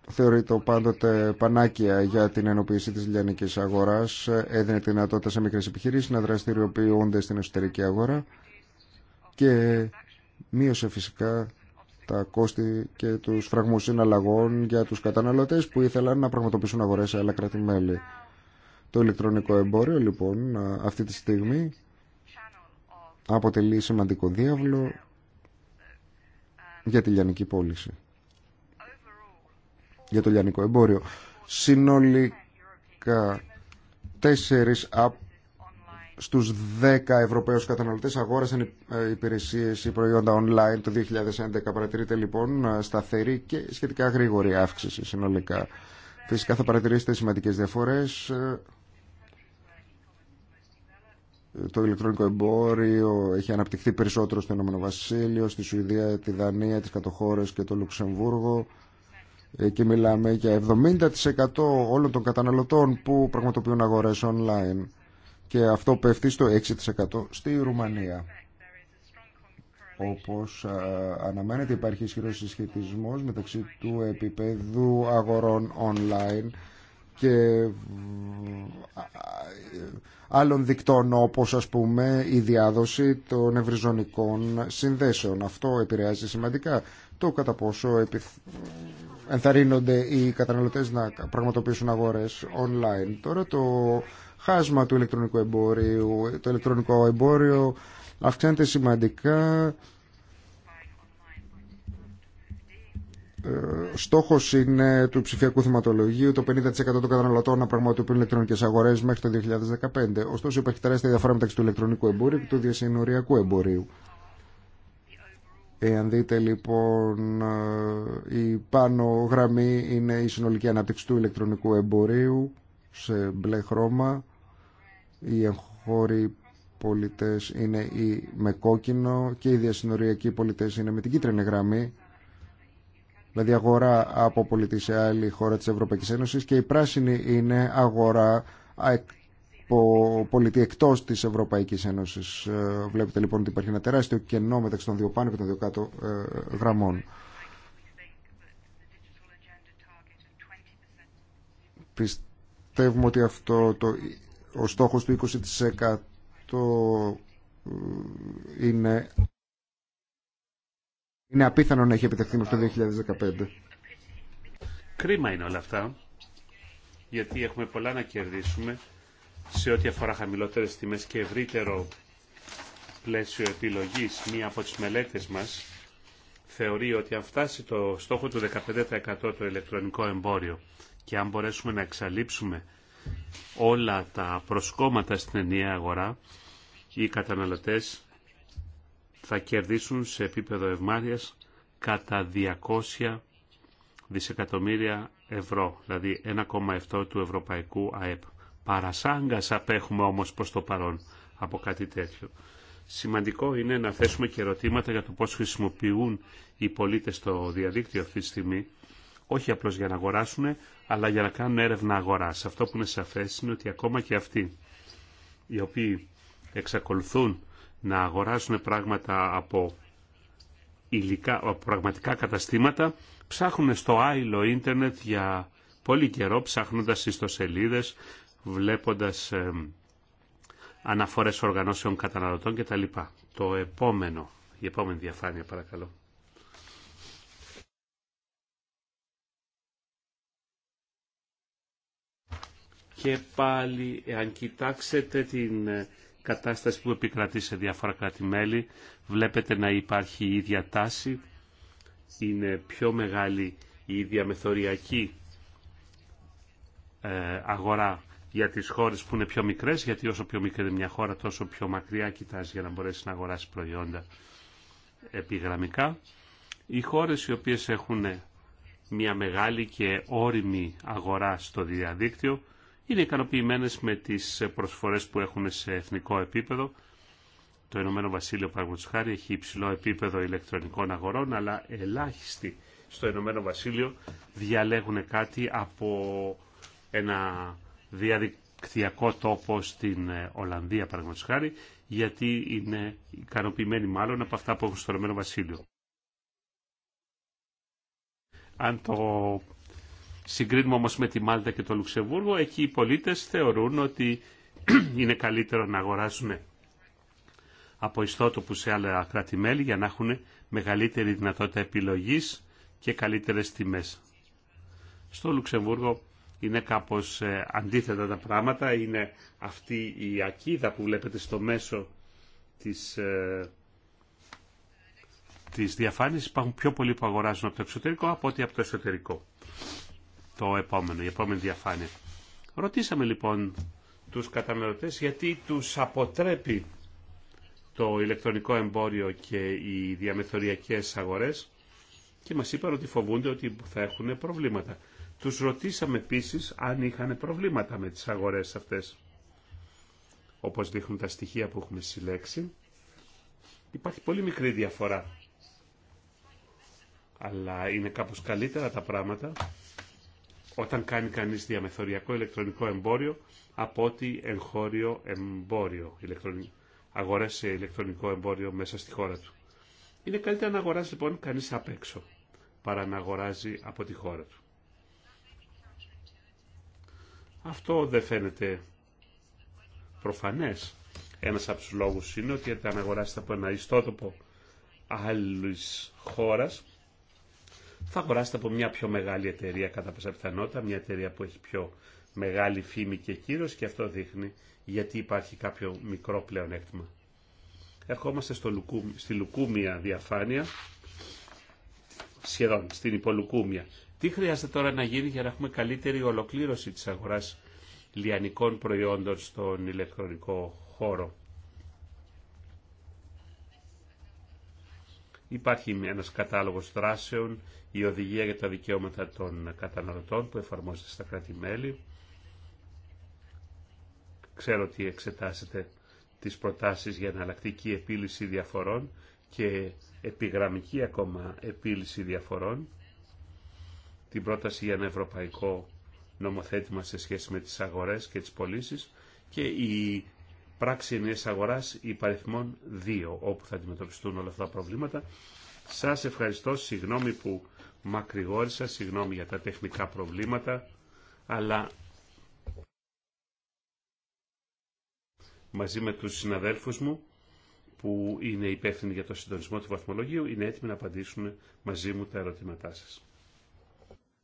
θεωρείται πάντοτε πανάκια για την ενοποίηση της λιανικής αγοράς. Έδινε τη δυνατότητα σε μικρές επιχειρήσεις να δραστηριοποιούνται στην εσωτερική αγορά και μείωσε φυσικά τα κόστη και τους φραγμούς συναλλαγών για τους καταναλωτές που ήθελαν να πραγματοποιήσουν αγορές σε άλλα κράτη-μέλη. Το ηλεκτρονικό εμπόριο λοιπόν αυτή τη στιγμή αποτελεί σημαντικό διάβλο για τη λιανική πώληση. Για το λιανικό εμπόριο. Συνολικά τέσσερις από στους 10 Ευρωπαίους καταναλωτές αγόρασαν ε, υπηρεσίες ή προϊόντα online το 2011. Παρατηρείται λοιπόν ε, σταθερή και σχετικά γρήγορη αύξηση συνολικά. Φυσικά θα παρατηρήσετε σημαντικές διαφορές. Ε, το ηλεκτρονικό εμπόριο έχει αναπτυχθεί περισσότερο στο Ηνωμένο Βασίλειο, στη Σουηδία, τη Δανία, τις κατοχώρες και το Λουξεμβούργο. Και μιλάμε για 70% όλων των καταναλωτών που πραγματοποιούν αγορές online και αυτό πέφτει στο 6% στη Ρουμανία. Όπως αναμένεται υπάρχει ισχυρό συσχετισμός μεταξύ του επίπεδου αγορών online και άλλων δικτών όπως ας πούμε η διάδοση των ευρυζωνικών συνδέσεων. Αυτό επηρεάζει σημαντικά το κατά πόσο επιθ... ενθαρρύνονται οι καταναλωτές να πραγματοποιήσουν αγορές online. Τώρα το χάσμα του ηλεκτρονικού εμπόριου. Το ηλεκτρονικό εμπόριο αυξάνεται σημαντικά. Ε, στόχος είναι του ψηφιακού θεματολογίου το 50% των καταναλωτών να πραγματοποιούν ηλεκτρονικές αγορές μέχρι το 2015. Ωστόσο υπάρχει τεράστια διαφορά μεταξύ του ηλεκτρονικού εμπορίου και του διασυνοριακού εμπορίου. Εάν δείτε λοιπόν ε, η πάνω γραμμή είναι η συνολική ανάπτυξη του ηλεκτρονικού εμπορίου σε μπλε χρώμα οι εγχώροι πολιτές είναι η με κόκκινο και οι διασυνοριακοί πολιτές είναι με την κίτρινη γραμμή. Δηλαδή αγορά από πολιτή σε άλλη χώρα της Ευρωπαϊκής Ένωσης και η πράσινη είναι αγορά από πολιτή εκτός της Ευρωπαϊκής Ένωσης. Ε, βλέπετε λοιπόν ότι υπάρχει ένα τεράστιο κενό μεταξύ των δύο πάνω και των δύο κάτω ε, γραμμών. Πιστεύουμε ότι αυτό το ο στόχος του 20% ε, είναι, είναι απίθανο να έχει επιτευχθεί μέχρι το 2015. Κρίμα είναι όλα αυτά, γιατί έχουμε πολλά να κερδίσουμε σε ό,τι αφορά χαμηλότερες τιμές και ευρύτερο πλαίσιο επιλογής. Μία από τις μελέτες μας θεωρεί ότι αν φτάσει το στόχο του 15% το ηλεκτρονικό εμπόριο και αν μπορέσουμε να εξαλείψουμε όλα τα προσκόμματα στην ενιαία αγορά, οι καταναλωτές θα κερδίσουν σε επίπεδο ευμάρειας κατά 200 δισεκατομμύρια ευρώ, δηλαδή 1,7 του ευρωπαϊκού ΑΕΠ. Παρασάγκας απέχουμε όμως προς το παρόν από κάτι τέτοιο. Σημαντικό είναι να θέσουμε και ερωτήματα για το πώς χρησιμοποιούν οι πολίτες το διαδίκτυο αυτή τη στιγμή όχι απλώς για να αγοράσουν, αλλά για να κάνουν έρευνα αγοράς. Αυτό που είναι σαφές είναι ότι ακόμα και αυτοί οι οποίοι εξακολουθούν να αγοράσουν πράγματα από, υλικά, πραγματικά καταστήματα, ψάχνουν στο άειλο ίντερνετ για πολύ καιρό, ψάχνοντας σελίδες, βλέποντας ε, αναφορές οργανώσεων καταναλωτών κτλ. Το επόμενο, η επόμενη διαφάνεια παρακαλώ. Και πάλι, αν κοιτάξετε την ε, κατάσταση που επικρατεί σε διάφορα κράτη-μέλη, βλέπετε να υπάρχει η ίδια τάση. Είναι πιο μεγάλη η διαμεθοριακή ε, αγορά για τις χώρες που είναι πιο μικρές, γιατί όσο πιο μικρή είναι μια χώρα, τόσο πιο μακριά κοιτάζει για να μπορέσει να αγοράσει προϊόντα επιγραμμικά. Οι χώρες οι οποίες έχουν μια μεγάλη και όριμη αγορά στο διαδίκτυο είναι ικανοποιημένε με τις προσφορές που έχουν σε εθνικό επίπεδο. Το Ηνωμένο Βασίλειο έχει υψηλό επίπεδο ηλεκτρονικών αγορών, αλλά ελάχιστοι στο Ηνωμένο Βασίλειο διαλέγουν κάτι από ένα διαδικτυακό τόπο στην Ολλανδία γιατί είναι ικανοποιημένοι μάλλον από αυτά που έχουν στο Ηνωμένο Βασίλειο. Αν το συγκρίνουμε όμως με τη Μάλτα και το Λουξεμβούργο, εκεί οι πολίτες θεωρούν ότι είναι καλύτερο να αγοράσουν από ιστότοπους σε άλλα κράτη-μέλη για να έχουν μεγαλύτερη δυνατότητα επιλογής και καλύτερες τιμές. Στο Λουξεμβούργο είναι κάπως ε, αντίθετα τα πράγματα. Είναι αυτή η ακίδα που βλέπετε στο μέσο της, ε, της διαφάνειας. Υπάρχουν πιο πολλοί που αγοράζουν από το εξωτερικό από ό,τι από το εσωτερικό το επόμενο, η επόμενη διαφάνεια. Ρωτήσαμε λοιπόν τους καταναλωτές γιατί τους αποτρέπει το ηλεκτρονικό εμπόριο και οι διαμεθοριακές αγορές και μας είπαν ότι φοβούνται ότι θα έχουν προβλήματα. Τους ρωτήσαμε επίσης αν είχαν προβλήματα με τις αγορές αυτές. Όπως δείχνουν τα στοιχεία που έχουμε συλλέξει, υπάρχει πολύ μικρή διαφορά. Αλλά είναι κάπως καλύτερα τα πράγματα όταν κάνει κανείς διαμεθοριακό ηλεκτρονικό εμπόριο από ότι εγχώριο εμπόριο, αγοράσει ηλεκτρονικό εμπόριο μέσα στη χώρα του. Είναι καλύτερα να αγοράσει λοιπόν κανείς απ' έξω παρά να αγοράζει από τη χώρα του. Αυτό δεν φαίνεται προφανές. Ένας από τους λόγους είναι ότι αν αγοράσετε από ένα ιστότοπο άλλης χώρας, θα αγοράσετε από μια πιο μεγάλη εταιρεία κατά πάσα πιθανότητα, μια εταιρεία που έχει πιο μεγάλη φήμη και κύρος και αυτό δείχνει γιατί υπάρχει κάποιο μικρό πλεονέκτημα. Ερχόμαστε στο στη λουκούμια διαφάνεια, σχεδόν στην υπολουκούμια. Τι χρειάζεται τώρα να γίνει για να έχουμε καλύτερη ολοκλήρωση της αγοράς λιανικών προϊόντων στον ηλεκτρονικό χώρο. Υπάρχει ένας κατάλογος δράσεων, η οδηγία για τα δικαιώματα των καταναλωτών που εφαρμόζεται στα κράτη-μέλη. Ξέρω ότι εξετάσετε τις προτάσεις για εναλλακτική επίλυση διαφορών και επιγραμμική ακόμα επίλυση διαφορών. Την πρόταση για ένα ευρωπαϊκό νομοθέτημα σε σχέση με τις αγορές και τις πωλήσει και η πράξη νέας αγοράς υπαριθμών 2, όπου θα αντιμετωπιστούν όλα αυτά τα προβλήματα. Σας ευχαριστώ, συγγνώμη που μακρηγόρησα, συγγνώμη για τα τεχνικά προβλήματα, αλλά μαζί με τους συναδέλφους μου, που είναι υπεύθυνοι για το συντονισμό του βαθμολογίου, είναι έτοιμοι να απαντήσουν μαζί μου τα ερωτήματά σας.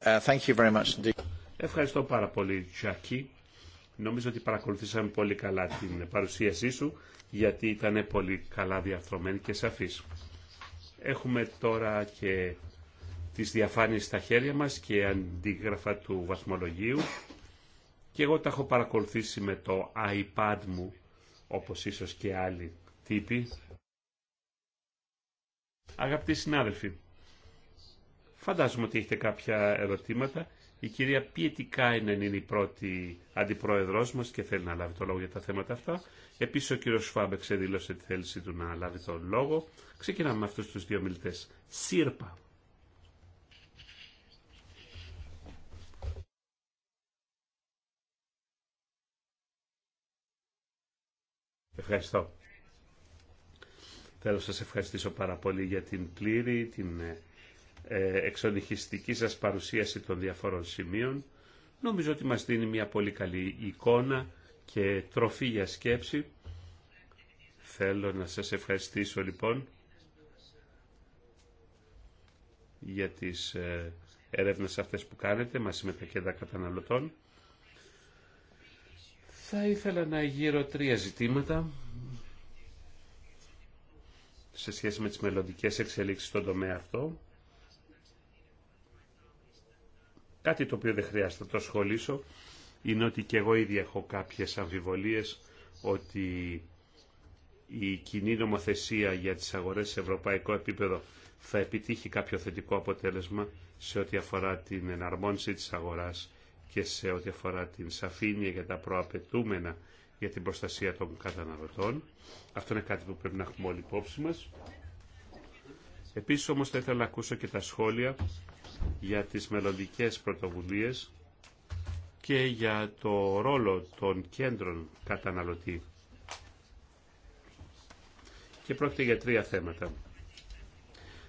Uh, thank you very much Ευχαριστώ πάρα πολύ, Τζακί. Νομίζω ότι παρακολουθήσαμε πολύ καλά την παρουσίασή σου, γιατί ήταν πολύ καλά διαρθρωμένη και σαφής. Έχουμε τώρα και τις διαφάνειες στα χέρια μας και αντίγραφα του βαθμολογίου. Και εγώ τα έχω παρακολουθήσει με το iPad μου, όπως ίσως και άλλοι τύποι. Αγαπητοί συνάδελφοι, φαντάζομαι ότι έχετε κάποια ερωτήματα η κυρία Πιετικάινεν είναι η πρώτη αντιπρόεδρός μας και θέλει να λάβει το λόγο για τα θέματα αυτά. Επίσης ο κύριος Σφάμπ εξεδήλωσε τη θέλησή του να λάβει το λόγο. Ξεκινάμε με αυτούς τους δύο μιλητές. Σύρπα. Ευχαριστώ. Θέλω να σας ευχαριστήσω πάρα πολύ για την πλήρη, την ε, ε, εξονυχιστική σας παρουσίαση των διαφορών σημείων. Νομίζω ότι μας δίνει μια πολύ καλή εικόνα και τροφή για σκέψη. Θέλω να σας ευχαριστήσω λοιπόν για τις ε, έρευνες αυτές που κάνετε μαζί με τα κέντρα καταναλωτών. Θα ήθελα να γύρω τρία ζητήματα σε σχέση με τις μελλοντικές εξελίξεις στον τομέα αυτό. Κάτι το οποίο δεν χρειάζεται να το ασχολήσω είναι ότι και εγώ ήδη έχω κάποιες αμφιβολίες ότι η κοινή νομοθεσία για τις αγορές σε ευρωπαϊκό επίπεδο θα επιτύχει κάποιο θετικό αποτέλεσμα σε ό,τι αφορά την εναρμόνιση της αγοράς και σε ό,τι αφορά την σαφήνεια για τα προαπαιτούμενα για την προστασία των καταναλωτών. Αυτό είναι κάτι που πρέπει να έχουμε όλοι υπόψη μας. Επίσης όμως θα ήθελα να ακούσω και τα σχόλια για τις μελλοντικέ πρωτοβουλίες και για το ρόλο των κέντρων καταναλωτή. Και πρόκειται για τρία θέματα.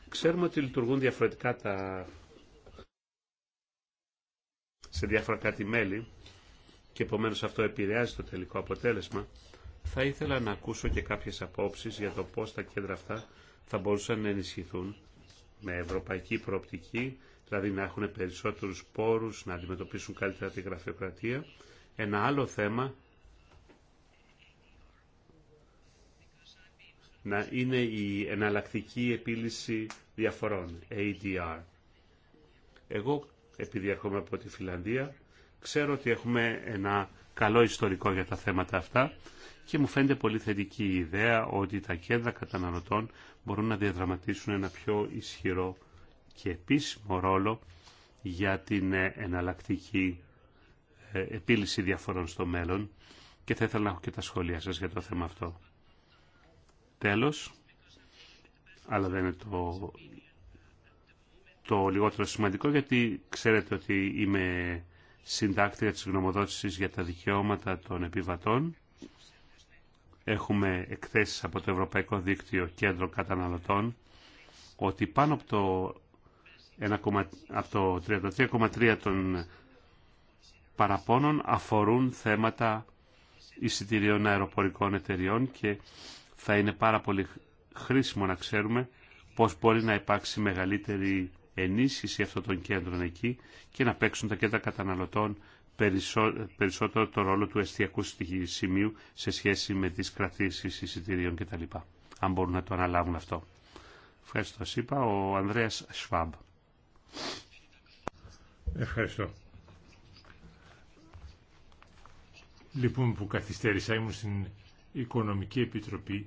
Ξέρουμε ότι λειτουργούν διαφορετικά τα... σε διάφορα κάτι μέλη και επομένω αυτό επηρεάζει το τελικό αποτέλεσμα. Θα ήθελα να ακούσω και κάποιες απόψεις για το πώς τα κέντρα αυτά θα μπορούσαν να ενισχυθούν με ευρωπαϊκή προοπτική δηλαδή να έχουν περισσότερους πόρους, να αντιμετωπίσουν καλύτερα τη γραφειοκρατία. Ένα άλλο θέμα να είναι η εναλλακτική επίλυση διαφορών, ADR. Εγώ, επειδή έρχομαι από τη Φιλανδία, ξέρω ότι έχουμε ένα καλό ιστορικό για τα θέματα αυτά και μου φαίνεται πολύ θετική η ιδέα ότι τα κέντρα καταναλωτών μπορούν να διαδραματίσουν ένα πιο ισχυρό και επίσημο ρόλο για την ε, εναλλακτική ε, επίλυση διαφορών στο μέλλον και θα ήθελα να έχω και τα σχόλια σας για το θέμα αυτό. Τέλος, αλλά δεν είναι το, το λιγότερο σημαντικό γιατί ξέρετε ότι είμαι συντάκτρια της γνωμοδότησης για τα δικαιώματα των επιβατών. Έχουμε εκθέσεις από το Ευρωπαϊκό Δίκτυο Κέντρο Καταναλωτών ότι πάνω από το 1, από το 33,3 των παραπώνων αφορούν θέματα εισιτηρίων αεροπορικών εταιριών και θα είναι πάρα πολύ χρήσιμο να ξέρουμε πώς μπορεί να υπάρξει μεγαλύτερη ενίσχυση αυτών των κέντρων εκεί και να παίξουν τα κέντρα καταναλωτών περισσότερο το ρόλο του εστιακού σημείου σε σχέση με τις κρατήσεις εισιτηρίων κτλ. Αν μπορούν να το αναλάβουν αυτό. Ευχαριστώ, σας είπα, ο Ανδρέας Σφάμπ. Ευχαριστώ. Λοιπόν που καθυστέρησα, ήμουν στην Οικονομική Επιτροπή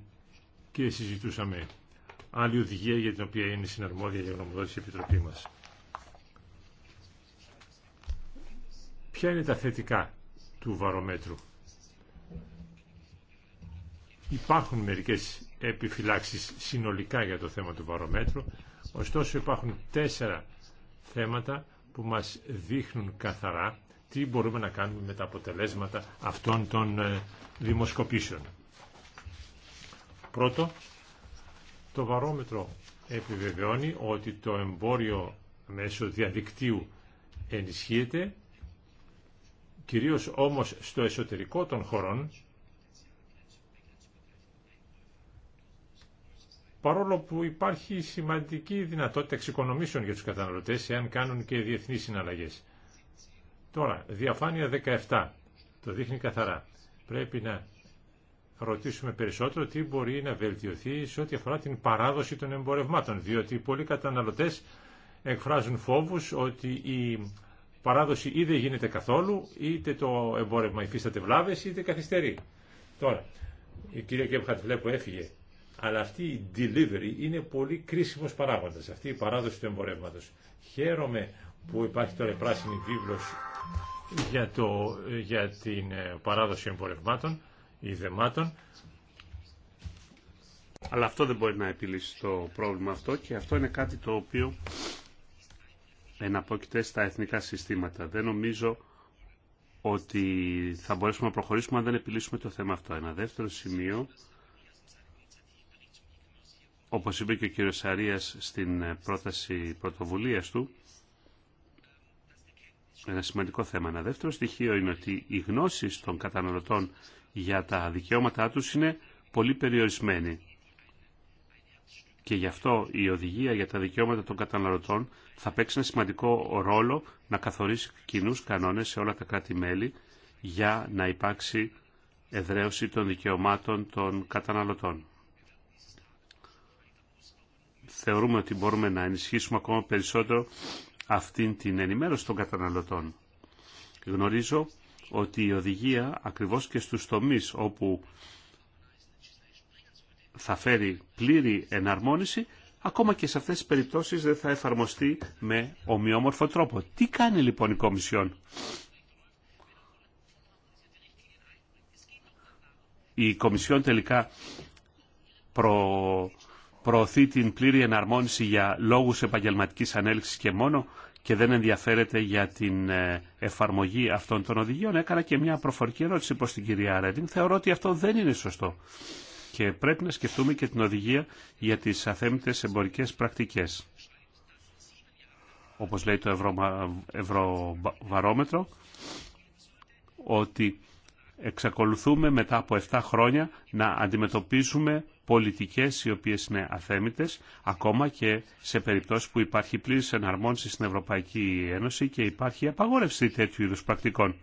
και συζητούσαμε άλλη οδηγία για την οποία είναι συναρμόδια για γνωμοδότηση η Επιτροπή μας. Ποια είναι τα θετικά του βαρομέτρου. Υπάρχουν μερικές επιφυλάξεις συνολικά για το θέμα του βαρομέτρου, ωστόσο υπάρχουν τέσσερα θέματα που μας δείχνουν καθαρά τι μπορούμε να κάνουμε με τα αποτελέσματα αυτών των ε, δημοσκοπήσεων. Πρώτο, το βαρόμετρο επιβεβαιώνει ότι το εμπόριο μέσω διαδικτύου ενισχύεται, κυρίως όμως στο εσωτερικό των χωρών, παρόλο που υπάρχει σημαντική δυνατότητα εξοικονομήσεων για τους καταναλωτές εάν κάνουν και διεθνείς συναλλαγές. Τώρα, διαφάνεια 17, το δείχνει καθαρά. Πρέπει να ρωτήσουμε περισσότερο τι μπορεί να βελτιωθεί σε ό,τι αφορά την παράδοση των εμπορευμάτων, διότι πολλοί καταναλωτές εκφράζουν φόβους ότι η παράδοση ή δεν γίνεται καθόλου, είτε το εμπόρευμα υφίσταται βλάβες, είτε καθυστερεί. Τώρα, η κυρία Κέπχατ βλέπω κυρια κεμχατ βλεπω εφυγε αλλά αυτή η delivery είναι πολύ κρίσιμος παράγοντας, αυτή η παράδοση του εμπορευματο. Χαίρομαι που υπάρχει τώρα η πράσινη βίβλο για, το, για την ε, παράδοση εμπορευμάτων, ή δεμάτων. Αλλά αυτό δεν μπορεί να επιλύσει το πρόβλημα αυτό και αυτό είναι κάτι το οποίο εναπόκειται στα εθνικά συστήματα. Δεν νομίζω ότι θα μπορέσουμε να προχωρήσουμε αν δεν επιλύσουμε το θέμα αυτό. Ένα δεύτερο σημείο όπως είπε και ο κύριος Σαρίας στην ε, πρόταση πρωτοβουλίας του, ένα σημαντικό θέμα. Ένα δεύτερο στοιχείο είναι ότι οι γνώσει των καταναλωτών για τα δικαιώματά τους είναι πολύ περιορισμένη. Και γι' αυτό η οδηγία για τα δικαιώματα των καταναλωτών θα παίξει ένα σημαντικό ρόλο να καθορίσει κοινού κανόνες σε όλα τα κράτη-μέλη για να υπάρξει εδραίωση των δικαιωμάτων των καταναλωτών θεωρούμε ότι μπορούμε να ενισχύσουμε ακόμα περισσότερο αυτή την ενημέρωση των καταναλωτών. Γνωρίζω ότι η οδηγία ακριβώς και στους τομείς όπου θα φέρει πλήρη εναρμόνιση, ακόμα και σε αυτές τις περιπτώσεις δεν θα εφαρμοστεί με ομοιόμορφο τρόπο. Τι κάνει λοιπόν η Κομισιόν. Η Κομισιόν τελικά προ προωθεί την πλήρη εναρμόνιση για λόγους επαγγελματικής ανέλυξης και μόνο και δεν ενδιαφέρεται για την ε, εφαρμογή αυτών των οδηγίων, έκανα και μια προφορική ερώτηση προς την κυρία Ρέντινγκ. Θεωρώ ότι αυτό δεν είναι σωστό. Και πρέπει να σκεφτούμε και την οδηγία για τις αθέμητες εμπορικές πρακτικές. Όπως λέει το Ευρωβαρόμετρο, ότι εξακολουθούμε μετά από 7 χρόνια να αντιμετωπίσουμε πολιτικές οι οποίες είναι αθέμητες, ακόμα και σε περιπτώσεις που υπάρχει πλήρης εναρμόνιση στην Ευρωπαϊκή Ένωση και υπάρχει απαγόρευση τέτοιου είδους πρακτικών.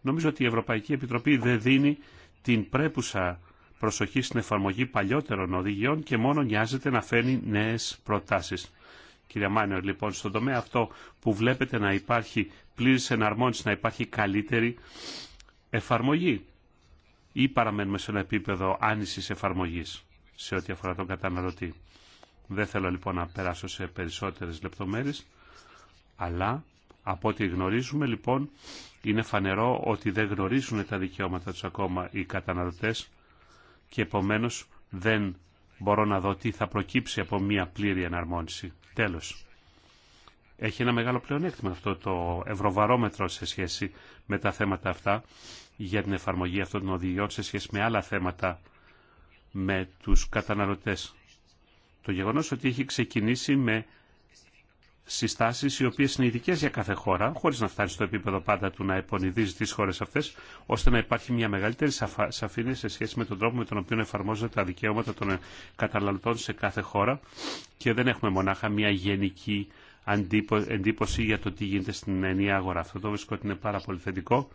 Νομίζω ότι η Ευρωπαϊκή Επιτροπή δεν δίνει την πρέπουσα προσοχή στην εφαρμογή παλιότερων οδηγιών και μόνο νοιάζεται να φέρνει νέες προτάσεις. Κύριε Μάνερ, λοιπόν, στον τομέα αυτό που βλέπετε να υπάρχει πλήρης εναρμόνιση, να υπάρχει καλύτερη εφαρμογή ή παραμένουμε σε ένα επίπεδο άνησης εφαρμογής σε ό,τι αφορά τον καταναλωτή. Δεν θέλω λοιπόν να περάσω σε περισσότερες λεπτομέρειες, αλλά από ό,τι γνωρίζουμε λοιπόν είναι φανερό ότι δεν γνωρίζουν τα δικαιώματα τους ακόμα οι καταναλωτές και επομένως δεν μπορώ να δω τι θα προκύψει από μια πλήρη εναρμόνιση. Τέλος. Έχει ένα μεγάλο πλεονέκτημα αυτό το ευρωβαρόμετρο σε σχέση με τα θέματα αυτά για την εφαρμογή αυτών των οδηγιών σε σχέση με άλλα θέματα με τους καταναλωτές. Το γεγονός ότι έχει ξεκινήσει με συστάσεις οι οποίες είναι ειδικέ για κάθε χώρα, χωρίς να φτάνει στο επίπεδο πάντα του να επωνυδίζει τις χώρες αυτές, ώστε να υπάρχει μια μεγαλύτερη σαφήνεια σε σχέση με τον τρόπο με τον οποίο εφαρμόζονται τα δικαιώματα των καταναλωτών σε κάθε χώρα και δεν έχουμε μονάχα μια γενική εντύπωση για το τι γίνεται στην ενιαία αγορά. Αυτό το βρίσκω ότι είναι πάρα πολύ θετικό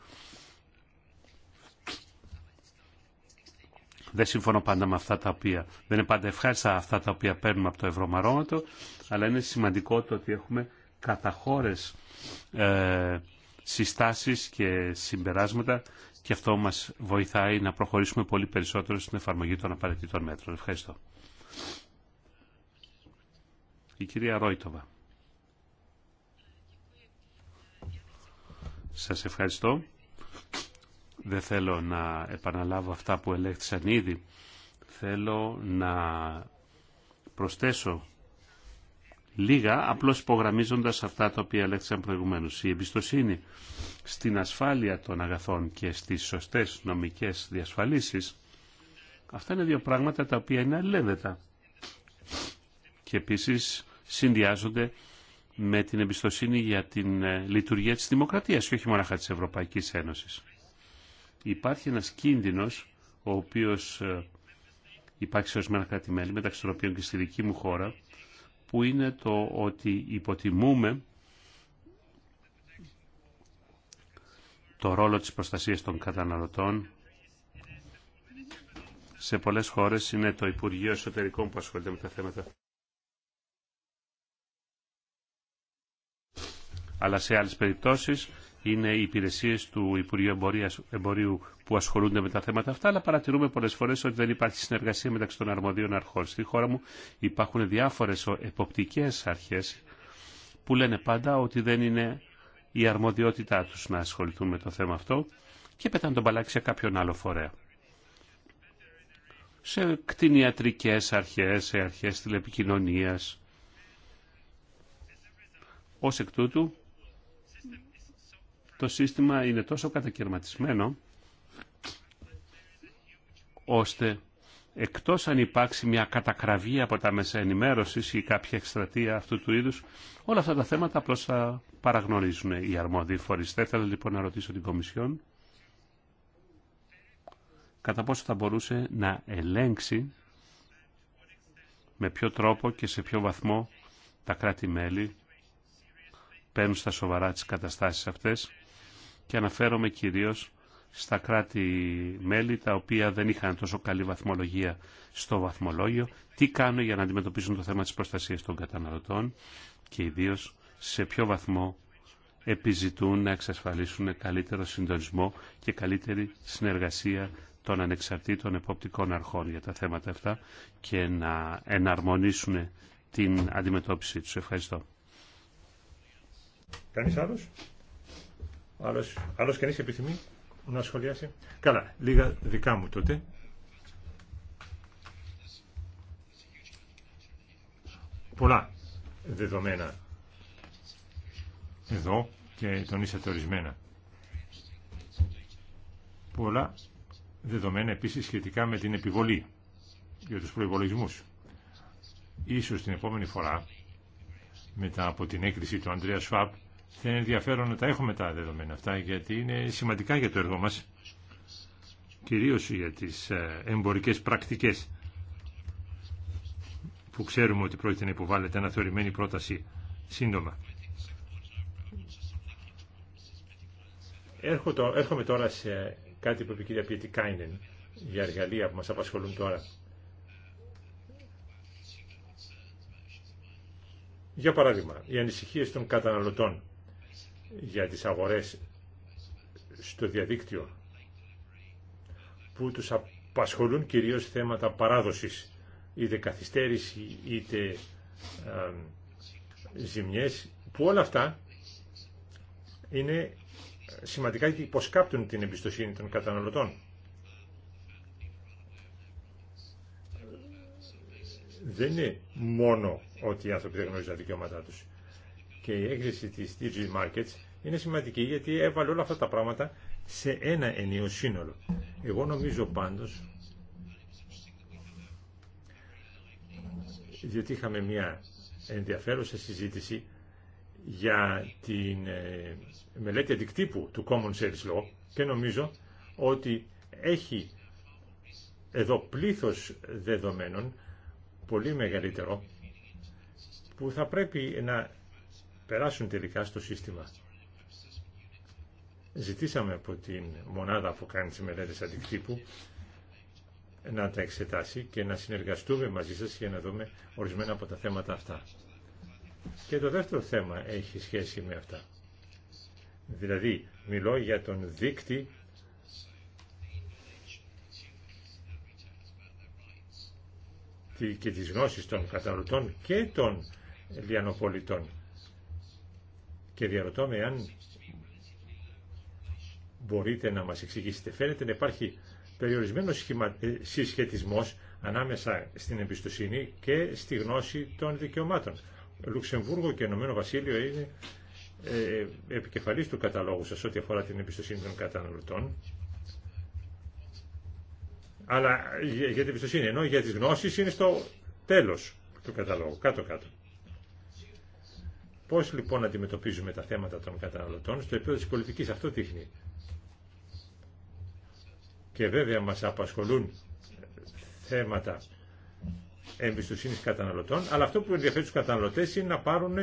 Δεν συμφωνώ πάντα με αυτά τα οποία, δεν είναι πάντα ευχάριστα αυτά τα οποία παίρνουμε από το ευρωμαρώματο, αλλά είναι σημαντικό το ότι έχουμε καταχώρες ε, συστάσεις και συμπεράσματα και αυτό μας βοηθάει να προχωρήσουμε πολύ περισσότερο στην εφαρμογή των απαραίτητων μέτρων. Ευχαριστώ. Η κυρία Ρόιτοβα. Σας ευχαριστώ. Δεν θέλω να επαναλάβω αυτά που ελέγχθησαν ήδη. Θέλω να προσθέσω λίγα, απλώς υπογραμμίζοντας αυτά τα οποία ελέγχθησαν προηγουμένως. Η εμπιστοσύνη στην ασφάλεια των αγαθών και στις σωστές νομικές διασφαλίσεις, αυτά είναι δύο πράγματα τα οποία είναι αλληλένδετα. Και επίσης συνδυάζονται με την εμπιστοσύνη για την ε, λειτουργία της δημοκρατίας και όχι μόνο της Ευρωπαϊκής Ένωσης υπάρχει ένας κίνδυνος ο οποίος ε, υπάρχει σε ορισμένα κράτη-μέλη, μεταξύ των οποίων και στη δική μου χώρα, που είναι το ότι υποτιμούμε το ρόλο της προστασίας των καταναλωτών. Σε πολλές χώρες είναι το Υπουργείο Εσωτερικών που ασχολείται με τα θέματα. Αλλά σε άλλες περιπτώσεις είναι οι υπηρεσίες του Υπουργείου Εμπορίου που ασχολούνται με τα θέματα αυτά, αλλά παρατηρούμε πολλές φορές ότι δεν υπάρχει συνεργασία μεταξύ των αρμοδίων αρχών. Στη χώρα μου υπάρχουν διάφορες εποπτικές αρχές που λένε πάντα ότι δεν είναι η αρμοδιότητά τους να ασχοληθούν με το θέμα αυτό και πετάνε τον παλάκι σε κάποιον άλλο φορέα. Σε κτηνιατρικές αρχές, σε αρχές τηλεπικοινωνίας. Ως εκ τούτου, το σύστημα είναι τόσο κατακαιρματισμένο ώστε εκτός αν υπάρξει μια κατακραυγή από τα μέσα ενημέρωσης ή κάποια εκστρατεία αυτού του είδους, όλα αυτά τα θέματα απλώς θα παραγνωρίζουν οι αρμόδιοι φορείς. Θα ήθελα λοιπόν να ρωτήσω την Κομισιόν κατά πόσο θα μπορούσε να ελέγξει με ποιο τρόπο και σε ποιο βαθμό τα κράτη-μέλη παίρνουν στα σοβαρά τις καταστάσεις αυτές και αναφέρομαι κυρίως στα κράτη-μέλη τα οποία δεν είχαν τόσο καλή βαθμολογία στο βαθμολόγιο, τι κάνουν για να αντιμετωπίσουν το θέμα της προστασίας των καταναλωτών και ιδίως σε ποιο βαθμό επιζητούν να εξασφαλίσουν καλύτερο συντονισμό και καλύτερη συνεργασία των ανεξαρτήτων εποπτικών αρχών για τα θέματα αυτά και να εναρμονίσουν την αντιμετώπιση του. Ευχαριστώ. Κανείς άλλος? Άλλος, άλλος κανείς επιθυμεί να σχολιάσει. Καλά, λίγα δικά μου τότε. Πολλά δεδομένα εδώ και τονίσατε ορισμένα. Πολλά δεδομένα επίσης σχετικά με την επιβολή για τους προϋπολογισμούς. Ίσως την επόμενη φορά μετά από την έκκληση του Ανδρέα Σφάπ θα είναι ενδιαφέρον να τα έχουμε τα δεδομένα αυτά γιατί είναι σημαντικά για το έργο μας κυρίως για τις ε, εμπορικές πρακτικές που ξέρουμε ότι πρόκειται να υποβάλλεται θεωρημένη πρόταση σύντομα. Έρχομαι τώρα σε κάτι που είπε η κυρία Πιετικάινεν για εργαλεία που μας απασχολούν τώρα. Για παράδειγμα, οι ανησυχίες των καταναλωτών για τις αγορές στο διαδίκτυο που τους απασχολούν κυρίως θέματα παράδοσης είτε καθυστέρηση είτε ζημιέ ζημιές που όλα αυτά είναι σημαντικά και υποσκάπτουν την εμπιστοσύνη των καταναλωτών. Δεν είναι μόνο ότι οι άνθρωποι δεν γνωρίζουν τα δικαιώματά τους. Και η έκθεση της digital Markets είναι σημαντική γιατί έβαλε όλα αυτά τα πράγματα σε ένα ενίο σύνολο. Εγώ νομίζω πάντως, διότι είχαμε μια ενδιαφέρουσα συζήτηση για την ε, μελέτη αντικτύπου του Common Sales Law και νομίζω ότι έχει εδώ πλήθος δεδομένων πολύ μεγαλύτερο που θα πρέπει να περάσουν τελικά στο σύστημα. Ζητήσαμε από την μονάδα που κάνει τις μελέτες αντικτύπου να τα εξετάσει και να συνεργαστούμε μαζί σας για να δούμε ορισμένα από τα θέματα αυτά. Και το δεύτερο θέμα έχει σχέση με αυτά. Δηλαδή, μιλώ για τον δίκτυ και τις γνώσεις των καταναλωτών και των λιανοπολιτών. Και διαρωτώ με αν μπορείτε να μας εξηγήσετε. Φαίνεται να υπάρχει περιορισμένο σχημα... Ε, συσχετισμός ανάμεσα στην εμπιστοσύνη και στη γνώση των δικαιωμάτων. Λουξεμβούργο και Ενωμένο Βασίλειο είναι ε, ε επικεφαλής του καταλόγου σας ό,τι αφορά την εμπιστοσύνη των καταναλωτών. Αλλά για, την εμπιστοσύνη, ενώ για τις γνώσεις είναι στο τέλος του καταλόγου, κάτω-κάτω. Πώς λοιπόν αντιμετωπίζουμε τα θέματα των καταναλωτών στο επίπεδο της πολιτικής, αυτό δείχνει και βέβαια μας απασχολούν θέματα εμπιστοσύνης καταναλωτών, αλλά αυτό που ενδιαφέρει τους καταναλωτές είναι να, πάρουν,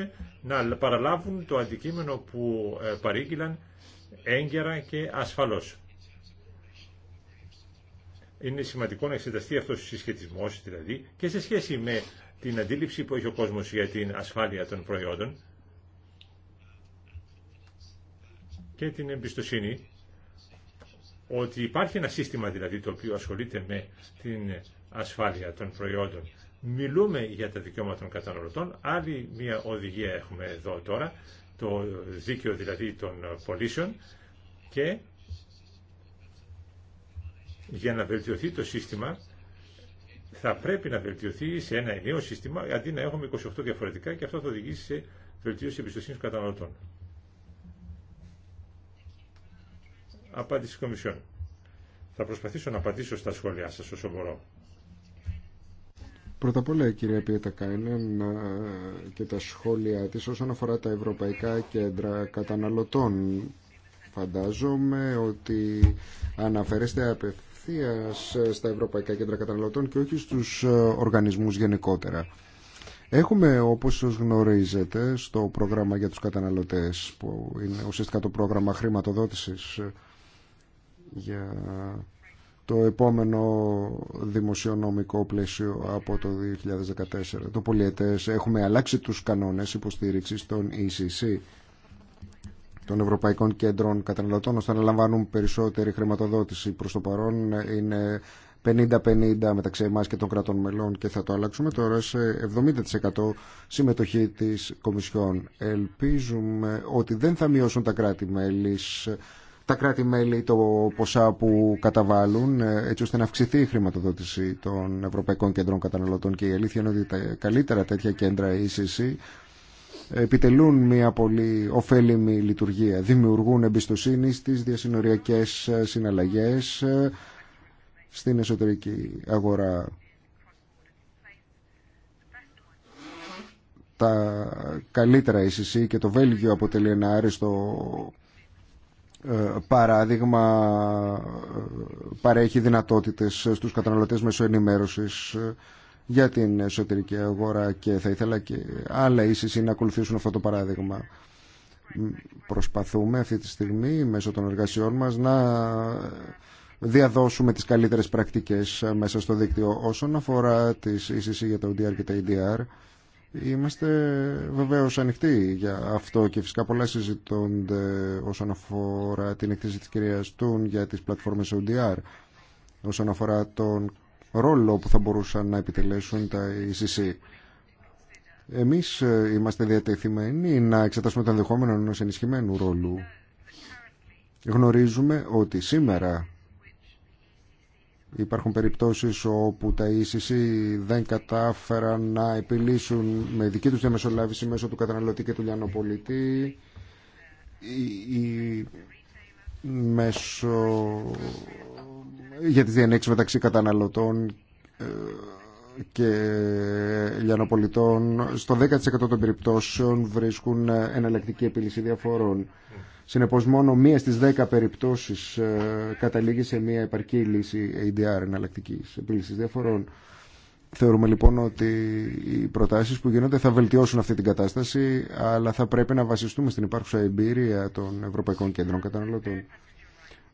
να παραλάβουν το αντικείμενο που ε, παρήγγειλαν έγκαιρα και ασφαλώς. Είναι σημαντικό να εξεταστεί αυτός ο συσχετισμός δηλαδή και σε σχέση με την αντίληψη που έχει ο κόσμος για την ασφάλεια των προϊόντων και την εμπιστοσύνη ότι υπάρχει ένα σύστημα δηλαδή το οποίο ασχολείται με την ασφάλεια των προϊόντων. Μιλούμε για τα δικαιώματα των καταναλωτών. Άλλη μια οδηγία έχουμε εδώ τώρα, το δίκαιο δηλαδή των πωλήσεων και για να βελτιωθεί το σύστημα θα πρέπει να βελτιωθεί σε ένα ενίο σύστημα αντί να έχουμε 28 διαφορετικά και αυτό θα οδηγήσει σε βελτίωση εμπιστοσύνη καταναλωτών. Απάντηση Κομισιόν. Θα προσπαθήσω να απαντήσω στα σχόλιά σας όσο μπορώ. Πρώτα απ' όλα, κυρία Πιετακάινεν, και τα σχόλια της όσον αφορά τα ευρωπαϊκά κέντρα καταναλωτών. Φαντάζομαι ότι αναφέρεστε απευθείας στα ευρωπαϊκά κέντρα καταναλωτών και όχι στους οργανισμούς γενικότερα. Έχουμε, όπως γνωρίζετε, στο πρόγραμμα για τους καταναλωτές, που είναι ουσιαστικά το πρόγραμμα χρηματοδότησης για το επόμενο δημοσιονομικό πλαίσιο από το 2014. Το πολιετές έχουμε αλλάξει τους κανόνες υποστήριξης των ECC των Ευρωπαϊκών Κέντρων Καταναλωτών ώστε να λαμβάνουν περισσότερη χρηματοδότηση. Προς το παρόν είναι 50-50 μεταξύ εμάς και των κρατών μελών και θα το αλλάξουμε τώρα σε 70% συμμετοχή της Κομισιόν. Ελπίζουμε ότι δεν θα μειώσουν τα κράτη-μέλη τα κράτη-μέλη το ποσά που καταβάλουν ε, έτσι ώστε να αυξηθεί η χρηματοδότηση των Ευρωπαϊκών Κέντρων Καταναλωτών και η αλήθεια είναι ότι τα καλύτερα τέτοια κέντρα ECC επιτελούν μια πολύ ωφέλιμη λειτουργία, δημιουργούν εμπιστοσύνη στις διασυνοριακές συναλλαγές στην εσωτερική αγορά. Τα καλύτερα ECC και το Βέλγιο αποτελεί ένα άριστο ε, παράδειγμα ε, παρέχει δυνατότητες στους καταναλωτές μέσω ενημέρωσης ε, για την εσωτερική αγορά και θα ήθελα και άλλα ίσως να ακολουθήσουν αυτό το παράδειγμα. Προσπαθούμε αυτή τη στιγμή μέσω των εργασιών μας να διαδώσουμε τις καλύτερες πρακτικές μέσα στο δίκτυο όσον αφορά τις ίσεις για τα ODR και τα EDR. Είμαστε βεβαίω ανοιχτοί για αυτό και φυσικά πολλά συζητώνται όσον αφορά την εκτίμηση της κυρίας Τούν για τις πλατφόρμες ODR, όσον αφορά τον ρόλο που θα μπορούσαν να επιτελέσουν τα ECC. Εμείς είμαστε διατεθειμένοι να εξετάσουμε το ενδεχόμενο ενό ενισχυμένου ρόλου. Γνωρίζουμε ότι σήμερα Υπάρχουν περιπτώσεις όπου τα ECC δεν κατάφεραν να επιλύσουν με δική τους διαμεσολάβηση μέσω του καταναλωτή και του λιανοπολιτή ή μέσω για τις διενέξεις μεταξύ καταναλωτών ε, και λιανοπολιτών στο 10% των περιπτώσεων βρίσκουν εναλλακτική επίλυση διαφορών. Συνεπώς μόνο μία στις δέκα περιπτώσεις ε, καταλήγει σε μία επαρκή λύση ADR ε εναλλακτική επίλυση διαφορών. Θεωρούμε λοιπόν ότι οι προτάσεις που γίνονται θα βελτιώσουν αυτή την κατάσταση, αλλά θα πρέπει να βασιστούμε στην υπάρχουσα εμπειρία των Ευρωπαϊκών Κέντρων Καταναλωτών.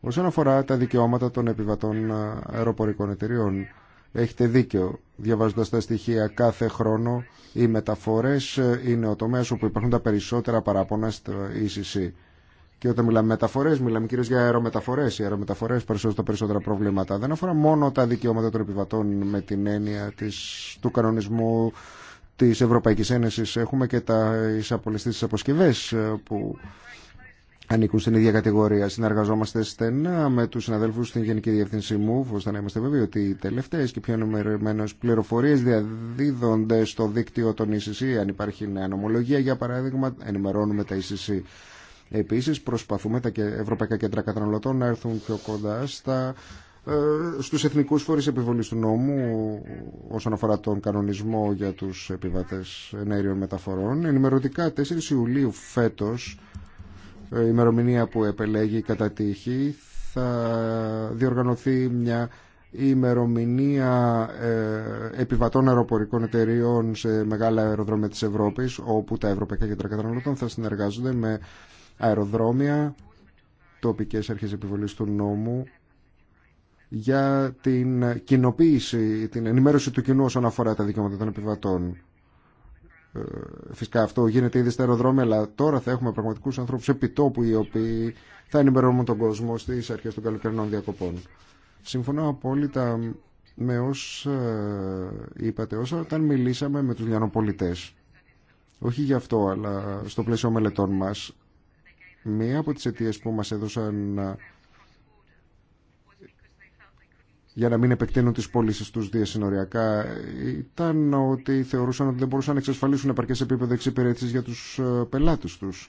Όσον αφορά τα δικαιώματα των επιβατών ε, αεροπορικών εταιριών, έχετε δίκιο. Διαβάζοντα τα στοιχεία κάθε χρόνο, οι μεταφορές είναι ο τομέας όπου υπάρχουν τα περισσότερα παράπονα στο ECC. Και όταν μιλάμε μεταφορέ, μιλάμε κυρίω για αερομεταφορέ. Οι αερομεταφορέ παρουσιάζουν τα περισσότερα προβλήματα. Δεν αφορά μόνο τα δικαιώματα των επιβατών με την έννοια της, του κανονισμού τη Ευρωπαϊκή Ένωση. Έχουμε και τι εισαπολιστή τη αποσκευέ ε, που ανήκουν στην ίδια κατηγορία. Συνεργαζόμαστε στενά με του συναδέλφου στην Γενική Διευθυνσή μου, ώστε να είμαστε βέβαιοι ότι οι τελευταίε και πιο ενημερωμένε πληροφορίε διαδίδονται στο δίκτυο των ECC. Αν υπάρχει νέα νομολογία, για παράδειγμα, ενημερώνουμε τα ECC. Επίσης προσπαθούμε τα Ευρωπαϊκά Κέντρα Καταναλωτών να έρθουν πιο κοντά στα, ε, στους εθνικούς φορείς επιβολής του νόμου όσον αφορά τον κανονισμό για τους επιβατές ενέργειων μεταφορών. Ενημερωτικά 4 Ιουλίου φέτος, ε, η ημερομηνία που επελέγει κατά τύχη, θα διοργανωθεί μια ημερομηνία ε, επιβατών αεροπορικών εταιριών σε μεγάλα αεροδρόμια της Ευρώπης, όπου τα Ευρωπαϊκά Κέντρα Καταναλωτών θα συνεργάζονται με αεροδρόμια, τοπικές αρχές επιβολής του νόμου για την κοινοποίηση, την ενημέρωση του κοινού όσον αφορά τα δικαιώματα των επιβατών. Ε, φυσικά αυτό γίνεται ήδη στα αεροδρόμια, αλλά τώρα θα έχουμε πραγματικούς ανθρώπους επιτόπου οι οποίοι θα ενημερώνουν τον κόσμο στις αρχές των καλοκαιρινών διακοπών. Συμφωνώ απόλυτα με όσα ε, είπατε, όσα όταν μιλήσαμε με τους λιανοπολιτές. Όχι γι' αυτό, αλλά στο πλαίσιο μελετών μας Μία από τις αιτίε που μας έδωσαν ε, για να μην επεκτείνουν τις πωλήσει τους διασυνοριακά ήταν ότι θεωρούσαν ότι δεν μπορούσαν να εξασφαλίσουν επαρκές επίπεδο εξυπηρέτησης για τους ε, πελάτες τους.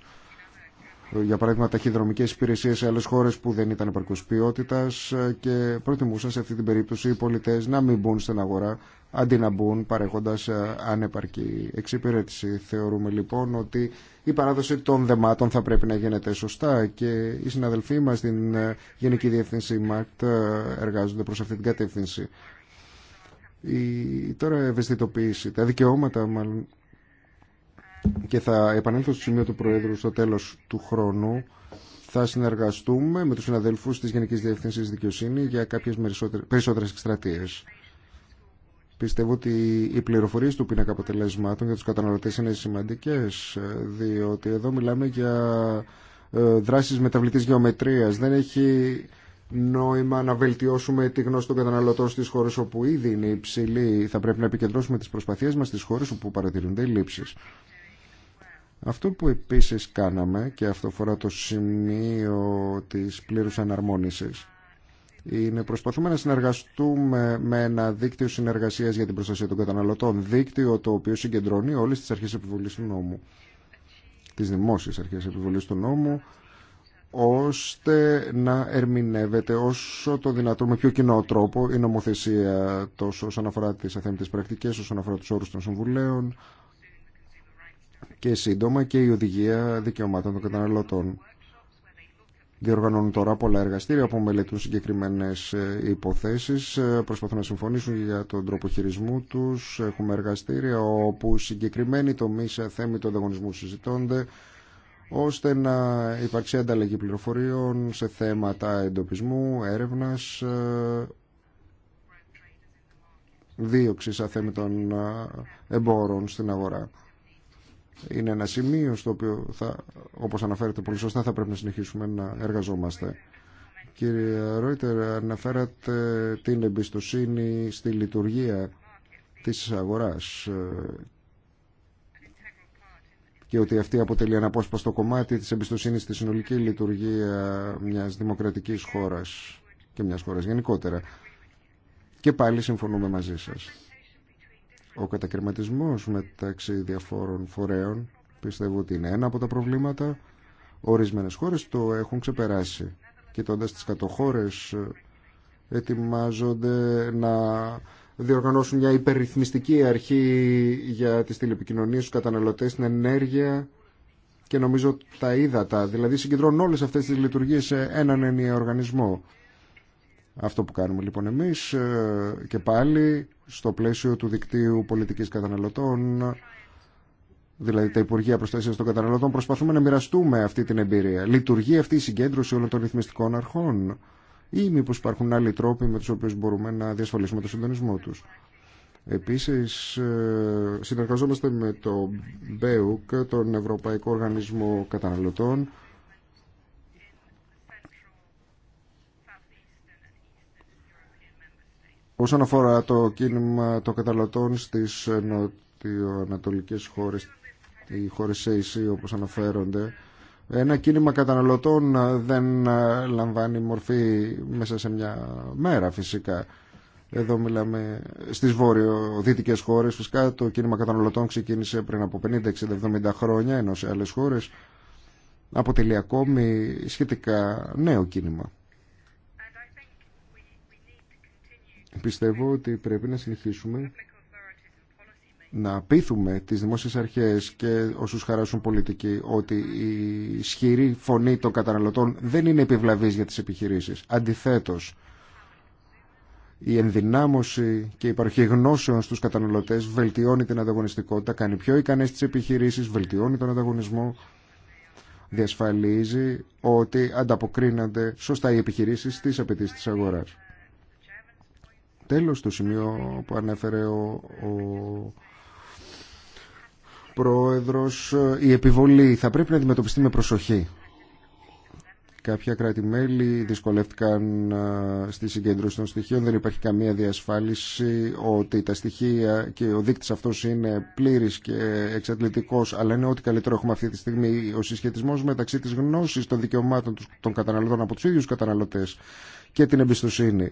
Για παράδειγμα, ταχυδρομικέ υπηρεσίε σε άλλε χώρε που δεν ήταν επαρκού ποιότητα ε, και προτιμούσαν σε αυτή την περίπτωση οι πολιτέ να μην μπουν στην αγορά αντί να μπουν παρέχοντας ε, ανεπαρκή εξυπηρέτηση. Θεωρούμε λοιπόν ότι η παράδοση των δεμάτων θα πρέπει να γίνεται σωστά και οι συναδελφοί μας στην ε, Γενική Διεύθυνση ΜΑΚΤ ε, εργάζονται προς αυτή την κατεύθυνση. Η τώρα ευαισθητοποίηση, τα δικαιώματα μάλλον και θα επανέλθω στο σημείο του Προέδρου στο τέλος του χρόνου θα συνεργαστούμε με τους συναδέλφους της Γενικής Διευθύνσης Δικαιοσύνη για κάποιες περισσότερες εκστρατείες. Πιστεύω ότι οι πληροφορίες του πίνακα αποτελεσμάτων για τους καταναλωτές είναι σημαντικές, διότι εδώ μιλάμε για ε, δράσεις μεταβλητής γεωμετρίας. Δεν έχει νόημα να βελτιώσουμε τη γνώση των καταναλωτών στις χώρες όπου ήδη είναι υψηλή. Θα πρέπει να επικεντρώσουμε τις προσπαθίες μας στις χώρες όπου παρατηρούνται οι λήψεις. Αυτό που επίσης κάναμε, και αυτό αφορά το σημείο της πλήρους αναρμόνισης, είναι προσπαθούμε να συνεργαστούμε με ένα δίκτυο συνεργασίας για την προστασία των καταναλωτών, δίκτυο το οποίο συγκεντρώνει όλες τις αρχές επιβολής του νόμου, τις δημόσιες αρχές επιβολής του νόμου, ώστε να ερμηνεύεται όσο το δυνατόν με πιο κοινό τρόπο η νομοθεσία τόσο όσον αφορά τις αθέμητες πρακτικές, όσον αφορά τους όρους των συμβουλέων και σύντομα και η οδηγία δικαιωμάτων των καταναλωτών διοργανώνουν τώρα πολλά εργαστήρια που μελετούν συγκεκριμένε ε, υποθέσει, ε, προσπαθούν να συμφωνήσουν για τον τρόπο χειρισμού του. Έχουμε εργαστήρια όπου συγκεκριμένοι τομεί ε, θέμη του ανταγωνισμού συζητώνται ώστε να υπάρξει ανταλλαγή πληροφοριών σε θέματα εντοπισμού, έρευνας, δίωξης αθέμητων εμπόρων στην αγορά είναι ένα σημείο στο οποίο, θα, όπως αναφέρετε πολύ σωστά, θα πρέπει να συνεχίσουμε να εργαζόμαστε. Κύριε Ρόιτερ, αναφέρατε την εμπιστοσύνη στη λειτουργία της αγοράς και ότι αυτή αποτελεί ένα απόσπαστο κομμάτι της εμπιστοσύνης στη συνολική λειτουργία μιας δημοκρατικής χώρας και μιας χώρας γενικότερα. Και πάλι συμφωνούμε μαζί σας. Ο κατακαιρματισμός μεταξύ διαφόρων φορέων πιστεύω ότι είναι ένα από τα προβλήματα. Ορισμένες χώρες το έχουν ξεπεράσει. Κοιτώντας τις κατοχώρες ετοιμάζονται να διοργανώσουν μια υπερρυθμιστική αρχή για τις τηλεπικοινωνίες, τους καταναλωτές, την ενέργεια και νομίζω τα ύδατα. Δηλαδή συγκεντρώνουν όλες αυτές τις λειτουργίες σε έναν ενιαίο οργανισμό. Αυτό που κάνουμε λοιπόν εμείς ε, και πάλι στο πλαίσιο του δικτύου πολιτικής καταναλωτών, δηλαδή τα Υπουργεία Προστασίας των Καταναλωτών, προσπαθούμε να μοιραστούμε αυτή την εμπειρία. Λειτουργεί αυτή η συγκέντρωση όλων των ρυθμιστικών αρχών ή μήπως υπάρχουν άλλοι τρόποι με τους οποίους μπορούμε να διασφαλίσουμε το συντονισμό τους. Επίσης, ε, συνεργαζόμαστε με το ΜΠΕΟΚ, e τον Ευρωπαϊκό Οργανισμό Καταναλωτών, Όσον αφορά το κίνημα των καταναλωτών στις νοτιοανατολικές χώρες, οι χώρες AC όπως αναφέρονται, ένα κίνημα καταναλωτών δεν λαμβάνει μορφή μέσα σε μια μέρα φυσικά. Εδώ μιλάμε στις βόρειο-δυτικές χώρες. Φυσικά το κίνημα καταναλωτών ξεκίνησε πριν από 50, 60, 70 χρόνια, ενώ σε άλλες χώρες αποτελεί ακόμη σχετικά νέο κίνημα. Πιστεύω ότι πρέπει να συνεχίσουμε να πείθουμε τις δημόσιες αρχές και όσους χαράσουν πολιτική ότι η ισχυρή φωνή των καταναλωτών δεν είναι επιβλαβής για τις επιχειρήσεις. Αντιθέτως, η ενδυνάμωση και η παροχή γνώσεων στους καταναλωτές βελτιώνει την ανταγωνιστικότητα, κάνει πιο ικανές τις επιχειρήσεις, βελτιώνει τον ανταγωνισμό, διασφαλίζει ότι ανταποκρίνονται σωστά οι επιχειρήσεις στις απαιτήσεις της αγοράς τέλος το σημείο που ανέφερε ο, ο πρόεδρος η επιβολή θα πρέπει να αντιμετωπιστεί με προσοχή κάποια κράτη-μέλη δυσκολεύτηκαν στη συγκέντρωση των στοιχείων. Δεν υπάρχει καμία διασφάλιση ότι τα στοιχεία και ο δείκτης αυτός είναι πλήρης και εξατλητικός, αλλά είναι ό,τι καλύτερο έχουμε αυτή τη στιγμή. Ο συσχετισμός μεταξύ της γνώσης των δικαιωμάτων των καταναλωτών από τους ίδιους καταναλωτές και την εμπιστοσύνη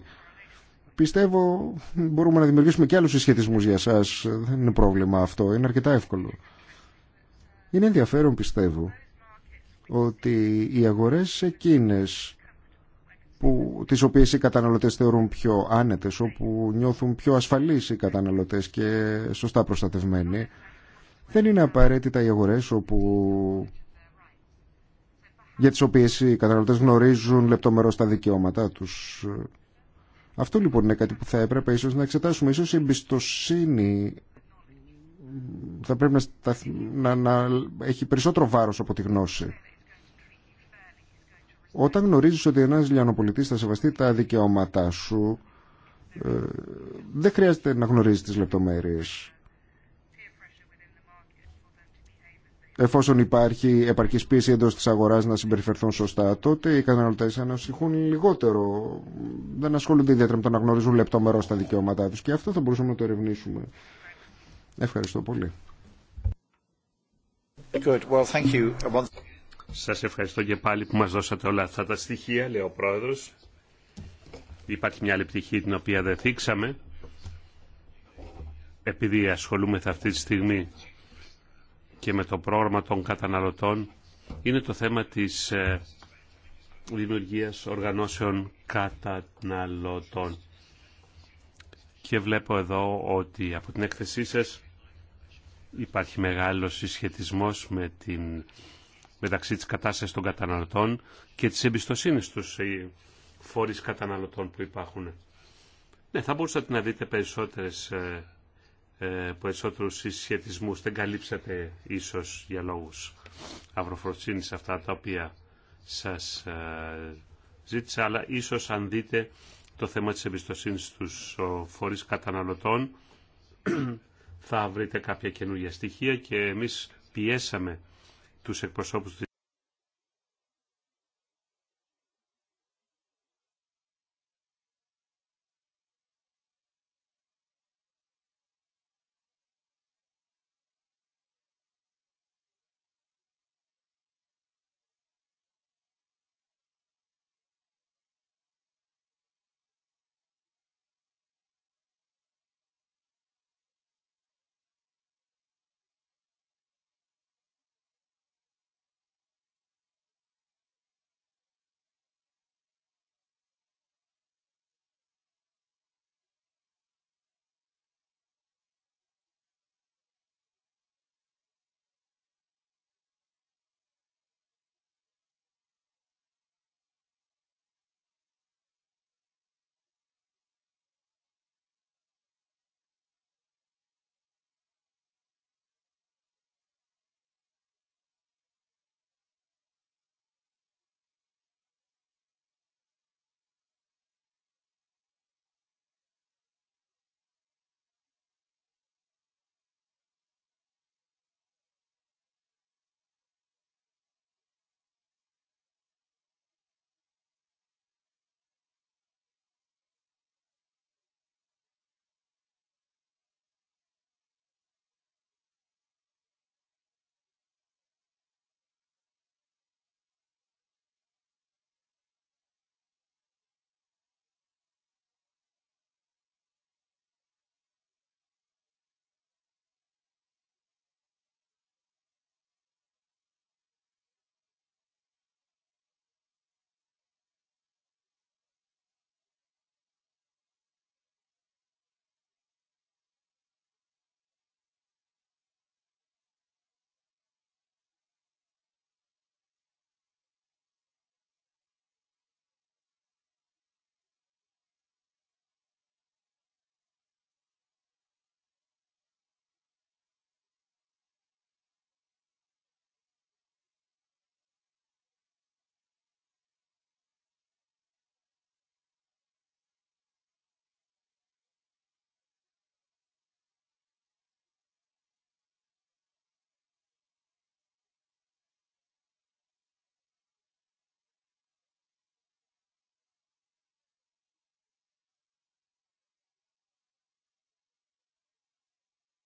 Πιστεύω μπορούμε να δημιουργήσουμε και άλλους συσχετισμούς για σας. Δεν είναι πρόβλημα αυτό, είναι αρκετά εύκολο. Είναι ενδιαφέρον πιστεύω ότι οι αγορές εκείνες που, τις οποίες οι καταναλωτές θεωρούν πιο άνετες, όπου νιώθουν πιο ασφαλείς οι καταναλωτές και σωστά προστατευμένοι, δεν είναι απαραίτητα οι αγορές όπου, για τις οποίες οι καταναλωτές γνωρίζουν λεπτομερώς τα δικαιώματά τους. Αυτό λοιπόν είναι κάτι που θα έπρεπε ίσως να εξετάσουμε. Ίσως η εμπιστοσύνη θα πρέπει να, να, έχει περισσότερο βάρος από τη γνώση. Όταν γνωρίζεις ότι ένας λιανοπολιτής θα σεβαστεί τα δικαιώματά σου, ε, δεν χρειάζεται να γνωρίζεις τις λεπτομέρειες. εφόσον υπάρχει επαρκή πίεση εντό τη αγορά να συμπεριφερθούν σωστά, τότε οι καταναλωτέ ανασυχούν λιγότερο. Δεν ασχολούνται ιδιαίτερα με το να γνωρίζουν λεπτομερώ τα δικαιώματά του και αυτό θα μπορούσαμε να το ερευνήσουμε. Ευχαριστώ πολύ. Σα ευχαριστώ και πάλι που μα δώσατε όλα αυτά τα στοιχεία, λέει ο πρόεδρο. Υπάρχει μια άλλη πτυχή την οποία δεν θίξαμε. Επειδή ασχολούμεθα αυτή τη στιγμή και με το πρόγραμμα των καταναλωτών είναι το θέμα της ε, δημιουργίας οργανώσεων καταναλωτών. Και βλέπω εδώ ότι από την έκθεσή σας υπάρχει μεγάλος συσχετισμός με την, μεταξύ της κατάστασης των καταναλωτών και της εμπιστοσύνης τους οι ε, φορείς καταναλωτών που υπάρχουν. Ναι, θα μπορούσατε να δείτε περισσότερες ε, ε, περισσότερους συσχετισμούς. Δεν καλύψατε ίσως για λόγους αυροφροσύνης αυτά τα οποία σας ε, ζήτησα, αλλά ίσως αν δείτε το θέμα της εμπιστοσύνης στους φορείς καταναλωτών θα βρείτε κάποια καινούργια στοιχεία και εμείς πιέσαμε τους εκπροσώπους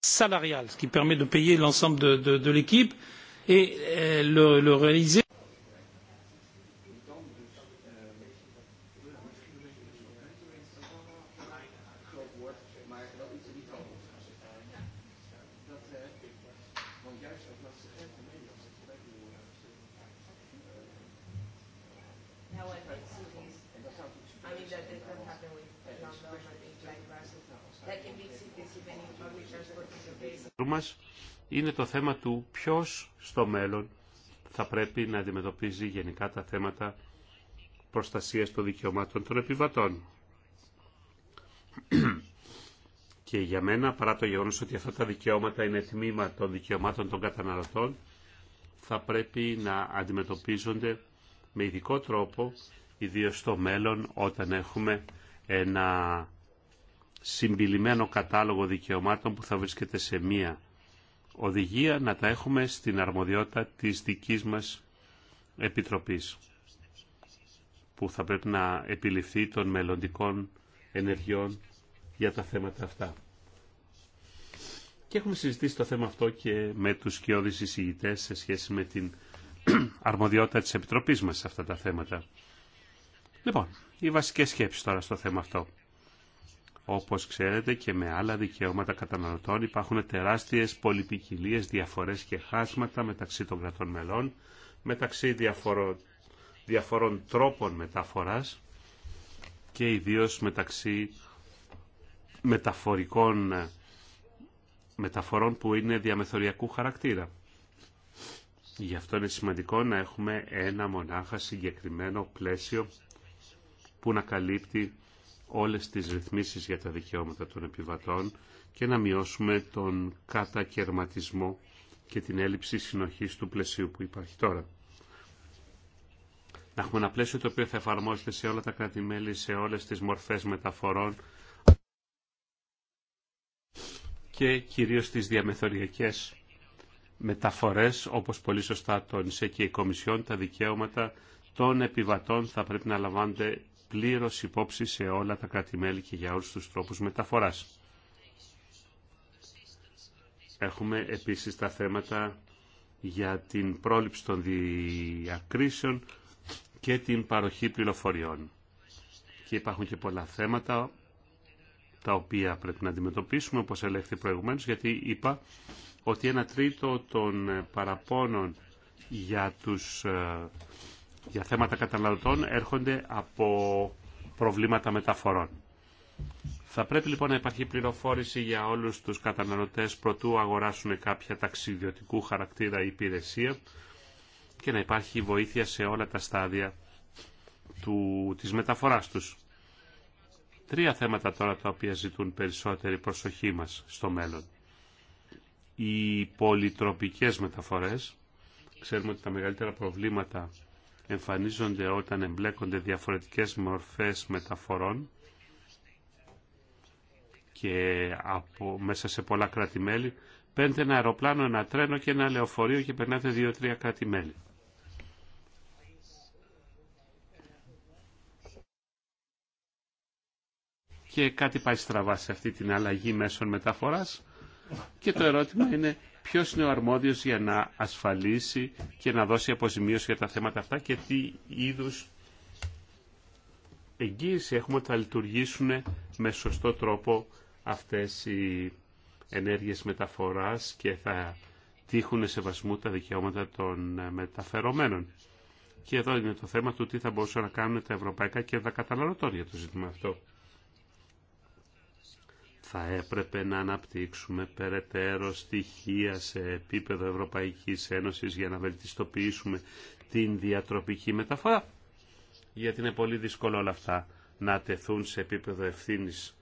salariale, ce qui permet de payer l'ensemble de l'équipe et le réaliser είναι το θέμα του ποιος στο μέλλον θα πρέπει να αντιμετωπίζει γενικά τα θέματα προστασίας των δικαιωμάτων των επιβατών. Και για μένα, παρά το γεγονός ότι αυτά τα δικαιώματα είναι τμήμα των δικαιωμάτων των καταναλωτών, θα πρέπει να αντιμετωπίζονται με ειδικό τρόπο, ιδίως στο μέλλον, όταν έχουμε ένα συμπιλημένο κατάλογο δικαιωμάτων που θα βρίσκεται σε μία οδηγία να τα έχουμε στην αρμοδιότητα της δικής μας Επιτροπής που θα πρέπει να επιληφθεί των μελλοντικών ενεργειών για τα θέματα αυτά. Και έχουμε συζητήσει το θέμα αυτό και με τους σκιώδεις εισηγητές σε σχέση με την αρμοδιότητα της Επιτροπής μας σε αυτά τα θέματα. Λοιπόν, οι βασικές σκέψεις τώρα στο θέμα αυτό. Όπως ξέρετε και με άλλα δικαιώματα καταναλωτών υπάρχουν τεράστιες πολυπικιλίε διαφορές και χάσματα μεταξύ των κρατών μελών, μεταξύ διαφορών, διαφορών τρόπων μεταφοράς και ιδίως μεταξύ μεταφορικών ε, μεταφορών που είναι διαμεθοριακού χαρακτήρα. Γι' αυτό είναι σημαντικό να έχουμε ένα μονάχα συγκεκριμένο πλαίσιο που να καλύπτει όλες τις ρυθμίσεις για τα δικαιώματα των επιβατών και να μειώσουμε τον κατακαιρματισμό και την έλλειψη συνοχής του πλαισίου που υπάρχει τώρα. Να έχουμε ένα πλαίσιο το οποίο θα εφαρμόζεται σε όλα τα κράτη-μέλη, σε όλες τις μορφές μεταφορών και κυρίως τις διαμεθοριακές μεταφορές, όπως πολύ σωστά τόνισε και η Κομισιόν, τα δικαιώματα των επιβατών θα πρέπει να λαμβάνονται πλήρως υπόψη σε όλα τα κρατη και για όλους τους τρόπους μεταφοράς. Έχουμε επίσης τα θέματα για την πρόληψη των διακρίσεων και την παροχή πληροφοριών. Και υπάρχουν και πολλά θέματα τα οποία πρέπει να αντιμετωπίσουμε, όπως ελέγχθη προηγουμένως, γιατί είπα ότι ένα τρίτο των παραπώνων για τους ε, για θέματα καταναλωτών έρχονται από προβλήματα μεταφορών. Θα πρέπει λοιπόν να υπάρχει πληροφόρηση για όλους τους καταναλωτές προτού αγοράσουν κάποια ταξιδιωτικού χαρακτήρα υπηρεσία και να υπάρχει βοήθεια σε όλα τα στάδια του, της μεταφοράς τους. Τρία θέματα τώρα τα οποία ζητούν περισσότερη προσοχή μας στο μέλλον. Οι πολυτροπικές μεταφορές. Ξέρουμε ότι τα μεγαλύτερα προβλήματα εμφανίζονται όταν εμπλέκονται διαφορετικές μορφές μεταφορών και από, μέσα σε πολλά κράτη-μέλη. Παίρνετε ένα αεροπλάνο, ένα τρένο και ένα λεωφορείο και περνάτε δύο-τρία κράτη-μέλη. Και κάτι πάει στραβά σε αυτή την αλλαγή μέσων μεταφοράς και το ερώτημα είναι ποιος είναι ο αρμόδιος για να ασφαλίσει και να δώσει αποζημίωση για τα θέματα αυτά και τι είδους εγγύηση έχουμε ότι θα λειτουργήσουν με σωστό τρόπο αυτές οι ενέργειες μεταφοράς και θα τύχουν σεβασμού τα δικαιώματα των μεταφερομένων. Και εδώ είναι το θέμα του τι θα μπορούσαν να κάνουν τα ευρωπαϊκά και τα καταναλωτών για το ζήτημα αυτό θα έπρεπε να αναπτύξουμε περαιτέρω στοιχεία σε επίπεδο Ευρωπαϊκής Ένωσης για να βελτιστοποιήσουμε την διατροπική μεταφορά. Γιατί είναι πολύ δύσκολο όλα αυτά να τεθούν σε επίπεδο ευθύνης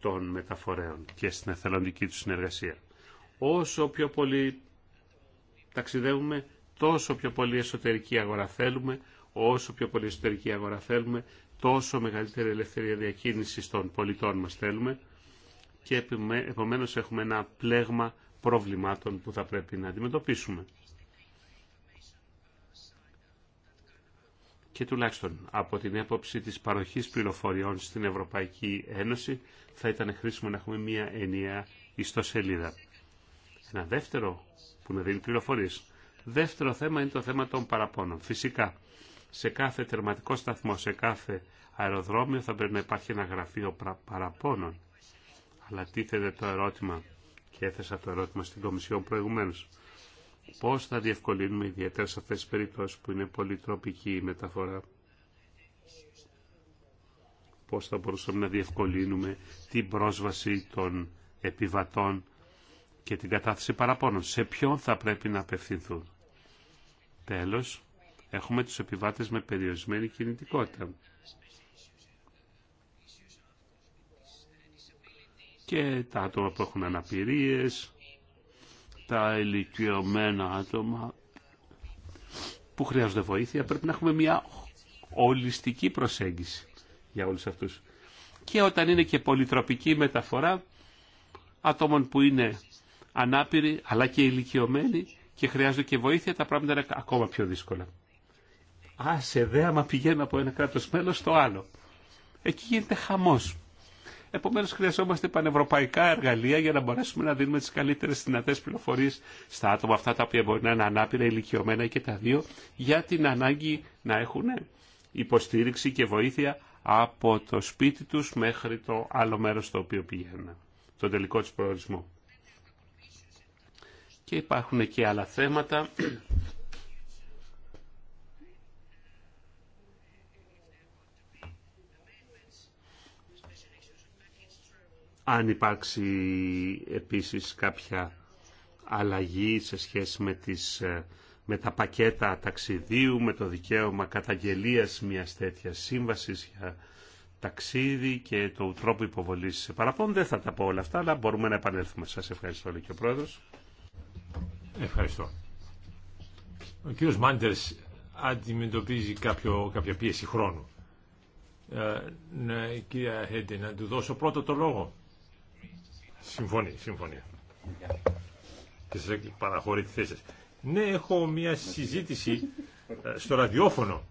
των μεταφορέων και στην εθελοντική του συνεργασία. Όσο πιο πολύ ταξιδεύουμε, τόσο πιο πολύ εσωτερική αγορά θέλουμε, όσο πιο πολύ εσωτερική αγορά θέλουμε, τόσο μεγαλύτερη ελευθερία διακίνηση των πολιτών μας θέλουμε και επομένως έχουμε ένα πλέγμα προβλημάτων που θα πρέπει να αντιμετωπίσουμε. Και τουλάχιστον από την έποψη της παροχής πληροφοριών στην Ευρωπαϊκή Ένωση θα ήταν χρήσιμο να έχουμε μία ενιαία ιστοσελίδα. Ένα δεύτερο που να δίνει πληροφορίες. Δεύτερο θέμα είναι το θέμα των παραπώνων. Φυσικά, σε κάθε τερματικό σταθμό, σε κάθε αεροδρόμιο θα πρέπει να υπάρχει ένα γραφείο παραπώνων αλλά τίθεται το ερώτημα και έθεσα το ερώτημα στην Κομισιόν προηγουμένως. Πώς θα διευκολύνουμε ιδιαίτερα σε αυτές τις περιπτώσεις που είναι πολυτροπική η μεταφορά. Πώς θα μπορούσαμε να διευκολύνουμε την πρόσβαση των επιβατών και την κατάθεση παραπώνων. Σε ποιον θα πρέπει να απευθυνθούν. Τέλος, έχουμε τους επιβάτες με περιορισμένη κινητικότητα. και τα άτομα που έχουν αναπηρίες, τα ηλικιωμένα άτομα που χρειάζονται βοήθεια. Πρέπει να έχουμε μια ολιστική προσέγγιση για όλους αυτούς. Και όταν είναι και πολυτροπική μεταφορά ατόμων που είναι ανάπηροι αλλά και ηλικιωμένοι και χρειάζονται και βοήθεια, τα πράγματα είναι ακόμα πιο δύσκολα. Α, σε δέαμα πηγαίνουμε από ένα κράτος μέλος στο άλλο. Εκεί γίνεται χαμός. Επομένως χρειαζόμαστε πανευρωπαϊκά εργαλεία για να μπορέσουμε να δίνουμε τις καλύτερες δυνατές πληροφορίες στα άτομα αυτά τα οποία μπορεί να είναι ανάπηρα, ηλικιωμένα και τα δύο για την ανάγκη να έχουν υποστήριξη και βοήθεια από το σπίτι τους μέχρι το άλλο μέρος στο οποίο πηγαίνουν, το τελικό του προορισμό. Και υπάρχουν και άλλα θέματα αν υπάρξει επίσης κάποια αλλαγή σε σχέση με, τις, ε, με τα πακέτα ταξιδίου, με το δικαίωμα καταγγελίας μιας τέτοιας σύμβασης για ταξίδι και το τρόπο υποβολής σε παραπών. Δεν θα τα πω όλα αυτά, αλλά μπορούμε να επανέλθουμε. Σας ευχαριστώ, λέει και ο Πρόεδρος. Ευχαριστώ. Ο κύριος Μάντερς αντιμετωπίζει κάποιο, κάποια πίεση χρόνου. Ε, ναι, κυρία Χέντε, να του δώσω πρώτο το λόγο. Συμφωνεί, συμφωνεί. Της παραχωρεί τη θέση Ναι, έχω μια συζήτηση ε, στο ραδιόφωνο.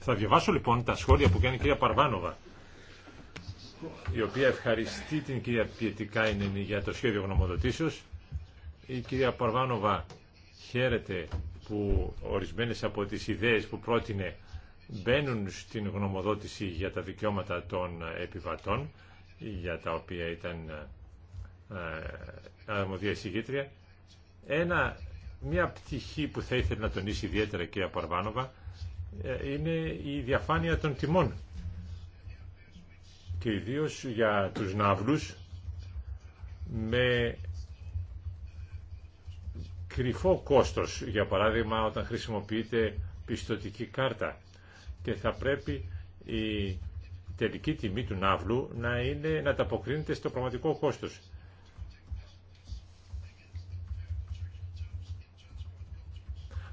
Θα διαβάσω λοιπόν τα σχόλια που κάνει η κυρία Παρβάνοβα, η οποία ευχαριστεί την κυρία είναι για το σχέδιο γνωμοδοτήσεως. Η κυρία Παρβάνοβα χαίρεται που ορισμένες από τις ιδέες που πρότεινε μπαίνουν στην γνωμοδότηση για τα δικαιώματα των επιβατών, για τα οποία ήταν ε, ε, αρμοδία Ένα, μια πτυχή που θα ήθελε να τονίσει ιδιαίτερα η κυρία Παρβάνοβα ε, είναι η διαφάνεια των τιμών και ιδίω για τους ναύλους με κρυφό κόστος, για παράδειγμα όταν χρησιμοποιείται πιστοτική κάρτα και θα πρέπει η τελική τιμή του ναύλου να, είναι, να ταποκρίνεται στο πραγματικό κόστος.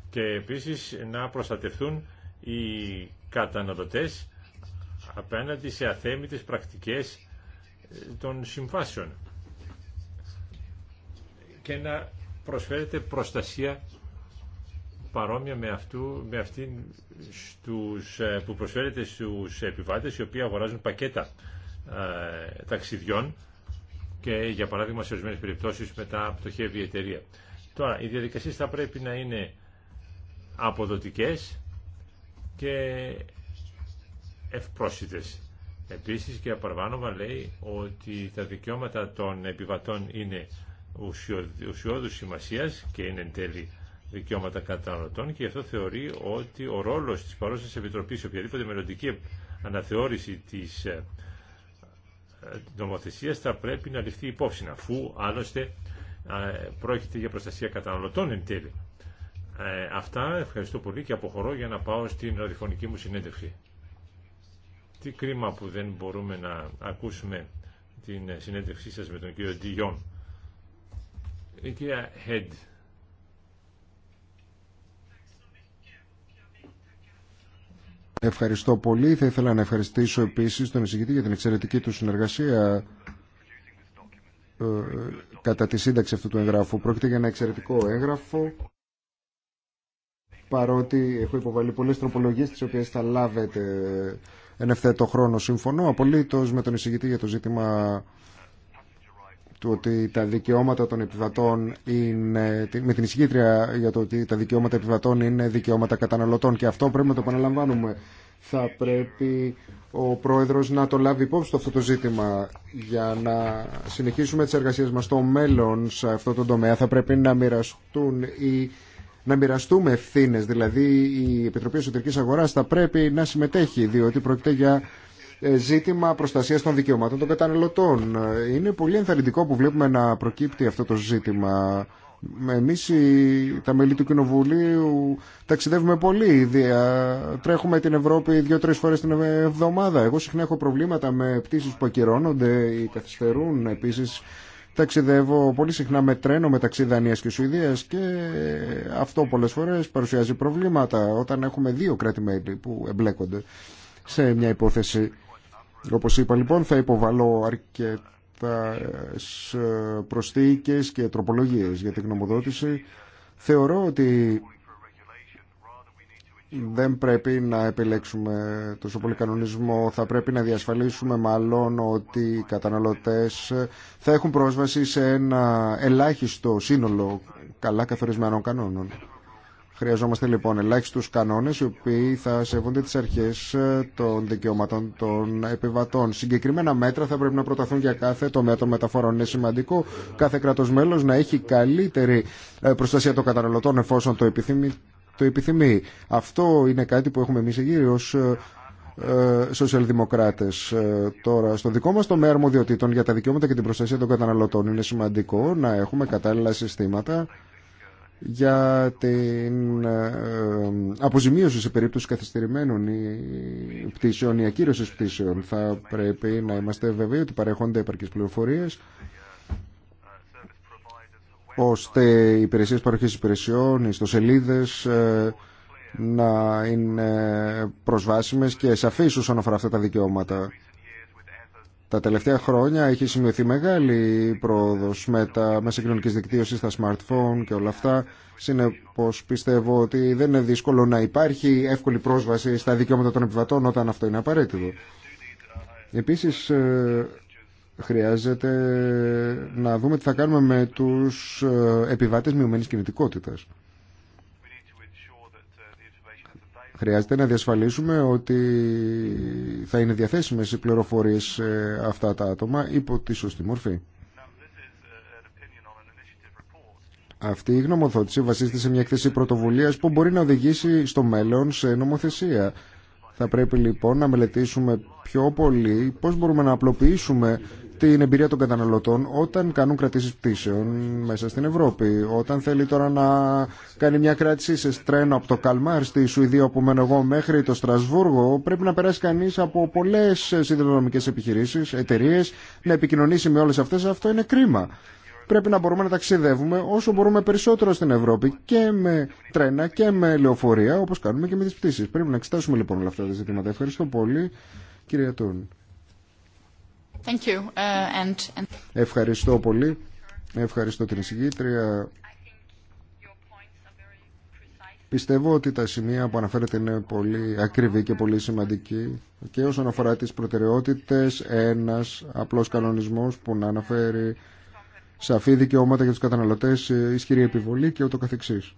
Και επίσης να προστατευτούν οι καταναλωτές απέναντι σε αθέμητες πρακτικές των συμβάσεων και να προσφέρεται προστασία παρόμοια με, αυτού, με αυτήν στους, ε, που προσφέρεται στους επιβάτες οι οποίοι αγοράζουν πακέτα ε, ταξιδιών και για παράδειγμα σε ορισμένε περιπτώσεις μετά πτωχεύει η εταιρεία. Τώρα, οι διαδικασίες θα πρέπει να είναι αποδοτικές και ευπρόσιτες. Επίσης και απαρβάνομα λέει ότι τα δικαιώματα των επιβατών είναι ουσιώδους σημασίας και είναι εν τέλει δικαιώματα καταναλωτών και γι' αυτό θεωρεί ότι ο ρόλος της παρόντα Επιτροπή σε οποιαδήποτε μελλοντική αναθεώρηση της ε, νομοθεσία θα πρέπει να ληφθεί υπόψη αφού άλλωστε ε, πρόκειται για προστασία καταναλωτών εν τέλει. Ε, αυτά ευχαριστώ πολύ και αποχωρώ για να πάω στην ραδιοφωνική μου συνέντευξη. Τι κρίμα που δεν μπορούμε να ακούσουμε την συνέντευξή σας με τον κύριο Ντιγιόν. Η κυρία Χέντ Ευχαριστώ πολύ. Θα ήθελα να ευχαριστήσω επίσης τον εισηγητή για την εξαιρετική του συνεργασία ε, κατά τη σύνταξη αυτού του εγγράφου. Πρόκειται για ένα εξαιρετικό έγγραφο παρότι έχω υποβάλει πολλές τροπολογίες τις οποίες θα λάβετε εν ευθέτω χρόνο. Συμφωνώ απολύτως με τον εισηγητή για το ζήτημα του ότι τα δικαιώματα των επιβατών είναι, με την εισηγήτρια για το ότι τα δικαιώματα επιβατών είναι δικαιώματα καταναλωτών και αυτό πρέπει να το επαναλαμβάνουμε. Θα πρέπει ο Πρόεδρος να το λάβει υπόψη στο αυτό το ζήτημα για να συνεχίσουμε τις εργασίες μας στο μέλλον σε αυτό το τομέα. Θα πρέπει να μοιραστούν να μοιραστούμε ευθύνε. Δηλαδή, η Επιτροπή Εσωτερική Αγορά θα πρέπει να συμμετέχει, διότι πρόκειται για ε, ζήτημα προστασία των δικαιωμάτων των καταναλωτών. Ε, είναι πολύ ενθαρρυντικό που βλέπουμε να προκύπτει αυτό το ζήτημα. Ε, Εμεί τα μέλη του Κοινοβουλίου ταξιδεύουμε πολύ. Τρέχουμε την Ευρώπη δύο-τρει φορέ την εβδομάδα. Εγώ συχνά έχω προβλήματα με πτήσει που ακυρώνονται ή καθυστερούν. Επίση, ταξιδεύω πολύ συχνά με τρένο μεταξύ Δανία και Σουηδία και αυτό πολλέ φορέ παρουσιάζει προβλήματα όταν έχουμε δύο κράτη-μέλη που εμπλέκονται σε μια υπόθεση. Όπως είπα λοιπόν θα υποβαλώ αρκετά ε, προσθήκες και τροπολογίες για την γνωμοδότηση. Θεωρώ ότι δεν πρέπει να επιλέξουμε τόσο πολύ κανονισμό. Θα πρέπει να διασφαλίσουμε μάλλον ότι οι καταναλωτές θα έχουν πρόσβαση σε ένα ελάχιστο σύνολο καλά καθορισμένων κανόνων. Χρειαζόμαστε λοιπόν ελάχιστους κανόνες οι οποίοι θα σεβούνται τις αρχές ε, των δικαιωματών των επιβατών. Συγκεκριμένα μέτρα θα πρέπει να προταθούν για κάθε τομέα των μεταφορών. Είναι σημαντικό κάθε κράτος μέλος να έχει καλύτερη ε, προστασία των καταναλωτών εφόσον το επιθυμεί. Αυτό είναι κάτι που έχουμε εμείς εγείρει ε, σοσιαλδημοκράτες τώρα στο δικό μας τομέα αρμοδιοτήτων για τα δικαιώματα και την προστασία των καταναλωτών είναι σημαντικό να έχουμε κατάλληλα συστήματα για την ε, ε, αποζημίωση σε περίπτωση καθυστερημένων πτήσεων ή ακύρωσης πτήσεων. Θα πρέπει να είμαστε βέβαιοι ότι παρέχονται επαρκείς πληροφορίες ώστε οι υπηρεσίε παροχή υπηρεσιών, οι ιστοσελίδες ε, να είναι προσβάσιμες και σαφείς όσον αφορά αυτά τα δικαιώματα. Τα τελευταία χρόνια έχει σημειωθεί μεγάλη πρόοδος με τα μέσα κοινωνική δικτύωσης, τα smartphone και όλα αυτά. Συνεπώς πιστεύω ότι δεν είναι δύσκολο να υπάρχει εύκολη πρόσβαση στα δικαιώματα των επιβατών όταν αυτό είναι απαραίτητο. Επίσης ε, χρειάζεται να δούμε τι θα κάνουμε με τους ε, επιβάτες μειωμένης κινητικότητα. Χρειάζεται να διασφαλίσουμε ότι θα είναι διαθέσιμες οι πληροφορίες σε αυτά τα άτομα υπό τη σωστή μορφή. Αυτή η γνωμοδότηση βασίζεται σε μια εκθέση πρωτοβουλίας που μπορεί να οδηγήσει στο μέλλον σε νομοθεσία. Θα πρέπει λοιπόν να μελετήσουμε πιο πολύ πώς μπορούμε να απλοποιήσουμε την εμπειρία των καταναλωτών όταν κάνουν κρατήσεις πτήσεων μέσα στην Ευρώπη. Όταν θέλει τώρα να κάνει μια κράτηση σε τρένο από το Καλμάρ στη Σουηδία όπου μένω εγώ μέχρι το Στρασβούργο πρέπει να περάσει κανεί από πολλέ συνδρομικέ επιχειρήσει, εταιρείε, να επικοινωνήσει με όλε αυτέ, Αυτό είναι κρίμα. Πρέπει να μπορούμε να ταξιδεύουμε όσο μπορούμε περισσότερο στην Ευρώπη και με τρένα και με λεωφορεία όπω κάνουμε και με τι πτήσει. Πρέπει να εξετάσουμε λοιπόν όλα αυτά τα ζητήματα. Ευχαριστώ πολύ. Κύριε Τούν. Uh, Ευχαριστώ πολύ. Ευχαριστώ την εισηγήτρια. Πιστεύω ότι τα σημεία που αναφέρετε είναι πολύ ακριβή και πολύ σημαντική και όσον αφορά τις προτεραιότητες ένας απλός κανονισμός που να αναφέρει σαφή δικαιώματα για τους καταναλωτές, ισχυρή επιβολή και ούτω καθεξής.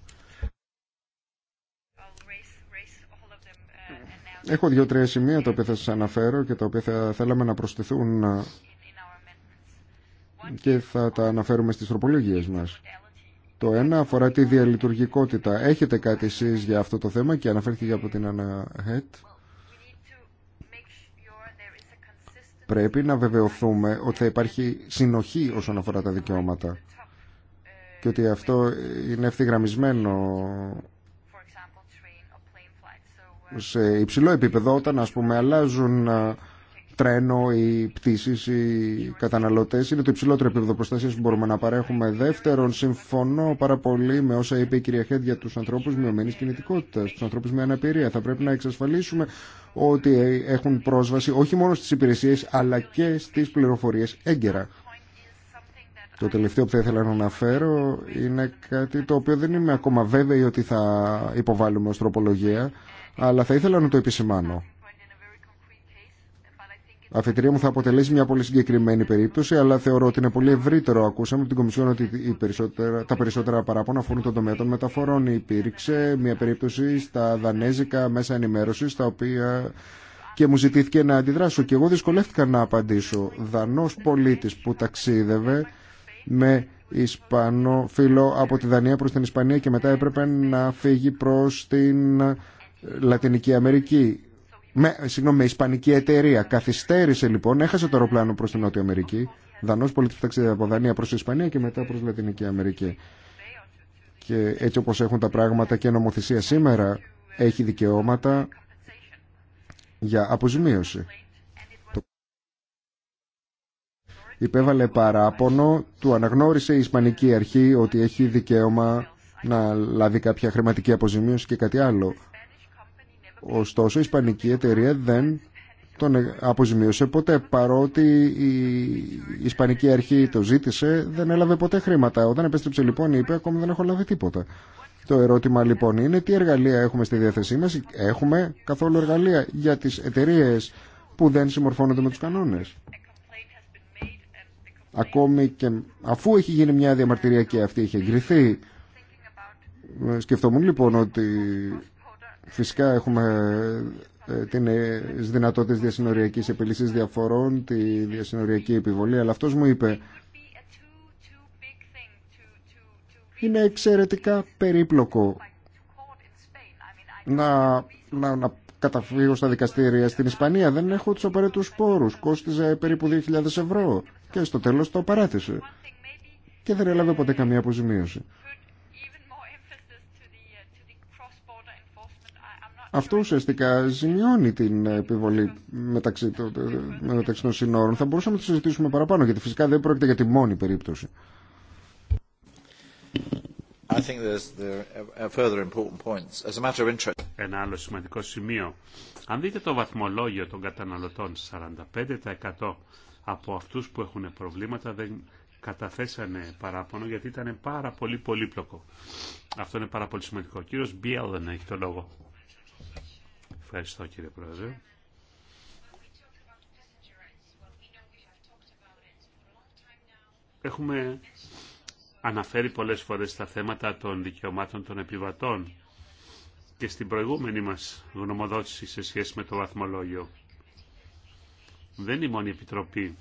Έχω δύο-τρία σημεία τα οποία θα σας αναφέρω και τα οποία θα θέλαμε να προσθεθούν και θα τα αναφέρουμε στις τροπολογίες μας. Το ένα αφορά τη διαλειτουργικότητα. Έχετε κάτι εσείς για αυτό το θέμα και αναφέρθηκε από την Head. Πρέπει να βεβαιωθούμε ότι θα υπάρχει συνοχή όσον αφορά τα δικαιώματα και ότι αυτό είναι ευθυγραμμισμένο σε υψηλό επίπεδο όταν ας πούμε αλλάζουν τρένο ή πτήσεις ή καταναλωτές είναι το υψηλότερο επίπεδο προστασίας που μπορούμε να παρέχουμε δεύτερον συμφωνώ πάρα πολύ με όσα είπε η πτησεις η καταναλωτες ειναι το υψηλοτερο επιπεδο προστασία που μπορουμε να Χέντ για τους ανθρώπους μειωμένης κινητικότητας τους ανθρώπους με αναπηρία θα πρέπει να εξασφαλίσουμε ότι έχουν πρόσβαση όχι μόνο στις υπηρεσίες αλλά και στις πληροφορίες έγκαιρα το τελευταίο που θα ήθελα να αναφέρω είναι κάτι το οποίο δεν είμαι ακόμα βέβαιη ότι θα υποβάλουμε ω τροπολογία αλλά θα ήθελα να το επισημάνω. Αφετηρία μου θα αποτελέσει μια πολύ συγκεκριμένη περίπτωση, αλλά θεωρώ ότι είναι πολύ ευρύτερο. Ακούσαμε από την Κομισιόν ότι περισσότερα, τα περισσότερα παράπονα αφορούν τον τομέα των μεταφορών. Υπήρξε μια περίπτωση στα δανέζικα μέσα ενημέρωση, τα οποία και μου ζητήθηκε να αντιδράσω. Και εγώ δυσκολεύτηκα να απαντήσω. Δανό πολίτη που ταξίδευε με Ισπανό φίλο από τη Δανία προ την Ισπανία και μετά έπρεπε να φύγει προ την Λατινική Αμερική. Με, συγγνώμη, Ισπανική εταιρεία. Καθυστέρησε λοιπόν, έχασε το αεροπλάνο προ την Νότια Αμερική. Δανό πολίτη ταξίδι από Δανία προ Ισπανία και μετά προ Λατινική Αμερική. Και έτσι όπω έχουν τα πράγματα και η νομοθεσία σήμερα, έχει δικαιώματα για αποζημίωση. Υπέβαλε παράπονο, του αναγνώρισε η Ισπανική Αρχή ότι έχει δικαίωμα να λάβει κάποια χρηματική αποζημίωση και κάτι άλλο. Ωστόσο, η Ισπανική εταιρεία δεν τον αποζημίωσε ποτέ. Παρότι η Ισπανική αρχή το ζήτησε, δεν έλαβε ποτέ χρήματα. Όταν επέστρεψε λοιπόν, είπε: Ακόμα δεν έχω λάβει τίποτα. Το ερώτημα λοιπόν είναι τι εργαλεία έχουμε στη διάθεσή μας. Έχουμε καθόλου εργαλεία για τις εταιρείε που δεν συμμορφώνονται με τους κανόνες. Ακόμη και αφού έχει γίνει μια διαμαρτυρία και αυτή έχει εγκριθεί, σκεφτόμουν λοιπόν ότι Φυσικά έχουμε ε, την ε, δυνατότητες διασυνοριακής επιλύσης διαφορών, τη διασυνοριακή επιβολή, αλλά αυτός μου είπε είναι εξαιρετικά περίπλοκο να, να, καταφύγω στα δικαστήρια στην Ισπανία. Δεν έχω τους απαραίτητους πόρους. Κόστιζε περίπου 2.000 ευρώ και στο τέλος το παράτησε. Και δεν έλαβε ποτέ καμία αποζημίωση. Αυτό ουσιαστικά ζημιώνει την επιβολή μεταξύ των, μεταξύ των συνόρων. Θα μπορούσαμε να το συζητήσουμε παραπάνω, γιατί φυσικά δεν πρόκειται για τη μόνη περίπτωση. Ένα άλλο σημαντικό σημείο. Αν δείτε το βαθμολόγιο των καταναλωτών, 45% από αυτούς που έχουν προβλήματα δεν καταθέσανε παράπονο γιατί ήταν πάρα πολύ πολύπλοκο. Αυτό είναι πάρα πολύ σημαντικό. Ο κύριος Μπιέλ δεν έχει το λόγο. Ευχαριστώ κύριε Πρόεδρε. Έχουμε αναφέρει πολλές φορές τα θέματα των δικαιωμάτων των επιβατών και στην προηγούμενη μας γνωμοδότηση σε σχέση με το βαθμολόγιο. Δεν είναι η η Επιτροπή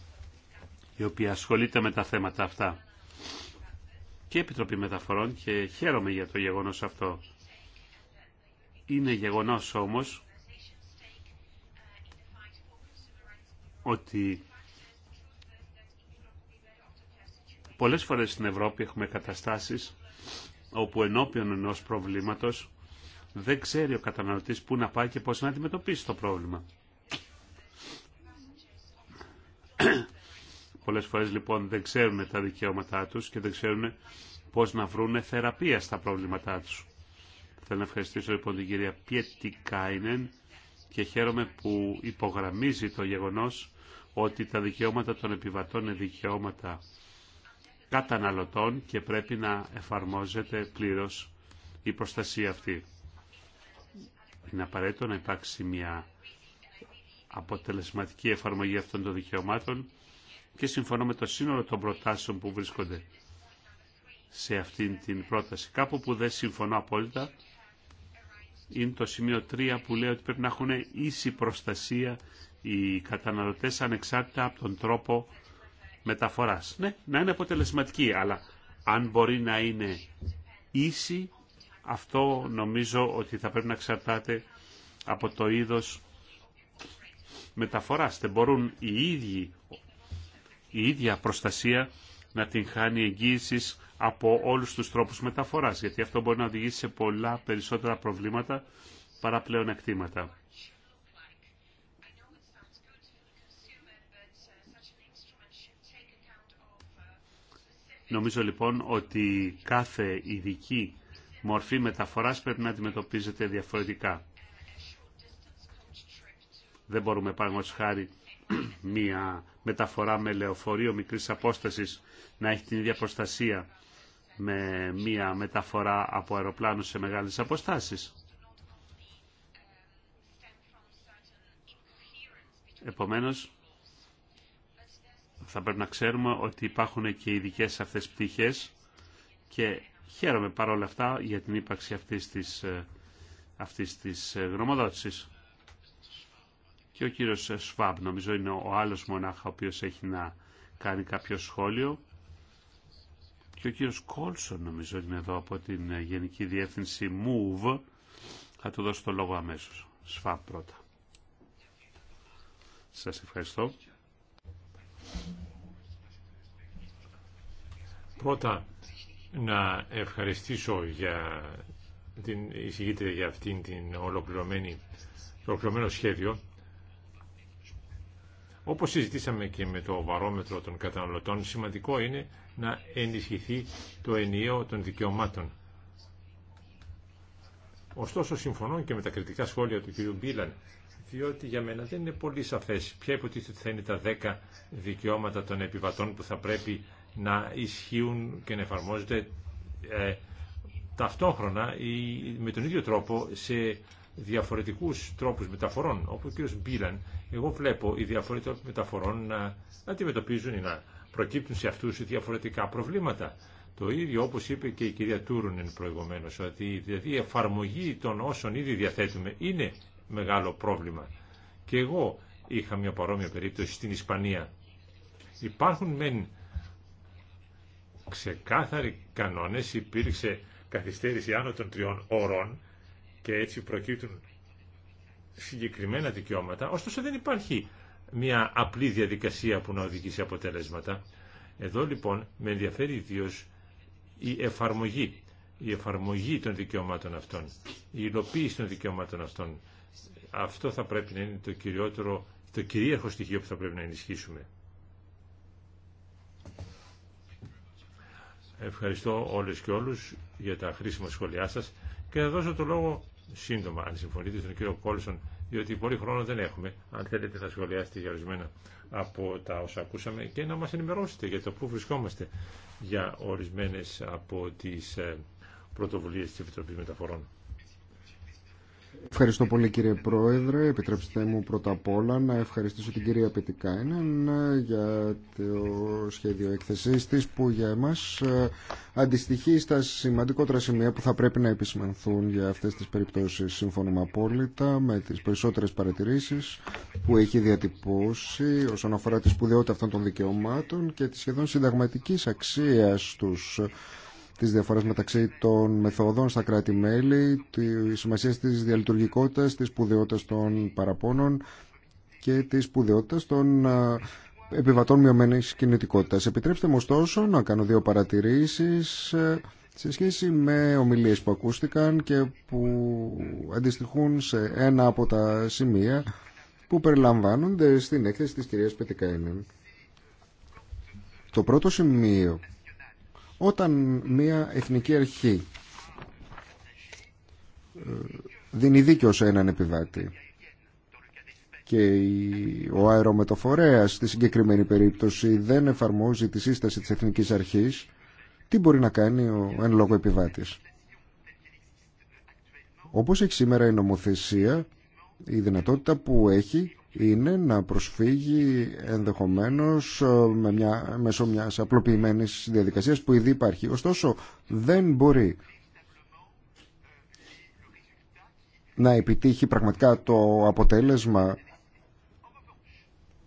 η οποία ασχολείται με τα θέματα αυτά και Επιτροπή Μεταφορών και χαίρομαι για το γεγονός αυτό. Είναι γεγονός όμως ότι πολλές φορές στην Ευρώπη έχουμε καταστάσεις όπου ενώπιον ενός προβλήματος δεν ξέρει ο καταναλωτής πού να πάει και πώς να αντιμετωπίσει το πρόβλημα. Πολλές φορές λοιπόν δεν ξέρουν τα δικαιώματά τους και δεν ξέρουν πώς να βρουν θεραπεία στα προβλήματά τους. Θέλω να ευχαριστήσω λοιπόν την κυρία Πιετικάινεν και χαίρομαι που υπογραμμίζει το γεγονός ότι τα δικαιώματα των επιβατών είναι δικαιώματα καταναλωτών και πρέπει να εφαρμόζεται πλήρως η προστασία αυτή. Είναι απαραίτητο να υπάρξει μια αποτελεσματική εφαρμογή αυτών των δικαιωμάτων και συμφωνώ με το σύνολο των προτάσεων που βρίσκονται σε αυτήν την πρόταση. Κάπου που δεν συμφωνώ απόλυτα είναι το σημείο 3 που λέει ότι πρέπει να έχουν ίση προστασία οι καταναλωτές ανεξάρτητα από τον τρόπο μεταφοράς. Ναι, να είναι αποτελεσματική, αλλά αν μπορεί να είναι ίση, αυτό νομίζω ότι θα πρέπει να εξαρτάται από το είδος μεταφοράς. Δεν μπορούν οι ίδιοι, η ίδια προστασία να την χάνει εγγύησης από όλους τους τρόπους μεταφοράς, γιατί αυτό μπορεί να οδηγήσει σε πολλά περισσότερα προβλήματα παρά πλέον εκτήματα. Νομίζω λοιπόν ότι κάθε ειδική μορφή μεταφοράς πρέπει να αντιμετωπίζεται διαφορετικά. Δεν μπορούμε παραγωγός χάρη μια μεταφορά με λεωφορείο μικρής απόστασης να έχει την ίδια προστασία με μία μεταφορά από αεροπλάνο σε μεγάλες αποστάσεις. Επομένως, θα πρέπει να ξέρουμε ότι υπάρχουν και ειδικέ αυτές πτυχές και χαίρομαι παρόλα αυτά για την ύπαρξη αυτής της, ε, αυτής της ε, γνωμοδότησης. Και ο κύριος Σφάμπ νομίζω είναι ο άλλος μονάχα ο οποίος έχει να κάνει κάποιο σχόλιο και ο κύριος Κόλσον νομίζω είναι εδώ από την ε, Γενική Διεύθυνση MOVE. Θα του δώσω το λόγο αμέσως. ΣΦΑΠ πρώτα. Σας ευχαριστώ. Πρώτα να ευχαριστήσω για την εισηγήτρια για αυτήν την ολοκληρωμένη ολοκληρωμένο σχέδιο όπως συζητήσαμε και με το βαρόμετρο των καταναλωτών, σημαντικό είναι να ενισχυθεί το ενιαίο των δικαιωμάτων. Ωστόσο, συμφωνώ και με τα κριτικά σχόλια του κ. Μπίλαν, διότι για μένα δεν είναι πολύ σαφές ποια υποτίθεται θα είναι τα 10 δικαιώματα των επιβατών που θα πρέπει να ισχύουν και να εφαρμόζονται ε, ταυτόχρονα ή με τον ίδιο τρόπο σε διαφορετικούς τρόπους μεταφορών, όπου ο κ. Μπίλαν, εγώ βλέπω οι διαφορετικοί τρόποι μεταφορών να αντιμετωπίζουν ή να προκύπτουν σε αυτούς διαφορετικά προβλήματα. Το ίδιο όπως είπε και η κυρία Τούρουνεν προηγουμένως, ότι δηλαδή η εφαρμογή των όσων ήδη διαθέτουμε είναι μεγάλο πρόβλημα. Και εγώ είχα μια παρόμοια περίπτωση στην Ισπανία. Υπάρχουν μεν ξεκάθαροι κανόνες, υπήρξε καθυστέρηση άνω των τριών ώρων, και έτσι προκύπτουν συγκεκριμένα δικαιώματα, ωστόσο δεν υπάρχει μια απλή διαδικασία που να οδηγεί σε αποτελέσματα. Εδώ λοιπόν με ενδιαφέρει ιδίω η εφαρμογή, η εφαρμογή των δικαιωμάτων αυτών, η υλοποίηση των δικαιωμάτων αυτών. Αυτό θα πρέπει να είναι το κυριότερο, το κυρίαρχο στοιχείο που θα πρέπει να ενισχύσουμε. Ευχαριστώ όλες και όλους για τα χρήσιμα σχόλιά σας και θα δώσω το λόγο σύντομα, αν συμφωνείτε, στον κύριο Κόλσον, διότι πολύ χρόνο δεν έχουμε. Αν θέλετε θα σχολιάσετε για ορισμένα από τα όσα ακούσαμε και να μας ενημερώσετε για το πού βρισκόμαστε για ορισμένες από τις ε, πρωτοβουλίες της Επιτροπής Μεταφορών. Ευχαριστώ πολύ κύριε Πρόεδρε. Επιτρέψτε μου πρώτα απ' όλα να ευχαριστήσω την κυρία Πετικάινεν ε, για το σχέδιο έκθεσής της που για εμάς ε, αντιστοιχεί στα σημαντικότερα σημεία που θα πρέπει να επισημανθούν για αυτές τις περιπτώσεις. Συμφωνούμε απόλυτα με τις περισσότερες παρατηρήσεις που έχει διατυπώσει όσον αφορά τη σπουδαιότητα αυτών των δικαιωμάτων και τη σχεδόν συνταγματικής αξίας τους τις διαφορές μεταξύ των μεθόδων στα κράτη-μέλη, τη σημασία της διαλειτουργικότητας, της σπουδαιότητα των παραπώνων και της σπουδαιότητα των επιβατών Μειωμένη Κινητικότητα. Επιτρέψτε μου ωστόσο να κάνω δύο παρατηρήσεις ε, σε σχέση με ομιλίες που ακούστηκαν και που αντιστοιχούν σε ένα από τα σημεία που περιλαμβάνονται στην έκθεση της κυρίας Πετικάινη. Το πρώτο σημείο όταν μια εθνική αρχή ε, δίνει δίκιο σε έναν επιβάτη και ο αερομετοφορέας στη συγκεκριμένη περίπτωση δεν εφαρμόζει τη σύσταση της εθνικής αρχής, τι μπορεί να κάνει ο εν λόγω επιβάτης. Όπως έχει σήμερα η νομοθεσία, η δυνατότητα που έχει είναι να προσφύγει ενδεχομένως ε, με μια, μέσω μιας απλοποιημένης διαδικασίας που ήδη υπάρχει. Ωστόσο δεν μπορεί να επιτύχει πραγματικά το αποτέλεσμα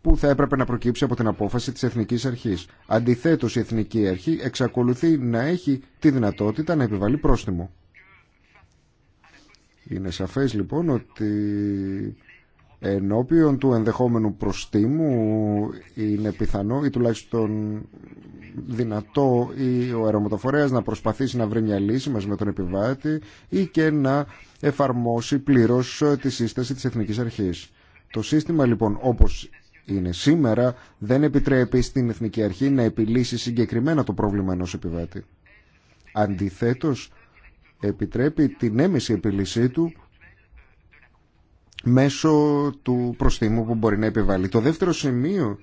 που θα έπρεπε να προκύψει από την απόφαση της Εθνικής Αρχής. Αντιθέτως, η Εθνική Αρχή εξακολουθεί να έχει τη δυνατότητα να επιβαλεί πρόστιμο. Είναι σαφές λοιπόν ότι ενώπιον του ενδεχόμενου προστίμου είναι πιθανό ή τουλάχιστον δυνατό ή ο αερομοτοφορέας να προσπαθήσει να βρει μια λύση μαζί με τον επιβάτη ή και να εφαρμόσει πλήρως τη σύσταση της Εθνικής Αρχής. Το σύστημα λοιπόν όπως είναι σήμερα δεν επιτρέπει στην Εθνική Αρχή να επιλύσει συγκεκριμένα το πρόβλημα ενός επιβάτη. Αντιθέτως επιτρέπει την έμεση επιλύσή του μέσω του προστίμου που μπορεί να επιβάλλει. Το δεύτερο σημείο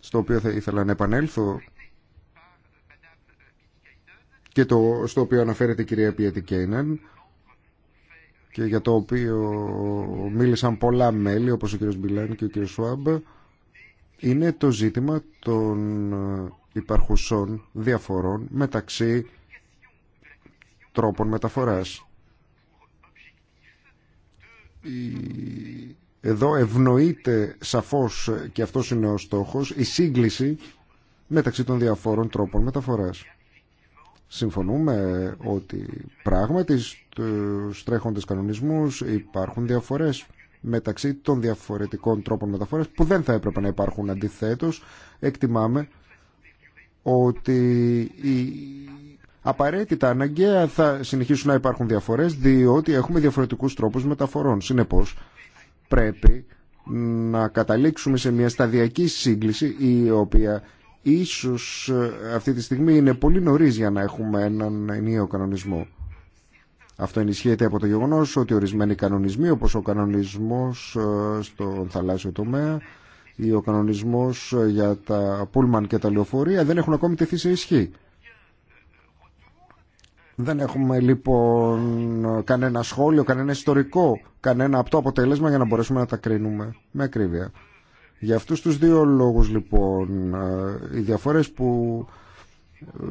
στο οποίο θα ήθελα να επανέλθω και το, στο οποίο αναφέρεται η κυρία Πιέτη Κέιναν και για το οποίο μίλησαν πολλά μέλη όπως ο κύριος Μπιλάν και ο κύριος Σουάμπ είναι το ζήτημα των υπαρχουσών διαφορών μεταξύ τρόπων μεταφοράς εδώ ευνοείται σαφώς ε, και αυτός είναι ο στόχος η σύγκληση μεταξύ των διαφόρων τρόπων μεταφοράς. Συμφωνούμε ότι πράγματι στους τρέχοντες κανονισμούς υπάρχουν διαφορές μεταξύ των διαφορετικών τρόπων μεταφοράς που δεν θα έπρεπε να υπάρχουν αντιθέτως. Εκτιμάμε ότι η απαραίτητα αναγκαία θα συνεχίσουν να υπάρχουν διαφορές διότι έχουμε διαφορετικούς τρόπους μεταφορών. Συνεπώς πρέπει να καταλήξουμε σε μια σταδιακή σύγκληση η οποία ίσως ε, αυτή τη στιγμή είναι πολύ νωρίς για να έχουμε έναν ενίο κανονισμό. Αυτό ενισχύεται από το γεγονός ότι ορισμένοι κανονισμοί όπως ο κανονισμός ε, στον θαλάσσιο τομέα ή ο κανονισμός ε, για τα πούλμαν και τα λεωφορεία δεν έχουν ακόμη τεθεί σε ισχύ. Δεν έχουμε λοιπόν κανένα σχόλιο, κανένα ιστορικό, κανένα από το αποτέλεσμα για να μπορέσουμε να τα κρίνουμε με ακρίβεια. Για αυτούς τους δύο λόγους λοιπόν, ε, οι διαφορές που ε,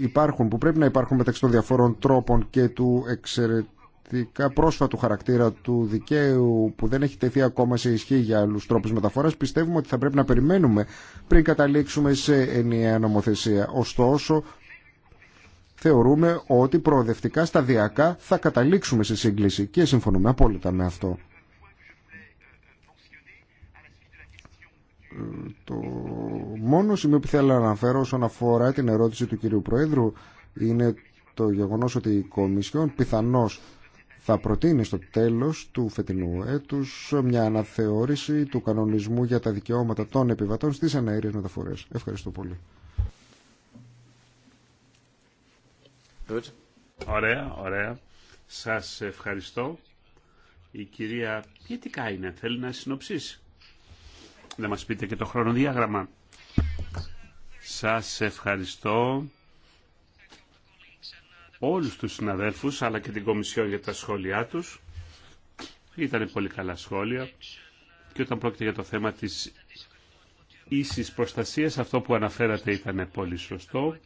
υπάρχουν, που πρέπει να υπάρχουν μεταξύ των διαφόρων τρόπων και του εξαιρετικά πρόσφατου χαρακτήρα του δικαίου που δεν έχει τεθεί ακόμα σε ισχύ για άλλους τρόπους μεταφοράς, πιστεύουμε ότι θα πρέπει να περιμένουμε πριν καταλήξουμε σε ενιαία νομοθεσία. Ωστόσο, θεωρούμε ότι προοδευτικά σταδιακά θα καταλήξουμε σε σύγκληση και συμφωνούμε απόλυτα με αυτό. Το μόνο σημείο που θέλω να αναφέρω όσον αφορά την ερώτηση του κυρίου Προέδρου είναι το γεγονός ότι η Κομισιόν πιθανώς θα προτείνει στο τέλος του φετινού έτους μια αναθεώρηση του κανονισμού για τα δικαιώματα των επιβατών στις αναέριες μεταφορές. Ευχαριστώ πολύ. Ωραία, ωραία. Σας ευχαριστώ. Η κυρία Πιετικά είναι, θέλει να συνοψίσει. Να μας πείτε και το χρονοδιάγραμμα. Σας ευχαριστώ όλους τους συναδέλφους αλλά και την Κομισιόν για τα σχόλιά τους. Ήταν πολύ καλά σχόλια και όταν πρόκειται για το θέμα της ίσης προστασίας αυτό που αναφέρατε ήταν πολύ σωστό.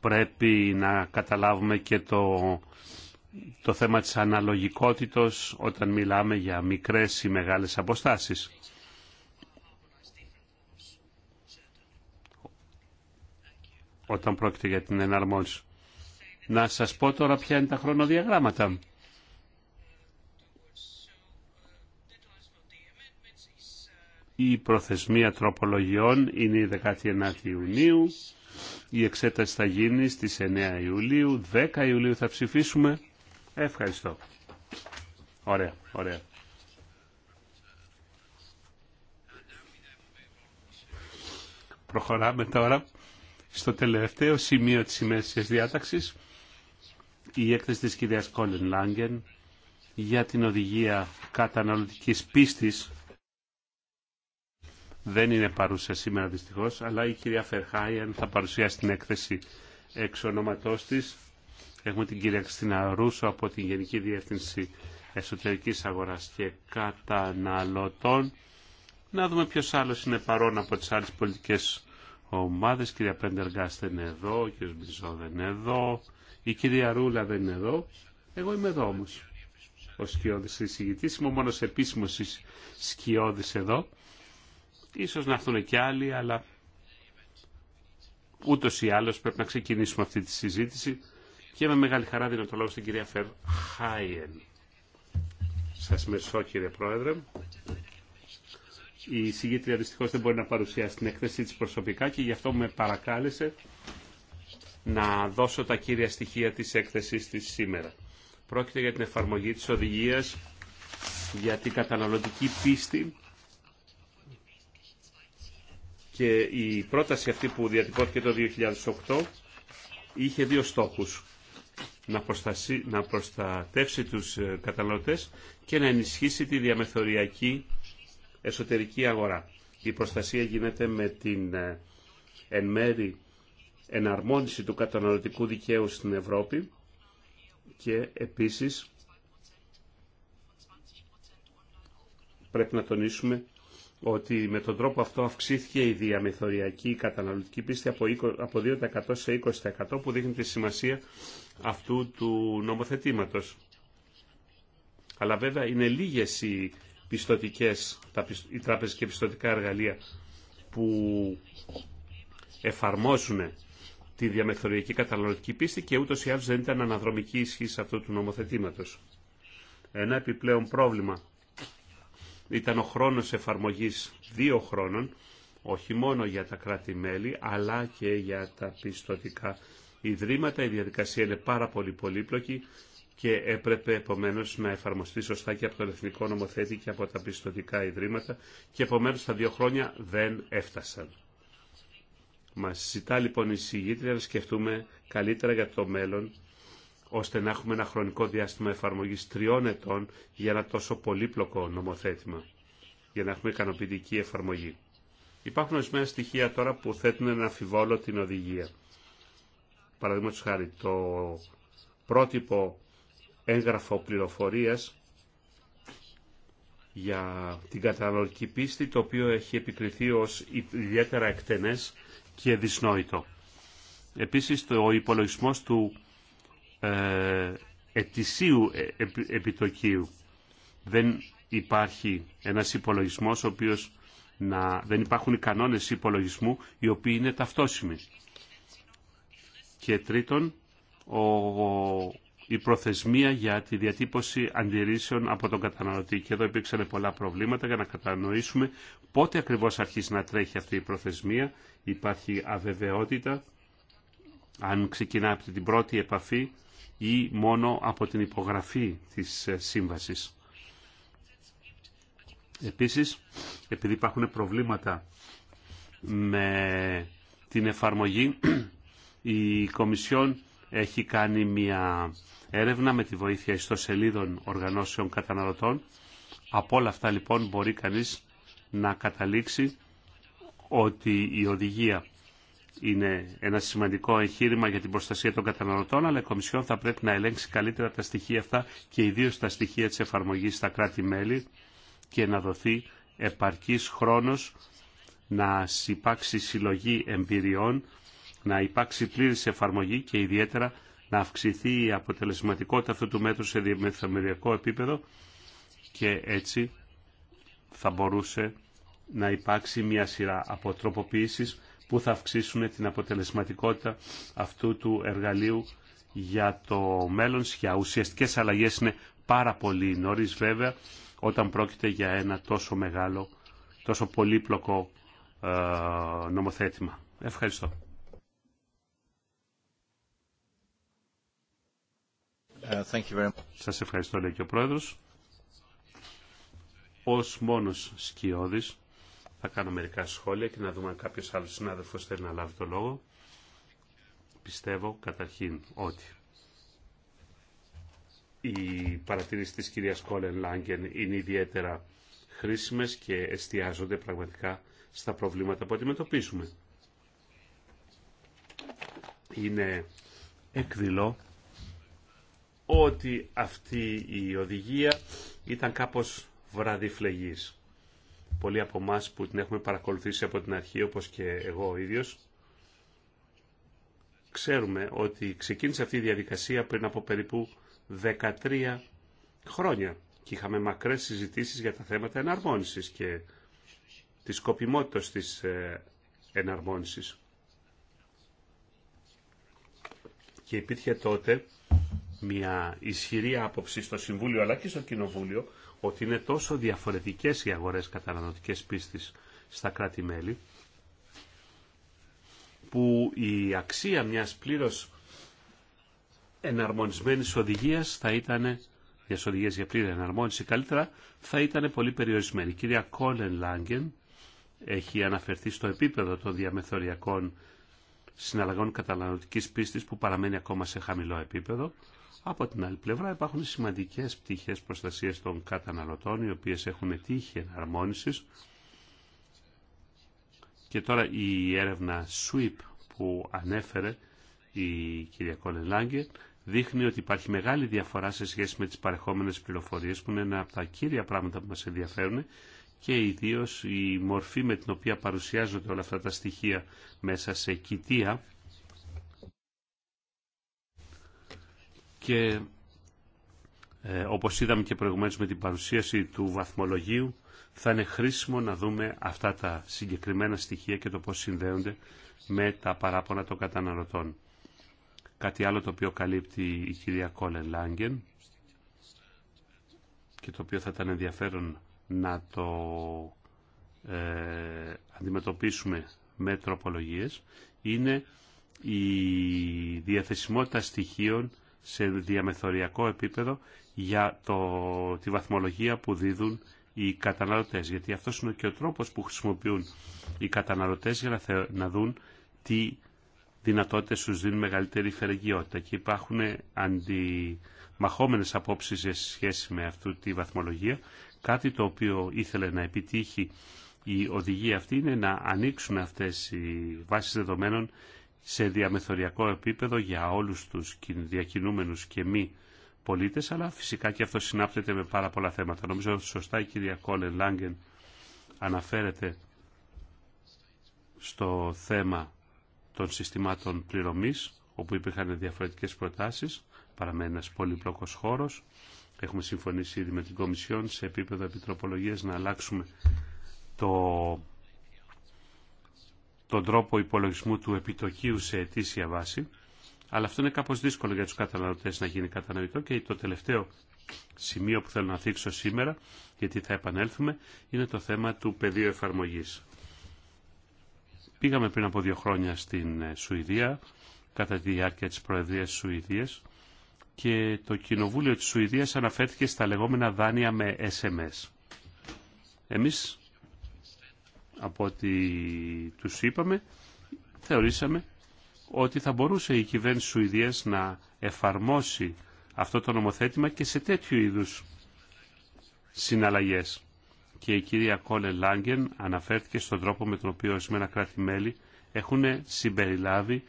πρέπει να καταλάβουμε και το, το θέμα της αναλογικότητος όταν μιλάμε για μικρές ή μεγάλες αποστάσεις. Όταν πρόκειται για την εναρμόνιση. Να σας πω τώρα ποια είναι τα χρονοδιαγράμματα. Η προθεσμία τροπολογιών είναι η 19η Ιουνίου. Η εξέταση θα γίνει στις 9 Ιουλίου, 10 Ιουλίου θα ψηφίσουμε. Ευχαριστώ. Ωραία, ωραία. Προχωράμε τώρα στο τελευταίο σημείο της ημέρας διάταξης, η έκθεση της κυρίας Κόλεν Λάγκεν για την οδηγία καταναλωτικής πίστης δεν είναι παρούσα σήμερα δυστυχώς, αλλά η κυρία Φερχάιεν θα παρουσιάσει την έκθεση εξ ονόματός της. Έχουμε την κυρία Χριστίνα Ρούσο από την Γενική Διεύθυνση Εσωτερικής Αγοράς και Καταναλωτών. Να δούμε ποιο άλλο είναι παρόν από τις άλλες πολιτικές ομάδες. κυρία Πέντεργάς δεν είναι εδώ, ο κύριος Μπιζό δεν είναι εδώ, η κυρία Ρούλα δεν είναι εδώ. Εγώ είμαι εδώ όμως ο σκιώδης εισηγητής, είμαι ο μόνος επίσημος σκιώδη εδώ. Ίσως να έρθουν και άλλοι, αλλά ούτως ή άλλως πρέπει να ξεκινήσουμε αυτή τη συζήτηση και με μεγάλη χαρά δίνω το λόγο στην κυρία Φερ Χάιεν. Σας μεσώ κύριε Πρόεδρε. Η συγγήτρια δυστυχώ δεν μπορεί να παρουσιάσει την έκθεσή της προσωπικά και γι' αυτό με παρακάλεσε να δώσω τα κύρια στοιχεία της έκθεσής της σήμερα. Πρόκειται για την εφαρμογή της οδηγίας για την καταναλωτική πίστη και η πρόταση αυτή που διατυπώθηκε το 2008 είχε δύο στόχους. Να, να προστατεύσει τους ε, καταναλωτές και να ενισχύσει τη διαμεθοριακή εσωτερική αγορά. Η προστασία γίνεται με την ε, εν μέρη εναρμόνιση του καταναλωτικού δικαίου στην Ευρώπη και επίσης πρέπει να τονίσουμε ότι με τον τρόπο αυτό αυξήθηκε η διαμεθοριακή καταναλωτική πίστη από 2% σε 20% που δείχνει τη σημασία αυτού του νομοθετήματος. Αλλά βέβαια είναι λίγες οι, πιστωτικές, τα, οι τράπεζες και πιστωτικά εργαλεία που εφαρμόζουν τη διαμεθοριακή καταναλωτική πίστη και ούτως ή άλλως δεν ήταν αναδρομική ισχύ αυτού του νομοθετήματος. Ένα επιπλέον πρόβλημα ήταν ο χρόνος εφαρμογής δύο χρόνων, όχι μόνο για τα κράτη-μέλη, αλλά και για τα πιστοτικά ιδρύματα. Η διαδικασία είναι πάρα πολύ πολύπλοκη και έπρεπε επομένω να εφαρμοστεί σωστά και από τον Εθνικό Νομοθέτη και από τα πιστοτικά ιδρύματα και επομένω τα δύο χρόνια δεν έφτασαν. Μας ζητά λοιπόν η συγγήτρια να σκεφτούμε καλύτερα για το μέλλον ώστε να έχουμε ένα χρονικό διάστημα εφαρμογής τριών ετών για ένα τόσο πολύπλοκο νομοθέτημα, για να έχουμε ικανοποιητική εφαρμογή. Υπάρχουν ορισμένα στοιχεία τώρα που θέτουν ένα αμφιβόλο την οδηγία. Παραδείγματο χάρη, το πρότυπο έγγραφο πληροφορίας για την καταναλωτική πίστη, το οποίο έχει επικριθεί ως ιδιαίτερα εκτενές και δυσνόητο. Επίσης, ο υπολογισμός του ε, ετησίου ε, επιτοκίου. Δεν υπάρχει ένας υπολογισμός ο οποίος να, δεν υπάρχουν οι κανόνες υπολογισμού οι οποίοι είναι ταυτόσιμοι. Και τρίτον, ο, η προθεσμία για τη διατύπωση αντιρρήσεων από τον καταναλωτή. Και εδώ υπήρξαν πολλά προβλήματα για να κατανοήσουμε πότε ακριβώς αρχίζει να τρέχει αυτή η προθεσμία. Υπάρχει αβεβαιότητα. Αν ξεκινά από την πρώτη επαφή ή μόνο από την υπογραφή της ε, σύμβασης. Επίσης, επειδή υπάρχουν προβλήματα με την εφαρμογή, η Κομισιόν έχει κάνει μια έρευνα με τη βοήθεια ιστοσελίδων οργανώσεων καταναλωτών. Από όλα αυτά λοιπόν μπορεί κανείς να καταλήξει ότι η οδηγία είναι ένα σημαντικό εγχείρημα για την προστασία των καταναλωτών, αλλά η Κομισιόν θα πρέπει να ελέγξει καλύτερα τα στοιχεία αυτά και ιδίως τα στοιχεία της εφαρμογής στα κράτη-μέλη και να δοθεί επαρκής χρόνος να υπάρξει συλλογή εμπειριών, να υπάρξει πλήρης εφαρμογή και ιδιαίτερα να αυξηθεί η αποτελεσματικότητα αυτού του μέτρου σε διαμεθαμεριακό επίπεδο και έτσι θα μπορούσε να υπάρξει μια σειρά από που θα αυξήσουν την αποτελεσματικότητα αυτού του εργαλείου για το μέλλον, για ουσιαστικές αλλαγές είναι πάρα πολύ νωρί βέβαια όταν πρόκειται για ένα τόσο μεγάλο, τόσο πολύπλοκο ε, νομοθέτημα. Ευχαριστώ. Ε, thank Σας ευχαριστώ λέει και ο Πρόεδρος. Ως μόνος σκιώδης θα κάνω μερικά σχόλια και να δούμε αν κάποιος άλλος συνάδελφος θέλει να λάβει το λόγο. Πιστεύω καταρχήν ότι οι παρατηρήσεις της κυρίας Κόλεν Λάγκεν είναι ιδιαίτερα χρήσιμες και εστιάζονται πραγματικά στα προβλήματα που αντιμετωπίζουμε. Είναι εκδηλώ ότι αυτή η οδηγία ήταν κάπως βραδιφλεγής. Πολλοί από εμά που την έχουμε παρακολουθήσει από την αρχή, όπως και εγώ ο ίδιος, ξέρουμε ότι ξεκίνησε αυτή η διαδικασία πριν από περίπου 13 χρόνια και είχαμε μακρές συζητήσεις για τα θέματα εναρμόνισης και της σκοπιμότητας της ε, εναρμόνισης. Και υπήρχε τότε μια ισχυρή άποψη στο Συμβούλιο αλλά και στο Κοινοβούλιο ότι είναι τόσο διαφορετικές οι αγορές καταναλωτικές πίστης στα κράτη-μέλη, που η αξία μιας πλήρως εναρμονισμένης οδηγίας θα ήταν, για οδηγίες για πλήρη εναρμόνιση καλύτερα, θα ήταν πολύ περιορισμένη. Η κυρία Κόλεν Λάγκεν έχει αναφερθεί στο επίπεδο των διαμεθοριακών συναλλαγών καταναλωτικής πίστης που παραμένει ακόμα σε χαμηλό επίπεδο. Από την άλλη πλευρά υπάρχουν σημαντικές πτυχές προστασίας των καταναλωτών, οι οποίες έχουν τύχη εναρμόνισης. Και τώρα η έρευνα SWEEP που ανέφερε η κυρία Κόλεν Λάγκε δείχνει ότι υπάρχει μεγάλη διαφορά σε σχέση με τις παρεχόμενες πληροφορίες που είναι ένα από τα κύρια πράγματα που μας ενδιαφέρουν και ιδίως η μορφή με την οποία παρουσιάζονται όλα αυτά τα στοιχεία μέσα σε κοιτία και ε, όπως είδαμε και προηγουμένως με την παρουσίαση του βαθμολογίου θα είναι χρήσιμο να δούμε αυτά τα συγκεκριμένα στοιχεία και το πώς συνδέονται με τα παράπονα των καταναλωτών. Κάτι άλλο το οποίο καλύπτει η κυρία Κόλεν Λάγκεν και το οποίο θα ήταν ενδιαφέρον να το ε, αντιμετωπίσουμε με τροπολογίες είναι η διαθεσιμότητα στοιχείων σε διαμεθοριακό επίπεδο για το, τη βαθμολογία που δίδουν οι καταναλωτές. Γιατί αυτός είναι και ο τρόπος που χρησιμοποιούν οι καταναλωτές για να, δουν τι δυνατότητες τους δίνουν μεγαλύτερη φερεγγιότητα. Και υπάρχουν αντιμαχόμενες απόψεις σε σχέση με αυτή τη βαθμολογία. Κάτι το οποίο ήθελε να επιτύχει η οδηγία αυτή είναι να ανοίξουν αυτές οι βάσεις δεδομένων σε διαμεθοριακό επίπεδο για όλους τους διακινούμενους και μη πολίτες, αλλά φυσικά και αυτό συνάπτεται με πάρα πολλά θέματα. Νομίζω ότι σωστά η κυρία Κόλεν Λάγκεν αναφέρεται στο θέμα των συστημάτων πληρωμής, όπου υπήρχαν διαφορετικές προτάσεις, παραμένει ένας πολύπλοκος χώρος. Έχουμε συμφωνήσει ήδη με την Κομισιόν σε επίπεδο επιτροπολογίας να αλλάξουμε το τον τρόπο υπολογισμού του επιτοκίου σε ετήσια βάση, αλλά αυτό είναι κάπως δύσκολο για τους καταναλωτές να γίνει κατανοητό και το τελευταίο σημείο που θέλω να θίξω σήμερα, γιατί θα επανέλθουμε, είναι το θέμα του πεδίου εφαρμογής. Πήγαμε πριν από δύο χρόνια στην ε, Σουηδία, κατά τη διάρκεια της Προεδρίας Σουηδίας, και το Κοινοβούλιο της Σουηδίας αναφέρθηκε στα λεγόμενα δάνεια με SMS. Εμείς από ό,τι τους είπαμε, θεωρήσαμε ότι θα μπορούσε η κυβέρνηση Σουηδίας να εφαρμόσει αυτό το νομοθέτημα και σε τέτοιου είδους συναλλαγές. Και η κυρία Κόλε Λάγκεν αναφέρθηκε στον τρόπο με τον οποίο ορισμένα κράτη-μέλη έχουν συμπεριλάβει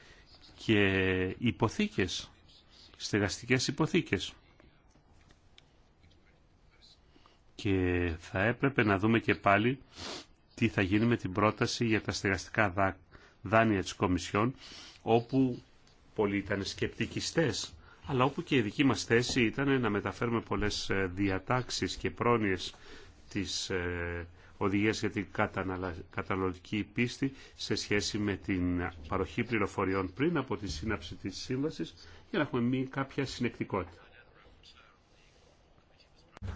και υποθήκες, στεγαστικές υποθήκες. Και θα έπρεπε να δούμε και πάλι τι θα γίνει με την πρόταση για τα στεγαστικά δάνεια της Κομισιόν, όπου πολλοί ήταν σκεπτικιστές, αλλά όπου και η δική μας θέση ήταν να μεταφέρουμε πολλές ε, διατάξεις και πρόνοιες της ε, οδηγίας για την καταναλωτική πίστη σε σχέση με την παροχή πληροφοριών πριν από τη σύναψη της σύμβασης για να έχουμε μία κάποια συνεκτικότητα.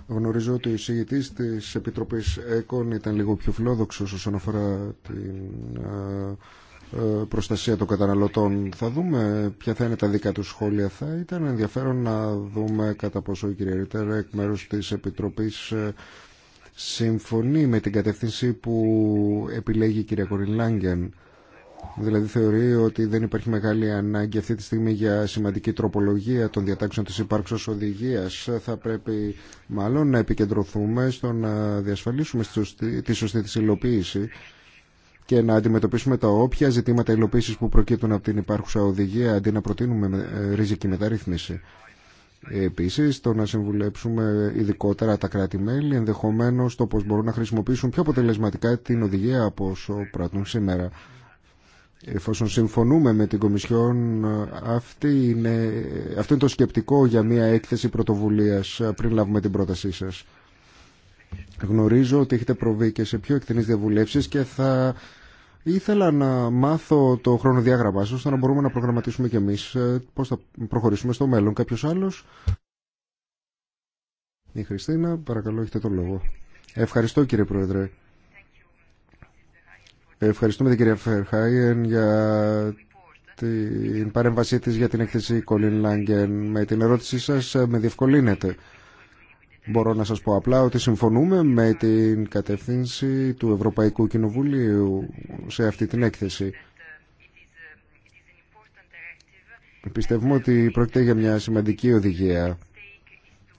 Γνωρίζω ότι ο εισηγητή τη Επιτροπή ΕΚΟΝ ήταν λίγο πιο φιλόδοξο όσον αφορά την ε, ε, προστασία των καταναλωτών. Θα δούμε ποια θα είναι τα δικά του σχόλια. Θα ήταν ενδιαφέρον να δούμε κατά πόσο η κυρία Ρίτερ εκ μέρου τη Επιτροπή ε, συμφωνεί με την κατεύθυνση που επιλέγει η κυρία Δηλαδή θεωρεί ότι δεν υπάρχει μεγάλη ανάγκη αυτή τη στιγμή για σημαντική τροπολογία των διατάξεων της υπάρξης οδηγίας. Θα πρέπει μάλλον να επικεντρωθούμε στο να διασφαλίσουμε τη σωστή της υλοποίηση και να αντιμετωπίσουμε τα όποια ζητήματα υλοποίηση που προκύπτουν από την υπάρχουσα οδηγία αντί να προτείνουμε ε, ριζική μεταρρύθμιση. Επίση, το να συμβουλέψουμε ειδικότερα τα κράτη-μέλη ενδεχομένω το πώ μπορούν να χρησιμοποιήσουν πιο αποτελεσματικά την οδηγία από όσο πράττουν σήμερα. Εφόσον συμφωνούμε με την Κομισιόν, αυτή είναι, αυτό είναι το σκεπτικό για μια έκθεση πρωτοβουλίας ε, πριν λάβουμε την πρότασή σας. Γνωρίζω ότι έχετε προβεί και σε πιο εκτενείς διαβουλεύσεις και θα ήθελα να μάθω το χρονοδιάγραμμά σας ώστε να μπορούμε να προγραμματίσουμε κι εμείς ε, πώς θα προχωρήσουμε στο μέλλον. Κάποιος άλλος. Η Χριστίνα, παρακαλώ, έχετε τον λόγο. Ευχαριστώ κύριε Πρόεδρε. Ευχαριστούμε την κυρία Φερχάιεν για την παρέμβασή της για την έκθεση Colin Langen. Με την ερώτησή σας ε, με διευκολύνεται. Μπορώ να σας πω απλά ότι συμφωνούμε με την κατεύθυνση του Ευρωπαϊκού Κοινοβουλίου σε αυτή την έκθεση. Πιστεύουμε ότι πρόκειται για μια σημαντική οδηγία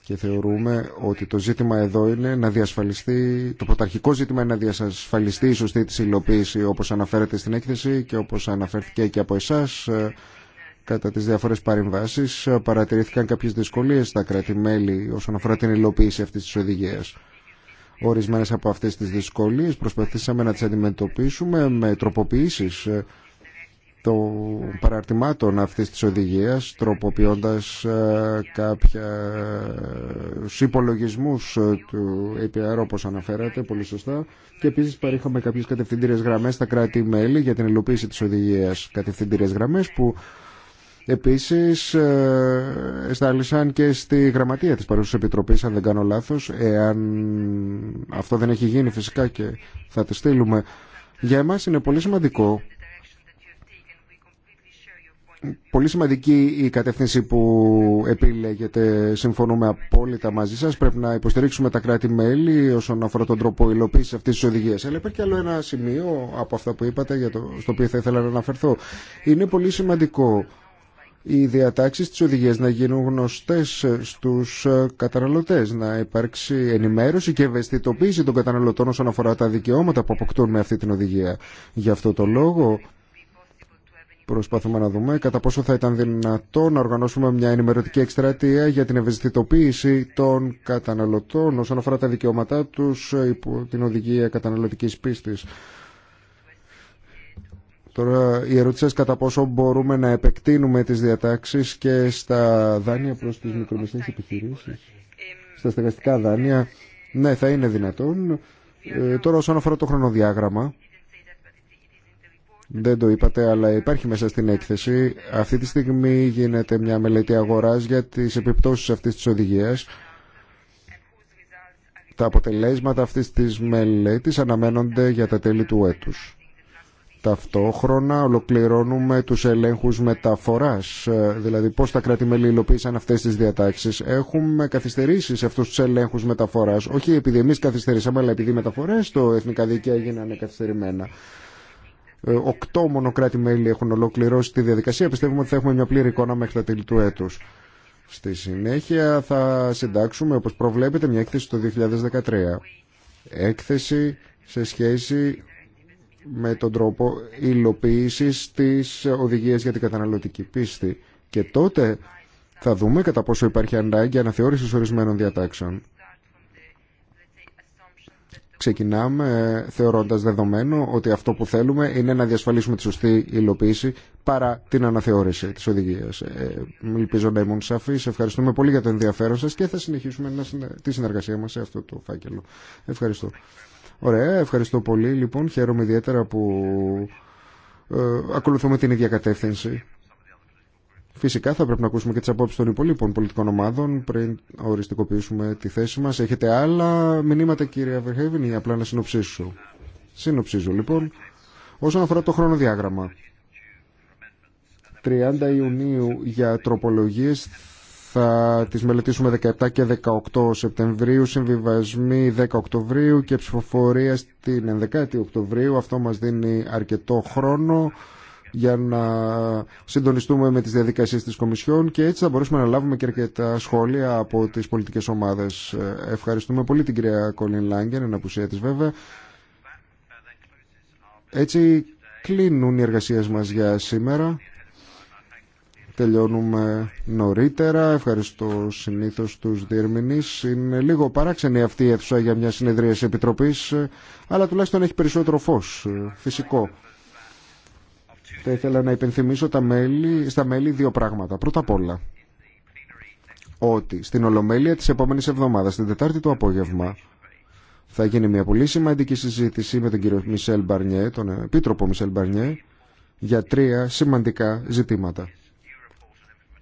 και θεωρούμε ότι το ζήτημα εδώ είναι να διασφαλιστεί, το πρωταρχικό ζήτημα είναι να διασφαλιστεί η σωστή της υλοποίηση όπως αναφέρεται στην έκθεση και όπως αναφέρθηκε και από εσάς ε, κατά τις διάφορες παρεμβάσεις ε, παρατηρήθηκαν κάποιες δυσκολίες στα κράτη-μέλη όσον αφορά την υλοποίηση αυτής της οδηγίας. Ορισμένες από αυτές τις δυσκολίες προσπαθήσαμε να τις αντιμετωπίσουμε με τροποποιήσεις ε, των παραρτημάτων αυτής της οδηγίας τροποποιώντας ε, κάποια ε, υπολογισμούς ε, του APR όπως αναφέρατε πολύ σωστά και επίσης παρήχαμε κάποιες κατευθυντήριες γραμμές στα κράτη-μέλη για την υλοποίηση της οδηγίας κατευθυντήριες γραμμές που Επίσης εστάλησαν και στη γραμματεία της παρούσας επιτροπής αν δεν κάνω λάθος εάν αυτό δεν έχει γίνει φυσικά και θα τη στείλουμε για εμάς είναι πολύ σημαντικό πολύ σημαντική η κατεύθυνση που επιλέγετε. Συμφωνούμε απόλυτα μαζί σα, Πρέπει να υποστηρίξουμε τα κράτη-μέλη όσον αφορά τον τρόπο υλοποίηση αυτής της οδηγίας. Αλλά υπάρχει και άλλο ένα σημείο από αυτά που είπατε, για το, στο οποίο θα ήθελα να αναφερθώ. Είναι πολύ σημαντικό οι διατάξεις της οδηγίας να γίνουν γνωστές στους καταναλωτές, να υπάρξει ενημέρωση και ευαισθητοποίηση των καταναλωτών όσον αφορά τα δικαιώματα που αποκτούν με αυτή την οδηγία. Γι' αυτό το λόγο Προσπαθούμε να δούμε κατά πόσο θα ήταν δυνατό να οργανώσουμε μια ενημερωτική εκστρατεία για την ευαισθητοποίηση των καταναλωτών όσον αφορά τα δικαιώματά τους ε, υπό την οδηγία καταναλωτικής πίστης. Τώρα η ερώτηση κατά πόσο μπορούμε να επεκτείνουμε τις διατάξεις και στα δάνεια προς τις μικρομεσαίες επιχειρήσεις, στα στεγαστικά δάνεια, ναι θα είναι δυνατόν. Ε, τώρα όσον αφορά το χρονοδιάγραμμα, δεν το είπατε, αλλά υπάρχει μέσα στην έκθεση. Αυτή τη στιγμή γίνεται μια μελέτη αγοράς για τις επιπτώσεις αυτής της οδηγίας. Τα αποτελέσματα αυτής της μελέτης αναμένονται για τα τέλη του έτους. Ταυτόχρονα ολοκληρώνουμε τους ελέγχους μεταφοράς, δηλαδή πώς τα κράτη-μέλη υλοποίησαν αυτές τις διατάξεις. Έχουμε καθυστερήσει σε αυτούς τους ελέγχους μεταφοράς, όχι επειδή εμείς καθυστερήσαμε, αλλά επειδή οι μεταφορές στο εθνικά δίκαια έγιναν καθυστερημένα. Ε, οκτώ μονοκράτη μέλη έχουν ολοκληρώσει τη διαδικασία. Πιστεύουμε ότι θα έχουμε μια πλήρη εικόνα μέχρι τα τέλη του έτους. Στη συνέχεια θα συντάξουμε, όπως προβλέπετε, μια έκθεση το 2013. Έκθεση σε σχέση με τον τρόπο υλοποίησης της οδηγίας για την καταναλωτική πίστη. Και τότε θα δούμε κατά πόσο υπάρχει ανάγκη αναθεώρησης ορισμένων διατάξεων ξεκινάμε ε, θεωρώντας δεδομένο ότι αυτό που θέλουμε είναι να διασφαλίσουμε τη σωστή υλοποίηση παρά την αναθεώρηση της οδηγίας. Ε, ελπίζω να ήμουν σαφής. Ευχαριστούμε πολύ για το ενδιαφέρον σας και θα συνεχίσουμε τη συνεργασία μας σε αυτό το φάκελο. Ευχαριστώ. Ωραία, ευχαριστώ πολύ. Λοιπόν, χαίρομαι ιδιαίτερα που ε, ακολουθούμε την ίδια κατεύθυνση. Φυσικά θα πρέπει να ακούσουμε και τις απόψεις των υπολείπων πολιτικών ομάδων πριν οριστικοποιήσουμε τη θέση μας. Έχετε άλλα μηνύματα κύριε Βερχέβιν ή απλά να συνοψίσω. Συνοψίζω λοιπόν. Όσον αφορά το χρονοδιάγραμμα, 30 Ιουνίου για τροπολογίες θα τις μελετήσουμε 17 και 18 Σεπτεμβρίου, συμβιβασμοί 10 Οκτωβρίου και ψηφοφορία στην 11η Οκτωβρίου. Αυτό μας δίνει αρκετό χρόνο για να συντονιστούμε με τις διαδικασίες της Κομισιόν και έτσι θα μπορέσουμε να λάβουμε και αρκετά σχόλια από τις πολιτικές ομάδες. Ε, ευχαριστούμε πολύ την κυρία Κολίν Λάγκεν, εν απουσία της βέβαια. Έτσι κλείνουν οι εργασίες μας για σήμερα. Τελειώνουμε νωρίτερα. Ευχαριστώ συνήθω τους διερμηνεί. Είναι λίγο παράξενη αυτή η αίθουσα για μια συνεδρία επιτροπή, ε, αλλά τουλάχιστον έχει περισσότερο φως, ε, φυσικό. Θα ήθελα να υπενθυμίσω τα μέλη, στα μέλη δύο πράγματα. Πρώτα απ' όλα, ότι στην Ολομέλεια της επόμενης εβδομάδας, την Τετάρτη το απόγευμα, θα γίνει μια πολύ σημαντική συζήτηση με τον κύριο Μισελ Μπαρνιέ, τον επίτροπο Μισελ Μπαρνιέ, για τρία σημαντικά ζητήματα.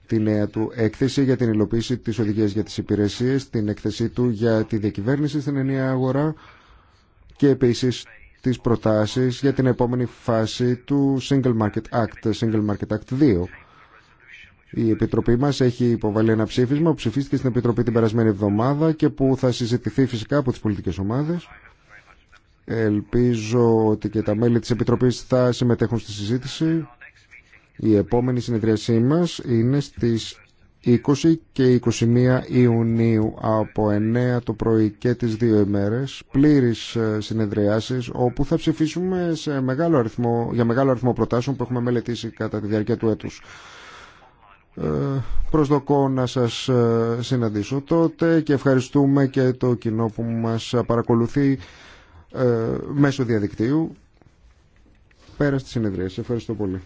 Την νέα του έκθεση για την υλοποίηση της οδηγίας για τις υπηρεσίες, την έκθεσή του για τη διακυβέρνηση στην ενιαία αγορά και επίσης τις προτάσεις για την επόμενη φάση του Single Market Act, Single Market Act 2. Η Επιτροπή μας έχει υποβάλει ένα ψήφισμα που ψηφίστηκε στην Επιτροπή την περασμένη εβδομάδα και που θα συζητηθεί φυσικά από τις πολιτικές ομάδες. Ελπίζω ότι και τα μέλη της Επιτροπής θα συμμετέχουν στη συζήτηση. Η επόμενη συνεδρίασή μας είναι στις 20 και 21 Ιουνίου από 9 το πρωί και τις δύο ημέρες πλήρης ε, συνεδριάσεις όπου θα ψηφίσουμε σε μεγάλο αριθμό, για μεγάλο αριθμό προτάσεων που έχουμε μελετήσει κατά τη διάρκεια του έτους. Ε, προσδοκώ να σας ε, συναντήσω τότε και ευχαριστούμε και το κοινό που μας παρακολουθεί ε, μέσω διαδικτύου πέρα στη συνεδρία. Ευχαριστώ πολύ.